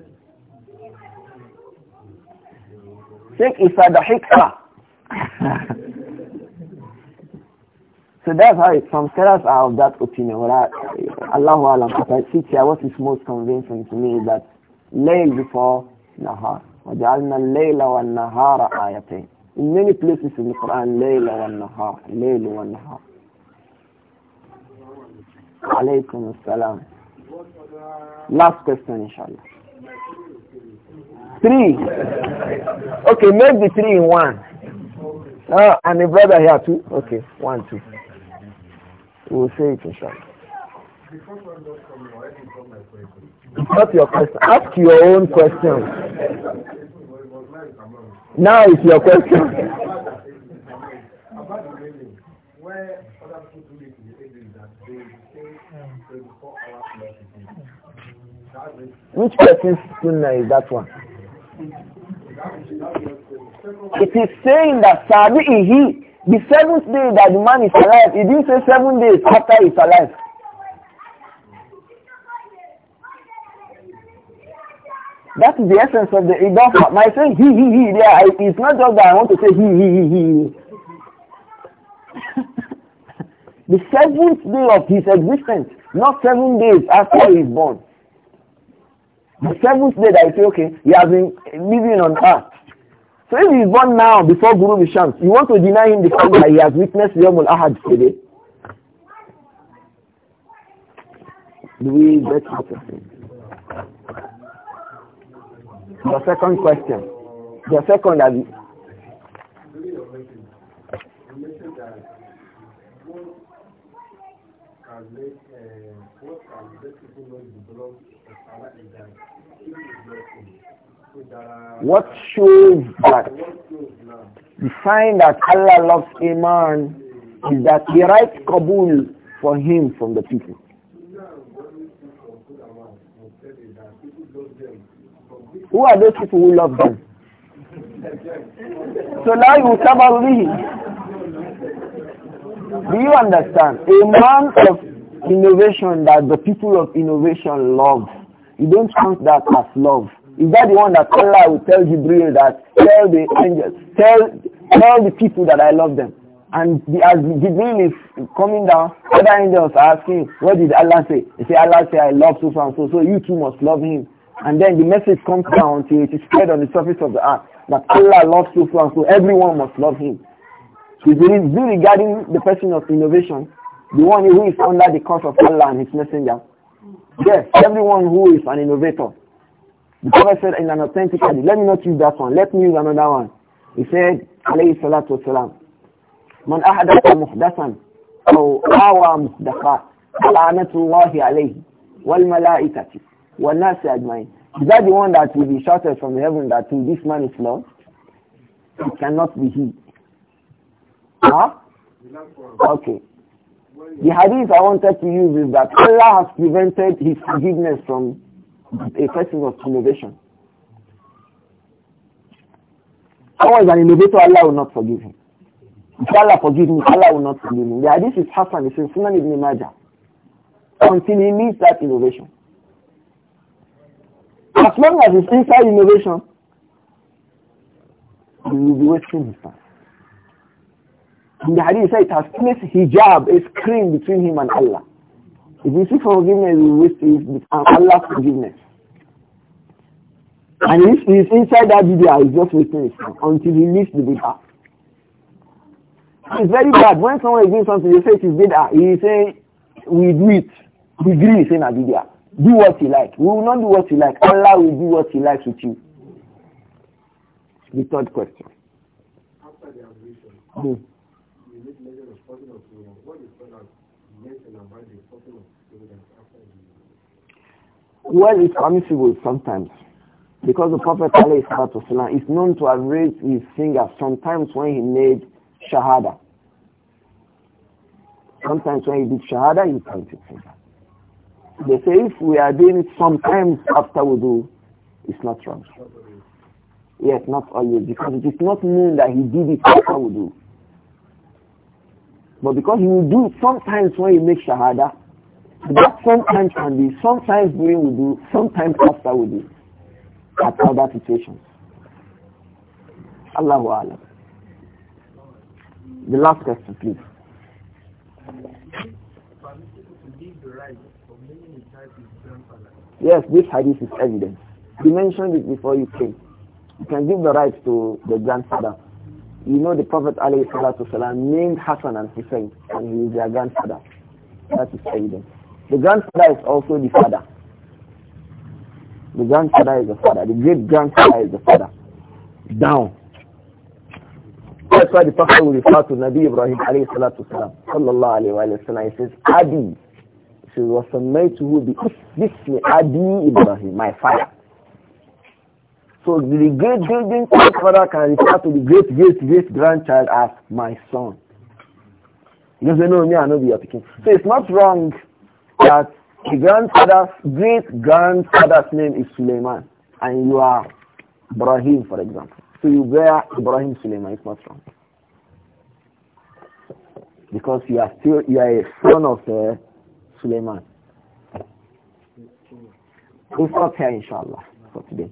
A: Sheikh Isa the Hikmah So that's how it, some scholars are of that opinion. Well, I, Allahu Alam, I sit here, what is most convincing to me is that layl before nahar. وَجَعَلْنَا اللَّيْلَ وَالنَّهَارَ آيَتَيْنِ In many places in the Quran, layl وَالنَّهَارَ layl وَالنَّهَارَ Alaykum as-salam. Last question, inshallah.
C: Three. Okay, make the
A: three in one. Oh, and the brother here too. Okay, one, two. We'll say it inshallah.
C: It's not your question. Ask your own question.
A: now it's your question. Which person's sunnah is that one? It is saying that Sadi is he. The seventh day that the man is alive, he didn't say seven days after he's alive. That is the essence of the Idafa. My saying he, he, he there, I, it's not just that I want to say he, he, he, he. the seventh day of his existence, not seven days after he is born. The seventh day that I say, okay, he has been living on earth. So if he is born now before Guru Vishant, you want to deny him the fact that he has witnessed Yom Ahad today? Do we get it? The second question. Uh, the second that what
C: can let people not develop What shows
A: that the sign that Allah loves a man is that he writes Kabul for him from the people. Who are those people who love them?
C: So now you cover me. Do you understand?
A: A man of innovation that the people of innovation love, you don't count that as love. Is that the one that Allah will tell Jibril that tell the angels, tell tell the people that I love them? And the, as Jibril is coming down, other angels are asking, what did Allah say? They say, Allah say, I love so and so, so you too must love him. And then the message comes down until it is spread on the surface of the earth that Allah loves so and so, everyone must love him. So it is regarding the person of innovation, the one who is under the curse of Allah and his messenger. Yes, everyone who is an innovator, the Prophet said in an authentic hadith, let me not use that one, let me use another one. He said, alayhi salatu wasalam, من أحدث محدثا أو آوى محدثا لعنة الله عليه والملائكة والناس أجمعين Is that the one that will be shouted from heaven that hey, this man is lost, It cannot be he. Huh? Okay. The hadith I wanted to use is that Allah has prevented his forgiveness from a person of innovation. Someone is an innovator, Allah will not forgive him. If Allah forgive me, Allah will not forgive me. The hadith is Hassan, it's in Sunan ibn Majah. Until he meets that innovation. As long as it's inside innovation, he will be wasting his time. In the hadith, it it has placed hijab, a screen between him and Allah. If you seek forgiveness, you will receive, Allah's forgiveness. And if he is inside that video, he's just waiting until he leaves the video. It's very bad. When someone is doing something, they say it is bid'ah. He saying, we do it. We agree, he's saying a bid'ah. Do what you like. We will not do what you like. Allah will do what he likes with you. The third question. After the hmm. Well, it's permissible sometimes. Because the Prophet Allah is known to have raised his finger sometimes when he made Shahada. Sometimes when he did Shahada, he pointed finger. They say if we are doing it sometimes after we do, it's not wrong. Yes, not always, because it is not known that he did it after we do. But because he will do sometimes when he makes Shahada, that sometimes can be, sometimes during we do, sometimes after we do, at other situations. Allahu Alam. The last question, please. Yes, this hadith is evidence. You mentioned it before you came. You can give the right to the grandfather. You know the Prophet ﷺ named Hassan and Hussein and he is their grandfather. That is evidence. The grandfather is also the father. The grandfather is the father. The great grandfather is the father. Down. That's why the Prophet will refer to Nabi Ibrahim alayhi salatu wasalam. Sallallahu alayhi wa sallam. He says, Adi. So was submitted to the Ismi Adi Ibrahim, my father. So the great great grandfather can refer to the great great great grandchild as my son. He doesn't know me, I know your picking. So it's not wrong that the grandfather's great grandfather's name is Suleiman and you are Ibrahim for example. So you bear Ibrahim Suleiman, it's not wrong. Because you are still you are a son of uh, Suleiman. We'll stop here inshallah for today.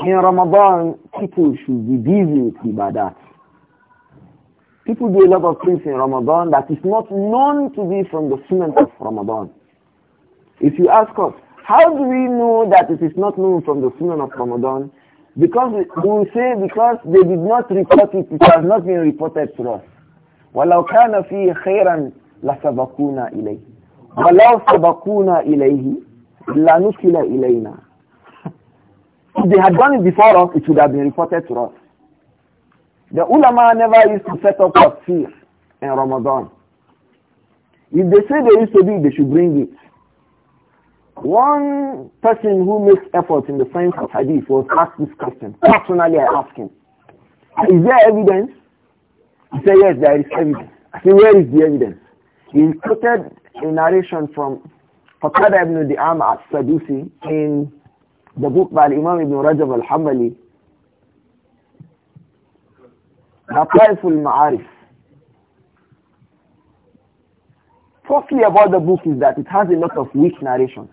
A: In Ramadan, people should be busy with ibadat. People do a lot of things in Ramadan that is not known to be from the sunnah of Ramadan. If you ask us, how do we know that it is not known from the Sunan of Ramadan? Because we will say because they did not report it, it has not been reported to us. وَلَوْ كَانَ فِي خَيْرًا لَسَبَقُونَا إِلَيْهِ وَلَوْ سَبَقُونَا إِلَيْهِ لَنُسِلَ إِلَيْنَا If they had done it before us, it would have been reported to us. The ulama never used to set up a fear in Ramadan. If they say there used to be, they should bring it. One person who makes effort in the science of hadith was asked this question. Personally, I asked him, is there evidence? He said, yes, there is evidence. I said, where is the evidence? He quoted a narration from Fatada ibn Di'am al-Sadusi in the book by Imam ibn Rajab al-Hambali, Lataif al-Ma'arif. Firstly about the book is that it has a lot of weak narrations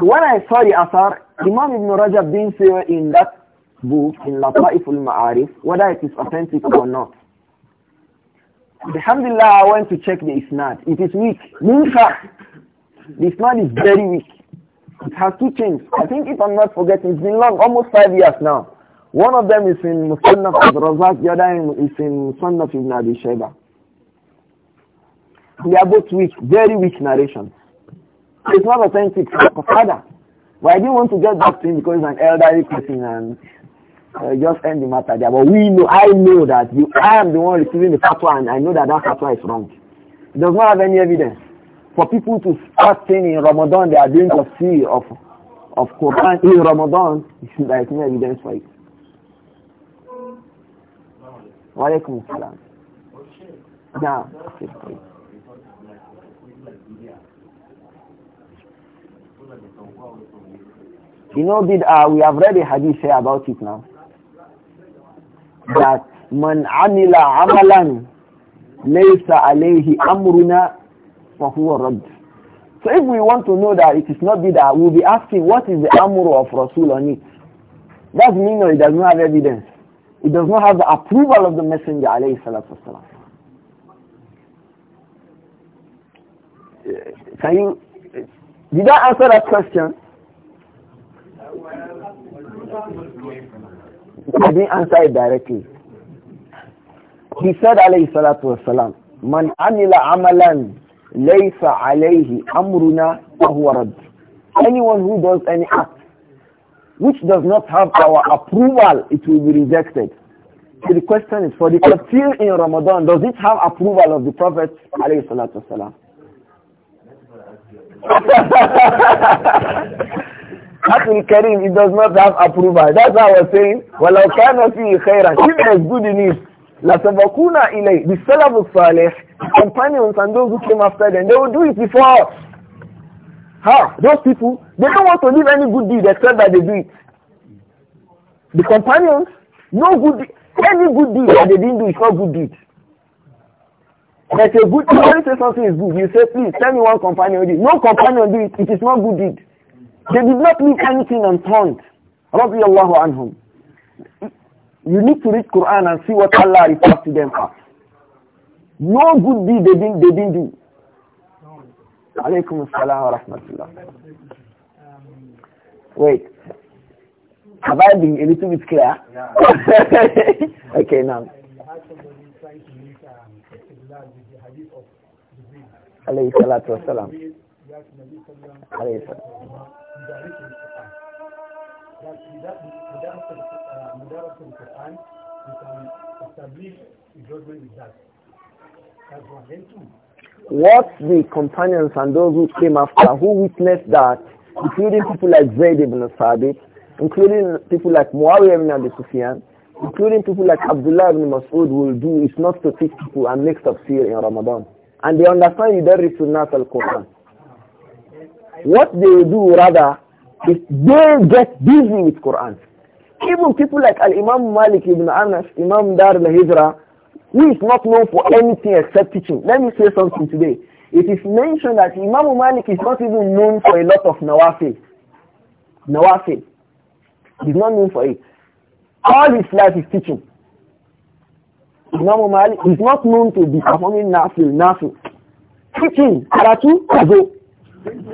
A: when I saw the Asar, Imam Ibn Rajab didn't say in that book, in Lata'if maarif whether it is authentic or not. Alhamdulillah, I went to check the Isnad. It is weak. Munkar. The Isnad is very weak. It has two chains. I think if I'm not forgetting, it's been long, almost five years now. One of them is in Musannaf al-Razak, the other is in Musannaf ibn Abi Sheba. They are both weak, very weak narrations. It's not authentic father. But I didn't want to get back to him because he's an elderly person and uh, just end the matter there. But we know, I know that you, I am the one receiving the fatwa and I know that that fatwa is wrong. It does not have any evidence. For people to start saying in Ramadan they are doing tafsir of, of Quran in Ramadan, there is no evidence for it. Wa alaikum salam. Now, You know, did, uh, we have read a hadith here about it now. That man amila amalan laysa alayhi amruna fahuwa So if we want to know that it is not bid'ah, we'll be asking what is the amru of Rasul on it. That means no, it does not have evidence. It does not have the approval of the Messenger alayhi salatu wasalam. Can you, did I answer that question? I didn't answer it directly. He said, alayhi salatu wasalam, Man amila amalan laysa alayhi amruna fahuwa Anyone who does any act which does not have our approval, it will be rejected. So the question is, for the tafsir in Ramadan, does it have approval of the Prophet alayhi salatu wasalam? Akil Karim, it does not have approval. That's why I was saying, وَلَوْ كَانَ فِي خَيْرًا If there is good in it, لَتَبَقُونَ إِلَيْهِ The Salaf Salih, companions and those who came after them, they will do it before us. How? Those people, they don't want to leave any good deed except that they do it. The companions, no good deed. Any good deed that they didn't do is not good deed. There's a good, when you say something is good, you say, please, tell me one companion did. No companion did it, it is not good deed. They did not leave anything unturned. Radiallahu anhum. You need to read Quran and see what Allah refers to them as. No good deed they didn't, they didn't do. Alaykum assalam wa rahmatullah. Wait. Have I been a little bit clear? Yeah. okay, now.
C: Alayhi salatu wa salam. مدارس القرآن that without مدارس القرآن can establish
A: what the companions and those who came after who witnessed that including people like Zayd ibn Thabit including people like Muawiyah ibn Abi Sufyan including people like Abdullah ibn Mas'ud will do is not to teach people and make tafsir in Ramadan and they understand that don't read al-Quran what they do rather is they get busy with Quran. Even people like Al-Imam Malik ibn Anas, Imam Dar al-Hijra, he is not known for anything except teaching. Let me say something today. It is mentioned that Imam Malik is not even known for a lot of nawafil. Nawafil. he's is not known for it. All his life is teaching. Imam Malik is not known to be performing nafil, nafil. Teaching, karatu, kazo. Despite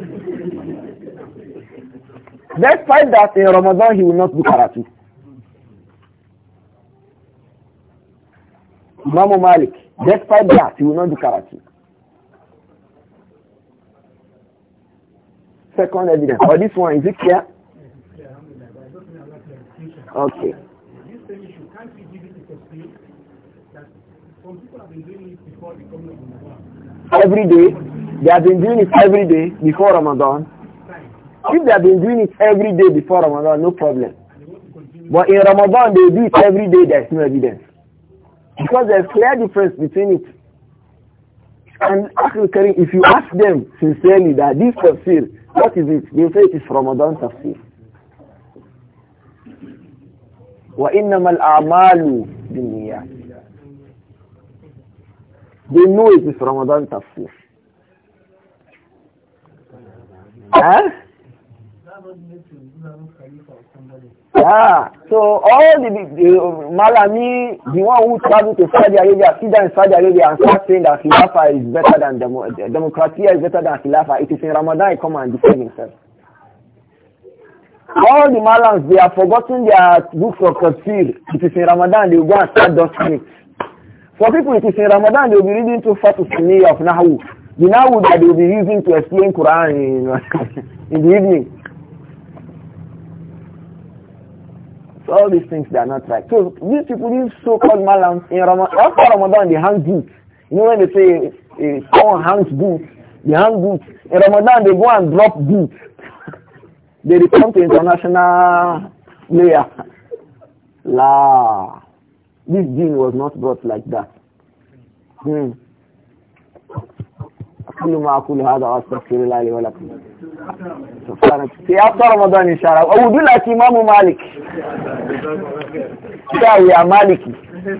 A: that, in Ramadan he will not do karate. Imam Malik, despite that, he will not do karate. Second evidence. Or this one, is it clear?
C: Okay.
B: Every day.
A: They have been doing it every day before Ramadan. If they have been doing it every day before Ramadan, no problem. But in Ramadan, they do it every day, there's no evidence. Because there's clear difference between it. And actually, if you ask them sincerely that this tafsir, what is it? They say it is Ramadan tafsir. وَإِنَّمَا الْأَعْمَالُ بِالنِّيَّاتِ They know it is Ramadan tafsir. Yeah. So all the, the uh, Malami, the one who traveled to Saudi Arabia, sit down in Saudi Arabia and start saying that Khilafah is better than demo, democracy is better than Khilafah. It is in Ramadan he come and defend himself. All the Malams, they have forgotten their books of Tafsir. It is in Ramadan they will go and start dusting it. For people, it is in Ramadan they will be reading to Fatul Sunni of Nahu. The would that they'll be using to explain Quran in, in the evening. So all these things they are not right. So these people, these so-called malams in Ramadan, after Ramadan they hang boots. You know when they say uh, someone hangs boots, they hang boots. In Ramadan they go and drop boots. they become to international layer. La. This gene was not brought like that. Hmm. كل ما أقول هذا وأستغفر الله لي ولكم سبحانك في أفضل رمضان إن شاء
B: الله أو دلت إمام مالك يا مالكي